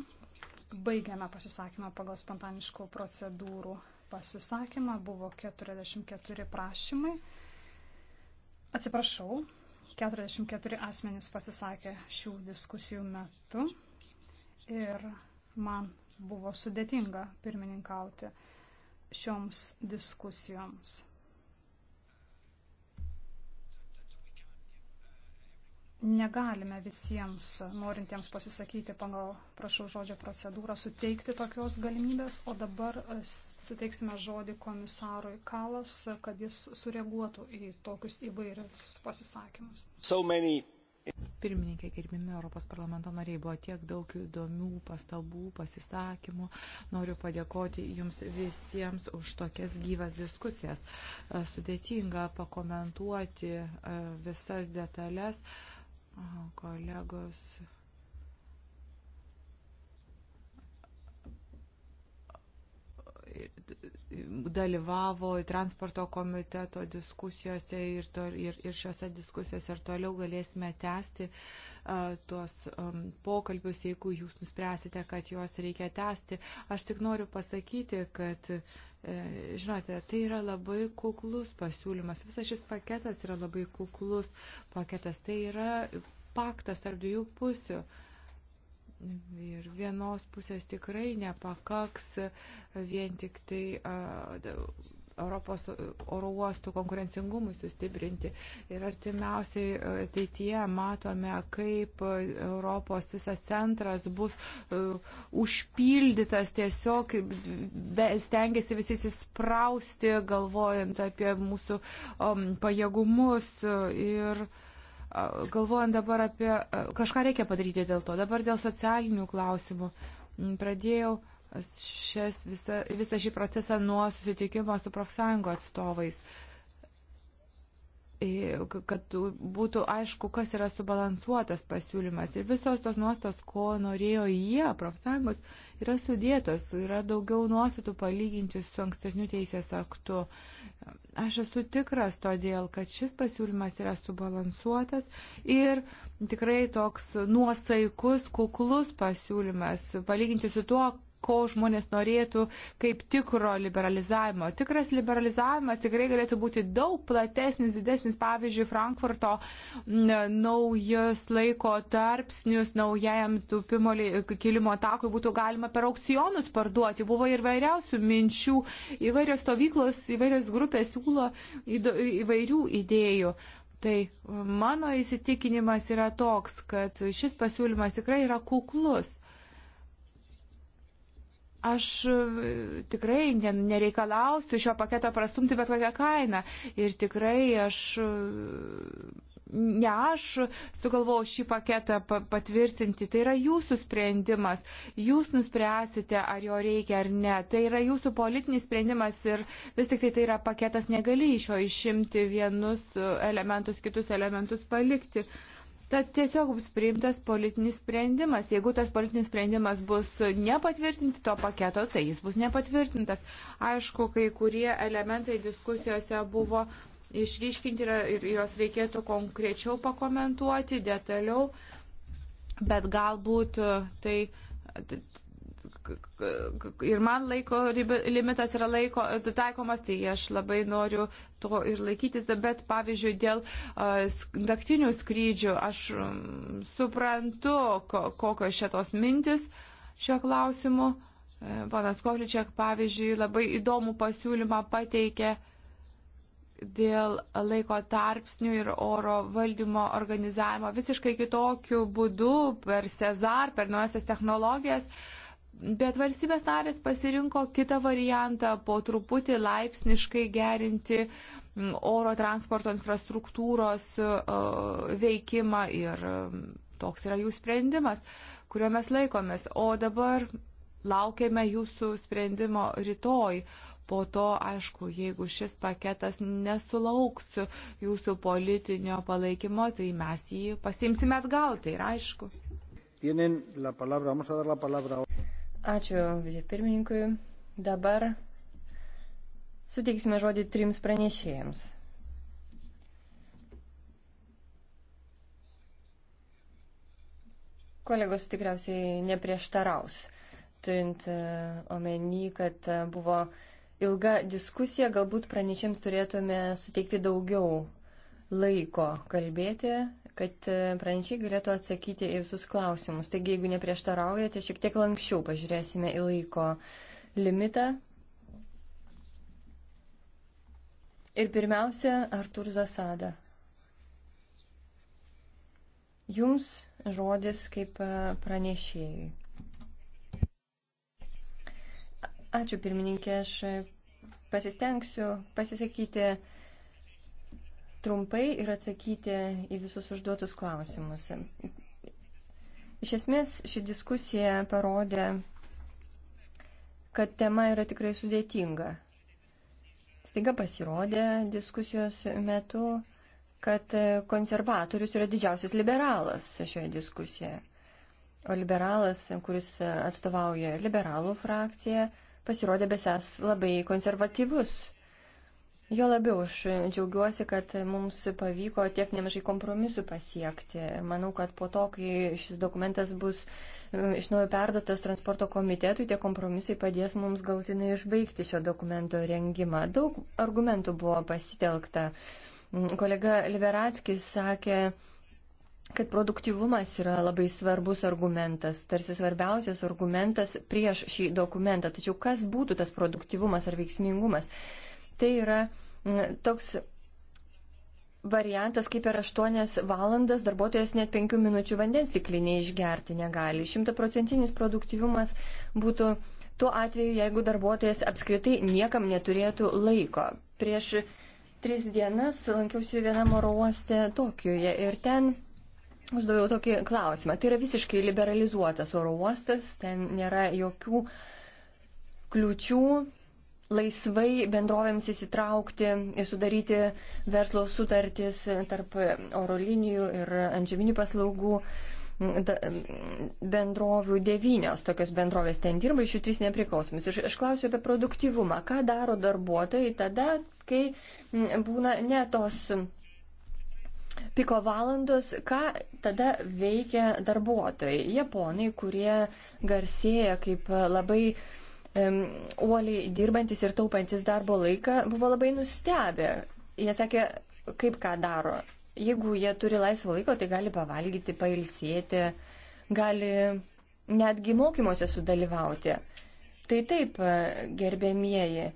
Baigiame pasisakymą pagal spontaniškų procedūrų pasisakymą, buvo 44 prašymai. Atsiprašau, 44 asmenys pasisakė šių diskusijų metu ir man buvo sudėtinga pirmininkauti šioms diskusijoms. negalime visiems norintiems pasisakyti pagal, prašau žodžio procedūrą, suteikti tokios galimybės, o dabar e, suteiksime žodį komisarui Kalas, kad jis sureaguotų į tokius įvairius pasisakymus. So many... Pirmininkė, gerbimi Europos parlamento nariai, buvo tiek daug įdomių pastabų, pasisakymų. Noriu padėkoti jums visiems už tokias gyvas diskusijas. E, sudėtinga pakomentuoti e, visas detalės. Uh, kolegos dalyvavo transporto komiteto diskusijose ir, to, ir, ir šiose diskusijose ir toliau galėsime tęsti uh, tuos um, pokalbius, jeigu jūs nuspręsite, kad juos reikia tęsti. Aš tik noriu pasakyti, kad uh, E, žinote, tai yra labai kuklus pasiūlymas. Visas šis paketas yra labai kuklus paketas. Tai yra paktas tarp dviejų pusių. Ir vienos pusės tikrai nepakaks vien tik tai Europos e, oro uostų konkurencingumui sustiprinti. Ir artimiausiai ateityje matome, kaip Europos visas centras bus e, užpildytas tiesiog, stengiasi visi įsisprausti, galvojant apie mūsų um, pajėgumus. Ir, galvojant dabar apie, kažką reikia padaryti dėl to, dabar dėl socialinių klausimų. Pradėjau šias, visa, visą šį procesą nuo susitikimo su profsąjungo atstovais kad būtų aišku, kas yra subalansuotas pasiūlymas. Ir visos tos nuostos, ko norėjo jie, profsąjungos, yra sudėtos, yra daugiau nuostatų palyginti su ankstesniu teisės aktu. Aš esu tikras todėl, kad šis pasiūlymas yra subalansuotas ir tikrai toks nuosaikus, kuklus pasiūlymas, palyginti su tuo, ko žmonės norėtų kaip tikro liberalizavimo. Tikras liberalizavimas tikrai galėtų būti daug platesnis, didesnis, pavyzdžiui, Frankfurto naujus laiko tarpsnius naujajam tupimo kilimo atakui būtų galima per aukcionus parduoti. Buvo ir vairiausių minčių, įvairios stovyklos, įvairios grupės siūlo įvairių idėjų. Tai mano įsitikinimas yra toks, kad šis pasiūlymas tikrai yra kuklus Aš e, tikrai nereikalausiu šio paketo prastumti bet kokią kainą. Ir tikrai aš e, ne aš sugalvojau šį paketą patvirtinti, tai yra jūsų sprendimas, jūs nuspręsite, ar jo reikia ar ne, tai yra jūsų politinis sprendimas ir vis tik tai tai yra paketas, negali iš jo išimti vienus elementus, kitus elementus palikti. Uh, Tad tiesiog bus priimtas politinis sprendimas. Jeigu tas politinis sprendimas bus nepatvirtinti to paketo, tai jis bus nepatvirtintas. Aišku, kai kurie elementai diskusijose buvo išryškinti ir jos reikėtų konkrečiau pakomentuoti, detaliau, bet galbūt e, tai ir man laiko limitas yra laiko taikomas, tai aš labai noriu to ir laikytis, bet pavyzdžiui, dėl naktinių skrydžių aš mm, suprantu, kokios šitos mintis šio klausimu. E, Panas Kohličiak, pavyzdžiui, labai įdomų pasiūlymą pateikė dėl laiko tarpsnių ir oro valdymo organizavimo visiškai kitokiu būdu per Cezar, per nuosias technologijas. Uh, Bet valstybės narės pasirinko kitą variantą po truputį laipsniškai gerinti mm, oro transporto infrastruktūros e, veikimą ir e, toks yra jų sprendimas, kuriuo mes laikomės. O dabar laukiame jūsų sprendimo rytoj. Po to, aišku, jeigu šis paketas nesulauks jūsų politinio palaikymo, tai mes jį pasimsime atgal, tai yra aišku. Tienen la palabra, vamos a dar la palabra. Ačiū vicepirmininkui. Dabar suteiksime žodį trims pranešėjams. Kolegos tikriausiai neprieštaraus, turint e, omeny, kad e, buvo ilga diskusija, galbūt pranešėms turėtume suteikti daugiau laiko kalbėti, kad pranešiai galėtų atsakyti į visus klausimus. Taigi, jeigu neprieštaraujate, šiek tiek lankščiau pažiūrėsime į laiko limitą. Ir pirmiausia, Artur Zasada. Jums žodis kaip pranešėjai. Ačiū pirmininkė, aš pasistengsiu pasisakyti trumpai ir atsakyti į visus užduotus klausimus. Iš esmės ši diskusija parodė, kad tema yra tikrai sudėtinga. Staiga pasirodė diskusijos metu, kad konservatorius yra didžiausias liberalas šioje diskusijoje. O liberalas, kuris atstovauja liberalų frakciją, pasirodė besęs labai konservatyvus. Jo labiau aš džiaugiuosi, kad mums pavyko tiek nemažai kompromisų pasiekti. Manau, kad po to, kai šis dokumentas bus e, iš naujo perdotas transporto komitetui, tie kompromisai padės mums galtinai išbaigti šio dokumento rengimą. Daug argumentų buvo pasitelkta. Mm, kolega Liberatskis sakė, kad produktyvumas yra labai svarbus argumentas, tarsi svarbiausias argumentas prieš šį dokumentą. Tačiau kas būtų tas produktyvumas ar veiksmingumas? Tai yra toks variantas, kaip per 8 valandas darbuotojas net 5 minučių vandens stiklinį išgerti negali. Šimtaprocentinis produktyvumas būtų tuo atveju, jeigu darbuotojas apskritai niekam neturėtų laiko. Prieš tris dienas lankiausi vienam oro uoste Tokijoje ir ten uždaviau tokį klausimą. Tai yra visiškai liberalizuotas oro uostas, ten nėra jokių kliučių laisvai bendrovėms įsitraukti ir sudaryti verslo sutartis tarp oro linijų ir antžeminių paslaugų bendrovių devynios tokios bendrovės ten dirba, iš jų trys nepriklausomis. Ir aš klausiu apie produktivumą. Ką daro darbuotojai tada, kai būna ne tos piko valandos, ką tada veikia darbuotojai? Japonai, kurie garsėja kaip labai uh, uoliai dirbantis ir taupantis darbo laiką buvo labai nustebę. Jie sakė, kaip ką daro. Jeigu jie turi laisvo laiko, tai gali pavalgyti, pailsėti, gali netgi mokymuose sudalyvauti. Tai taip, e, gerbėmieji,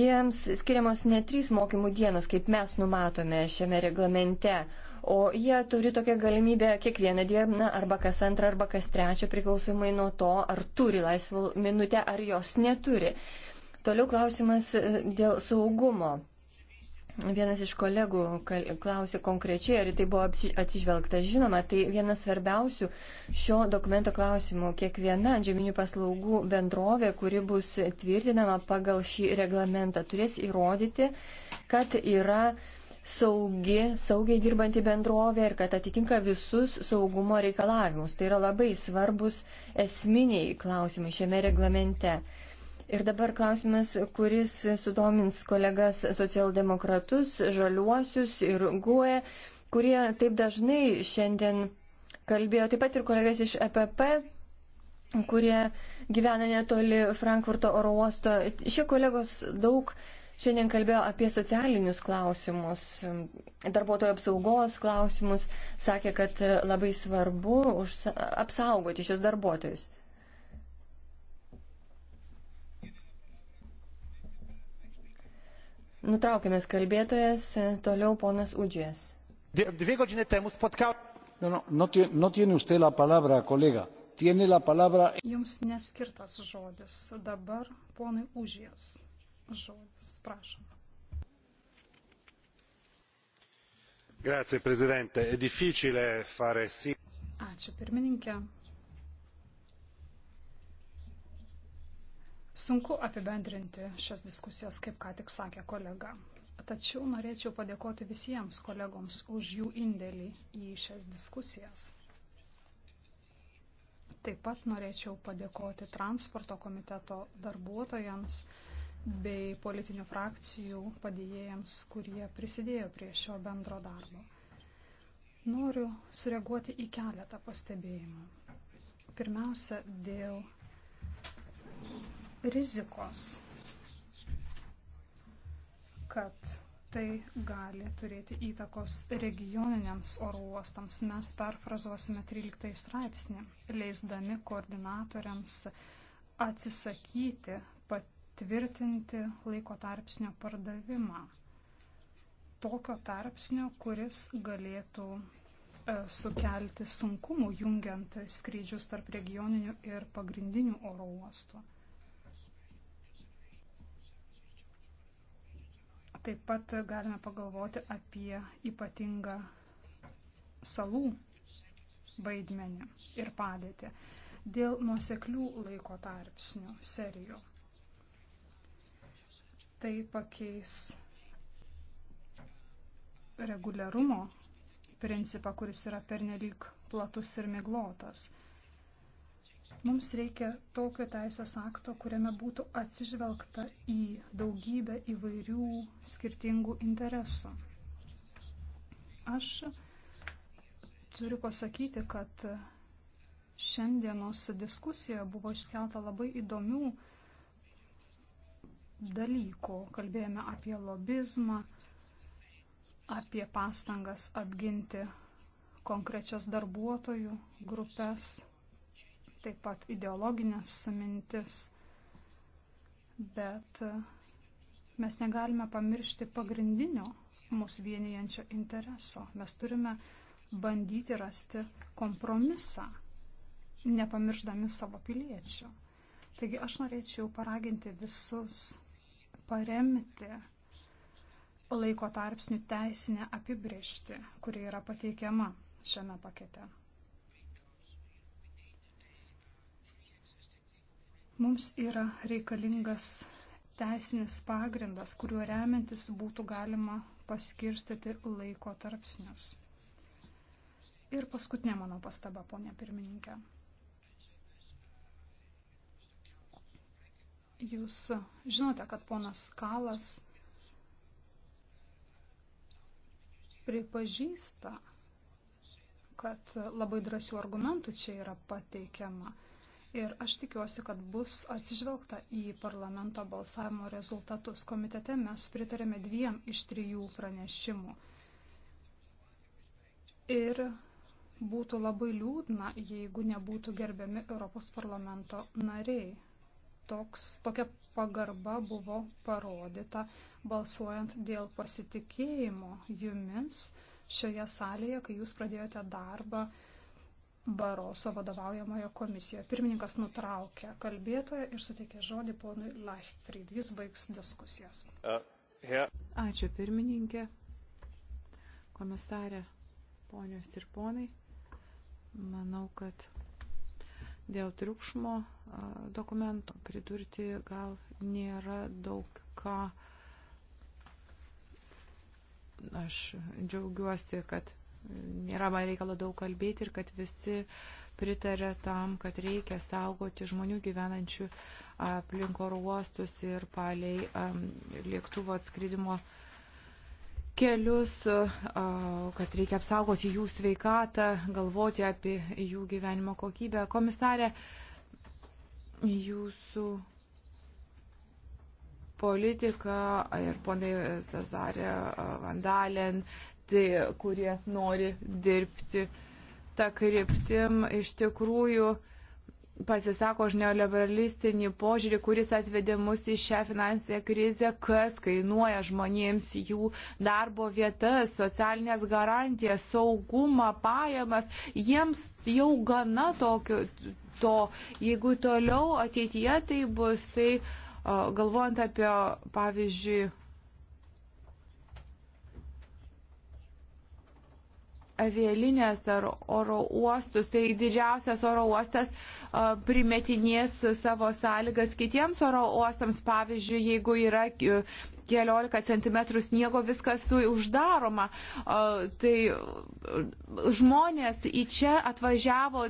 jiems skiriamos ne trys mokymų dienos, kaip mes numatome šiame reglamente, o jie turi tokią galimybę kiekvieną dieną arba kas antrą arba kas trečią priklausomai nuo to, ar turi laisvą minutę ar jos neturi. Toliau klausimas e, dėl saugumo. Vienas iš kolegų klausė konkrečiai, ar tai buvo atsižvelgta. Žinoma, tai vienas svarbiausių šio dokumento klausimų. Kiekviena žeminių paslaugų bendrovė, kuri bus tvirtinama pagal šį reglamentą, turės įrodyti, kad yra saugi, saugiai dirbanti bendrovė ir kad atitinka visus saugumo reikalavimus. Tai yra labai svarbus esminiai klausimai šiame reglamente. Ir dabar klausimas, kuris sudomins kolegas socialdemokratus, žaliuosius ir guoja, e, kurie taip dažnai šiandien kalbėjo, taip pat ir kolegas iš EPP, kurie gyvena netoli Frankfurto oro uosto. Šie kolegos daug uh, Šiandien kalbėjo apie socialinius klausimus, darbuotojų apsaugos klausimus, sakė, kad labai svarbu už, apsaugoti šios darbuotojus. Nutraukėmės kalbėtojas, toliau ponas Udžės. Dvi godzinė temu spotkau. No, no, no, no tiene usted la palabra, kolega. Tiene la palabra. Jums neskirtas žodis. Dabar ponui Užės žodis. Prašom. Grazie, prezidente. È difficile fare sì. Ačiū, pirmininkė. Sunku apibendrinti šias diskusijas, kaip ką tik sakė kolega. Tačiau norėčiau padėkoti visiems kolegoms už jų indėlį į šias diskusijas. Taip pat norėčiau padėkoti transporto komiteto darbuotojams, bei politinių frakcijų padėjėjams, kurie prisidėjo prie šio bendro darbo. Noriu sureaguoti į keletą pastebėjimų. Pirmiausia, dėl rizikos, kad tai gali turėti įtakos regioniniams oro uostams. Mes perfrazuosime 13 straipsnį, leisdami koordinatoriams atsisakyti tvirtinti laiko tarpsnio pardavimą. Tokio tarpsnio, kuris galėtų e, sukelti sunkumų jungiant skrydžius tarp regioninių ir pagrindinių oro uostų. Taip pat galime pagalvoti apie ypatingą salų vaidmenį ir padėtį dėl nuoseklių laiko tarpsnių serijų tai pakeis reguliarumo principą, kuris yra pernelyg platus ir miglotas. Mums reikia tokio teisės akto, kuriame būtų atsižvelgta į daugybę įvairių skirtingų interesų. Aš turiu pasakyti, kad šiandienos diskusijoje buvo iškelta labai įdomių dalykų. Kalbėjome apie lobizmą, apie pastangas apginti konkrečias darbuotojų grupės, taip pat ideologinės mintis. Bet mes negalime pamiršti pagrindinio mūsų vienijančio intereso. Mes turime bandyti rasti kompromisą, nepamirždami savo piliečių. Taigi aš norėčiau paraginti visus paremti laiko tarpsnių teisinę apibriežtį, kuri yra pateikiama šiame pakete. Mums yra reikalingas teisinis pagrindas, kuriuo remiantis būtų galima paskirstyti laiko tarpsnius. Ir paskutinė mano pastaba, ponė pirmininkė. Jūs žinote, kad ponas Kalas pripažįsta, kad labai drąsių argumentų čia yra pateikiama. Ir aš tikiuosi, kad bus atsižvelgta į parlamento balsavimo rezultatus. Komitete mes pritarėme dviem iš trijų pranešimų. Ir būtų labai liūdna, jeigu nebūtų gerbiami Europos parlamento nariai toks, tokia pagarba buvo parodyta balsuojant dėl pasitikėjimo jumis šioje salėje, kai jūs pradėjote darbą Baroso vadovaujamojo komisijoje. Pirmininkas nutraukė kalbėtoją ir suteikė žodį ponui Leichtfried. Jis baigs diskusijas. Uh, Ačiū pirmininkė, komisarė, ponios ir ponai. Manau, kad Dėl triukšmo dokumento pridurti gal nėra daug ką. Aš džiaugiuosi, kad nėra man reikalo daug kalbėti ir kad visi pritarė tam, kad reikia saugoti žmonių gyvenančių aplink oro uostus ir paliai lėktuvo atskridimo uh, kelius, kad reikia apsaugoti jų sveikatą, galvoti apie jų gyvenimo kokybę. Komisarė, jūsų politika ir ponai Cezarė Vandalen, tai, kurie nori dirbti tą kryptim, iš tikrųjų uh, pasisako už neoliberalistinį požiūrį, kuris atvedė mus į šią finansinę krizę, kas kainuoja žmonėms jų darbo vietas, socialinės garantijas, saugumą, pajamas. Jiems jau gana tokio, to, jeigu toliau ateityje tai bus, tai galvojant apie, pavyzdžiui, avialinės ar oro uostus, tai didžiausias oro uostas primetinės savo sąlygas kitiems oro uostams. Pavyzdžiui, jeigu yra keliolika centimetrų sniego viskas uždaroma. Tai e, žmonės į čia atvažiavo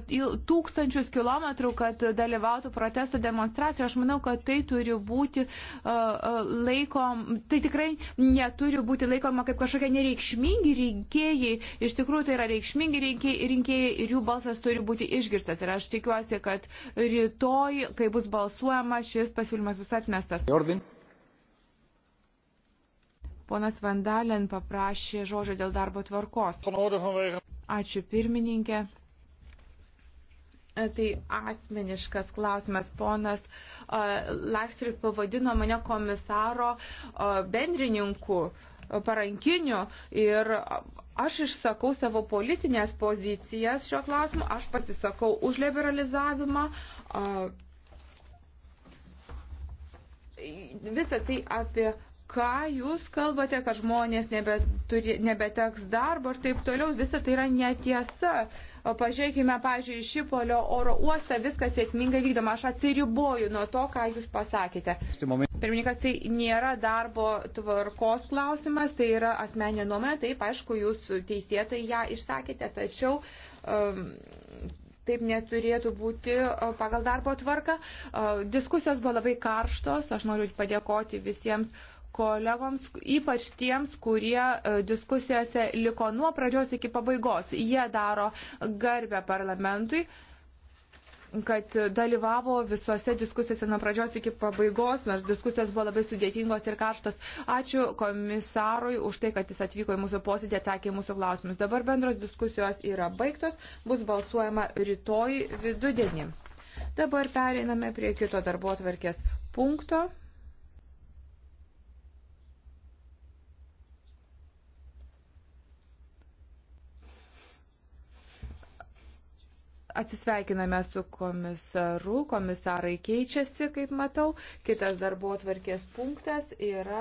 tūkstančius kilometrų, kad dalyvautų protesto demonstracijų. Aš manau, kad tai turi būti e, e, laikom, tai tikrai neturi būti laikoma kaip kažkokie nereikšmingi rinkėjai. Iš tikrųjų, tai yra reikšmingi rinkėjai ir jų balsas turi būti išgirtas. Ir aš tikiuosi, kad rytoj, kai bus balsuojama, šis pasiūlymas bus atmestas. Jordan. Ponas Vandalen paprašė žodžio dėl darbo tvarkos. Ačiū pirmininkė. E, tai asmeniškas klausimas. Ponas e, Lachtrik pavadino mane komisaro e, bendrininku, parankiniu ir aš išsakau savo politinės pozicijas šio klausimu, aš pasisakau už liberalizavimą. Visą tai apie ką jūs kalbate, kad žmonės nebeturi, nebeteks darbo ir taip toliau, visa tai yra netiesa. Pažiūrėkime, pažiūrėjau, iš Šipolio oro uostą viskas sėkmingai vykdoma. Aš atsiriboju nuo to, ką jūs pasakėte. Pirmininkas, tai nėra darbo tvarkos klausimas, tai yra asmeninė nuomonė. Taip, aišku, jūs teisėtai ją išsakėte, tačiau. Um, taip neturėtų būti uh, pagal darbo tvarką. Uh, diskusijos buvo labai karštos, aš noriu padėkoti visiems kolegoms, ypač tiems, kurie e, diskusijose liko nuo pradžios iki pabaigos. Jie daro garbę parlamentui kad dalyvavo visose diskusijose nuo pradžios iki pabaigos, nors diskusijos buvo labai sudėtingos ir karštos. Ačiū komisarui už tai, kad jis atvyko į mūsų posėdį, atsakė į mūsų klausimus. Dabar bendros diskusijos yra baigtos, bus balsuojama rytoj vidudienį. Dabar pereiname prie kito darbo atverkės punkto. Atsisveikiname su komisaru, komisarai keičiasi, kaip matau. Kitas darbo atvarkės punktas yra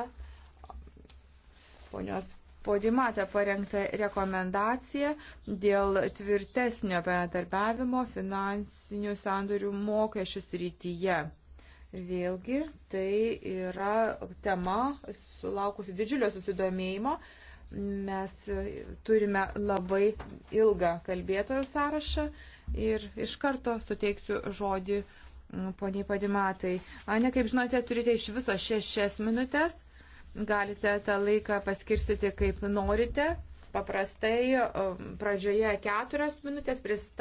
ponios Podimata parengta rekomendacija dėl tvirtesnio bendradarbiavimo finansinių sandorių mokesčių srityje. Vėlgi, tai yra tema sulaukusi didžiulio susidomėjimo mes turime labai ilgą kalbėtojų sąrašą ir iš karto suteiksiu žodį mm, poniai Padimatai. Ane, kaip žinote, turite iš viso šešias minutės. Galite tą laiką paskirstyti kaip norite. Paprastai mm, pradžioje keturios minutės pristatyti.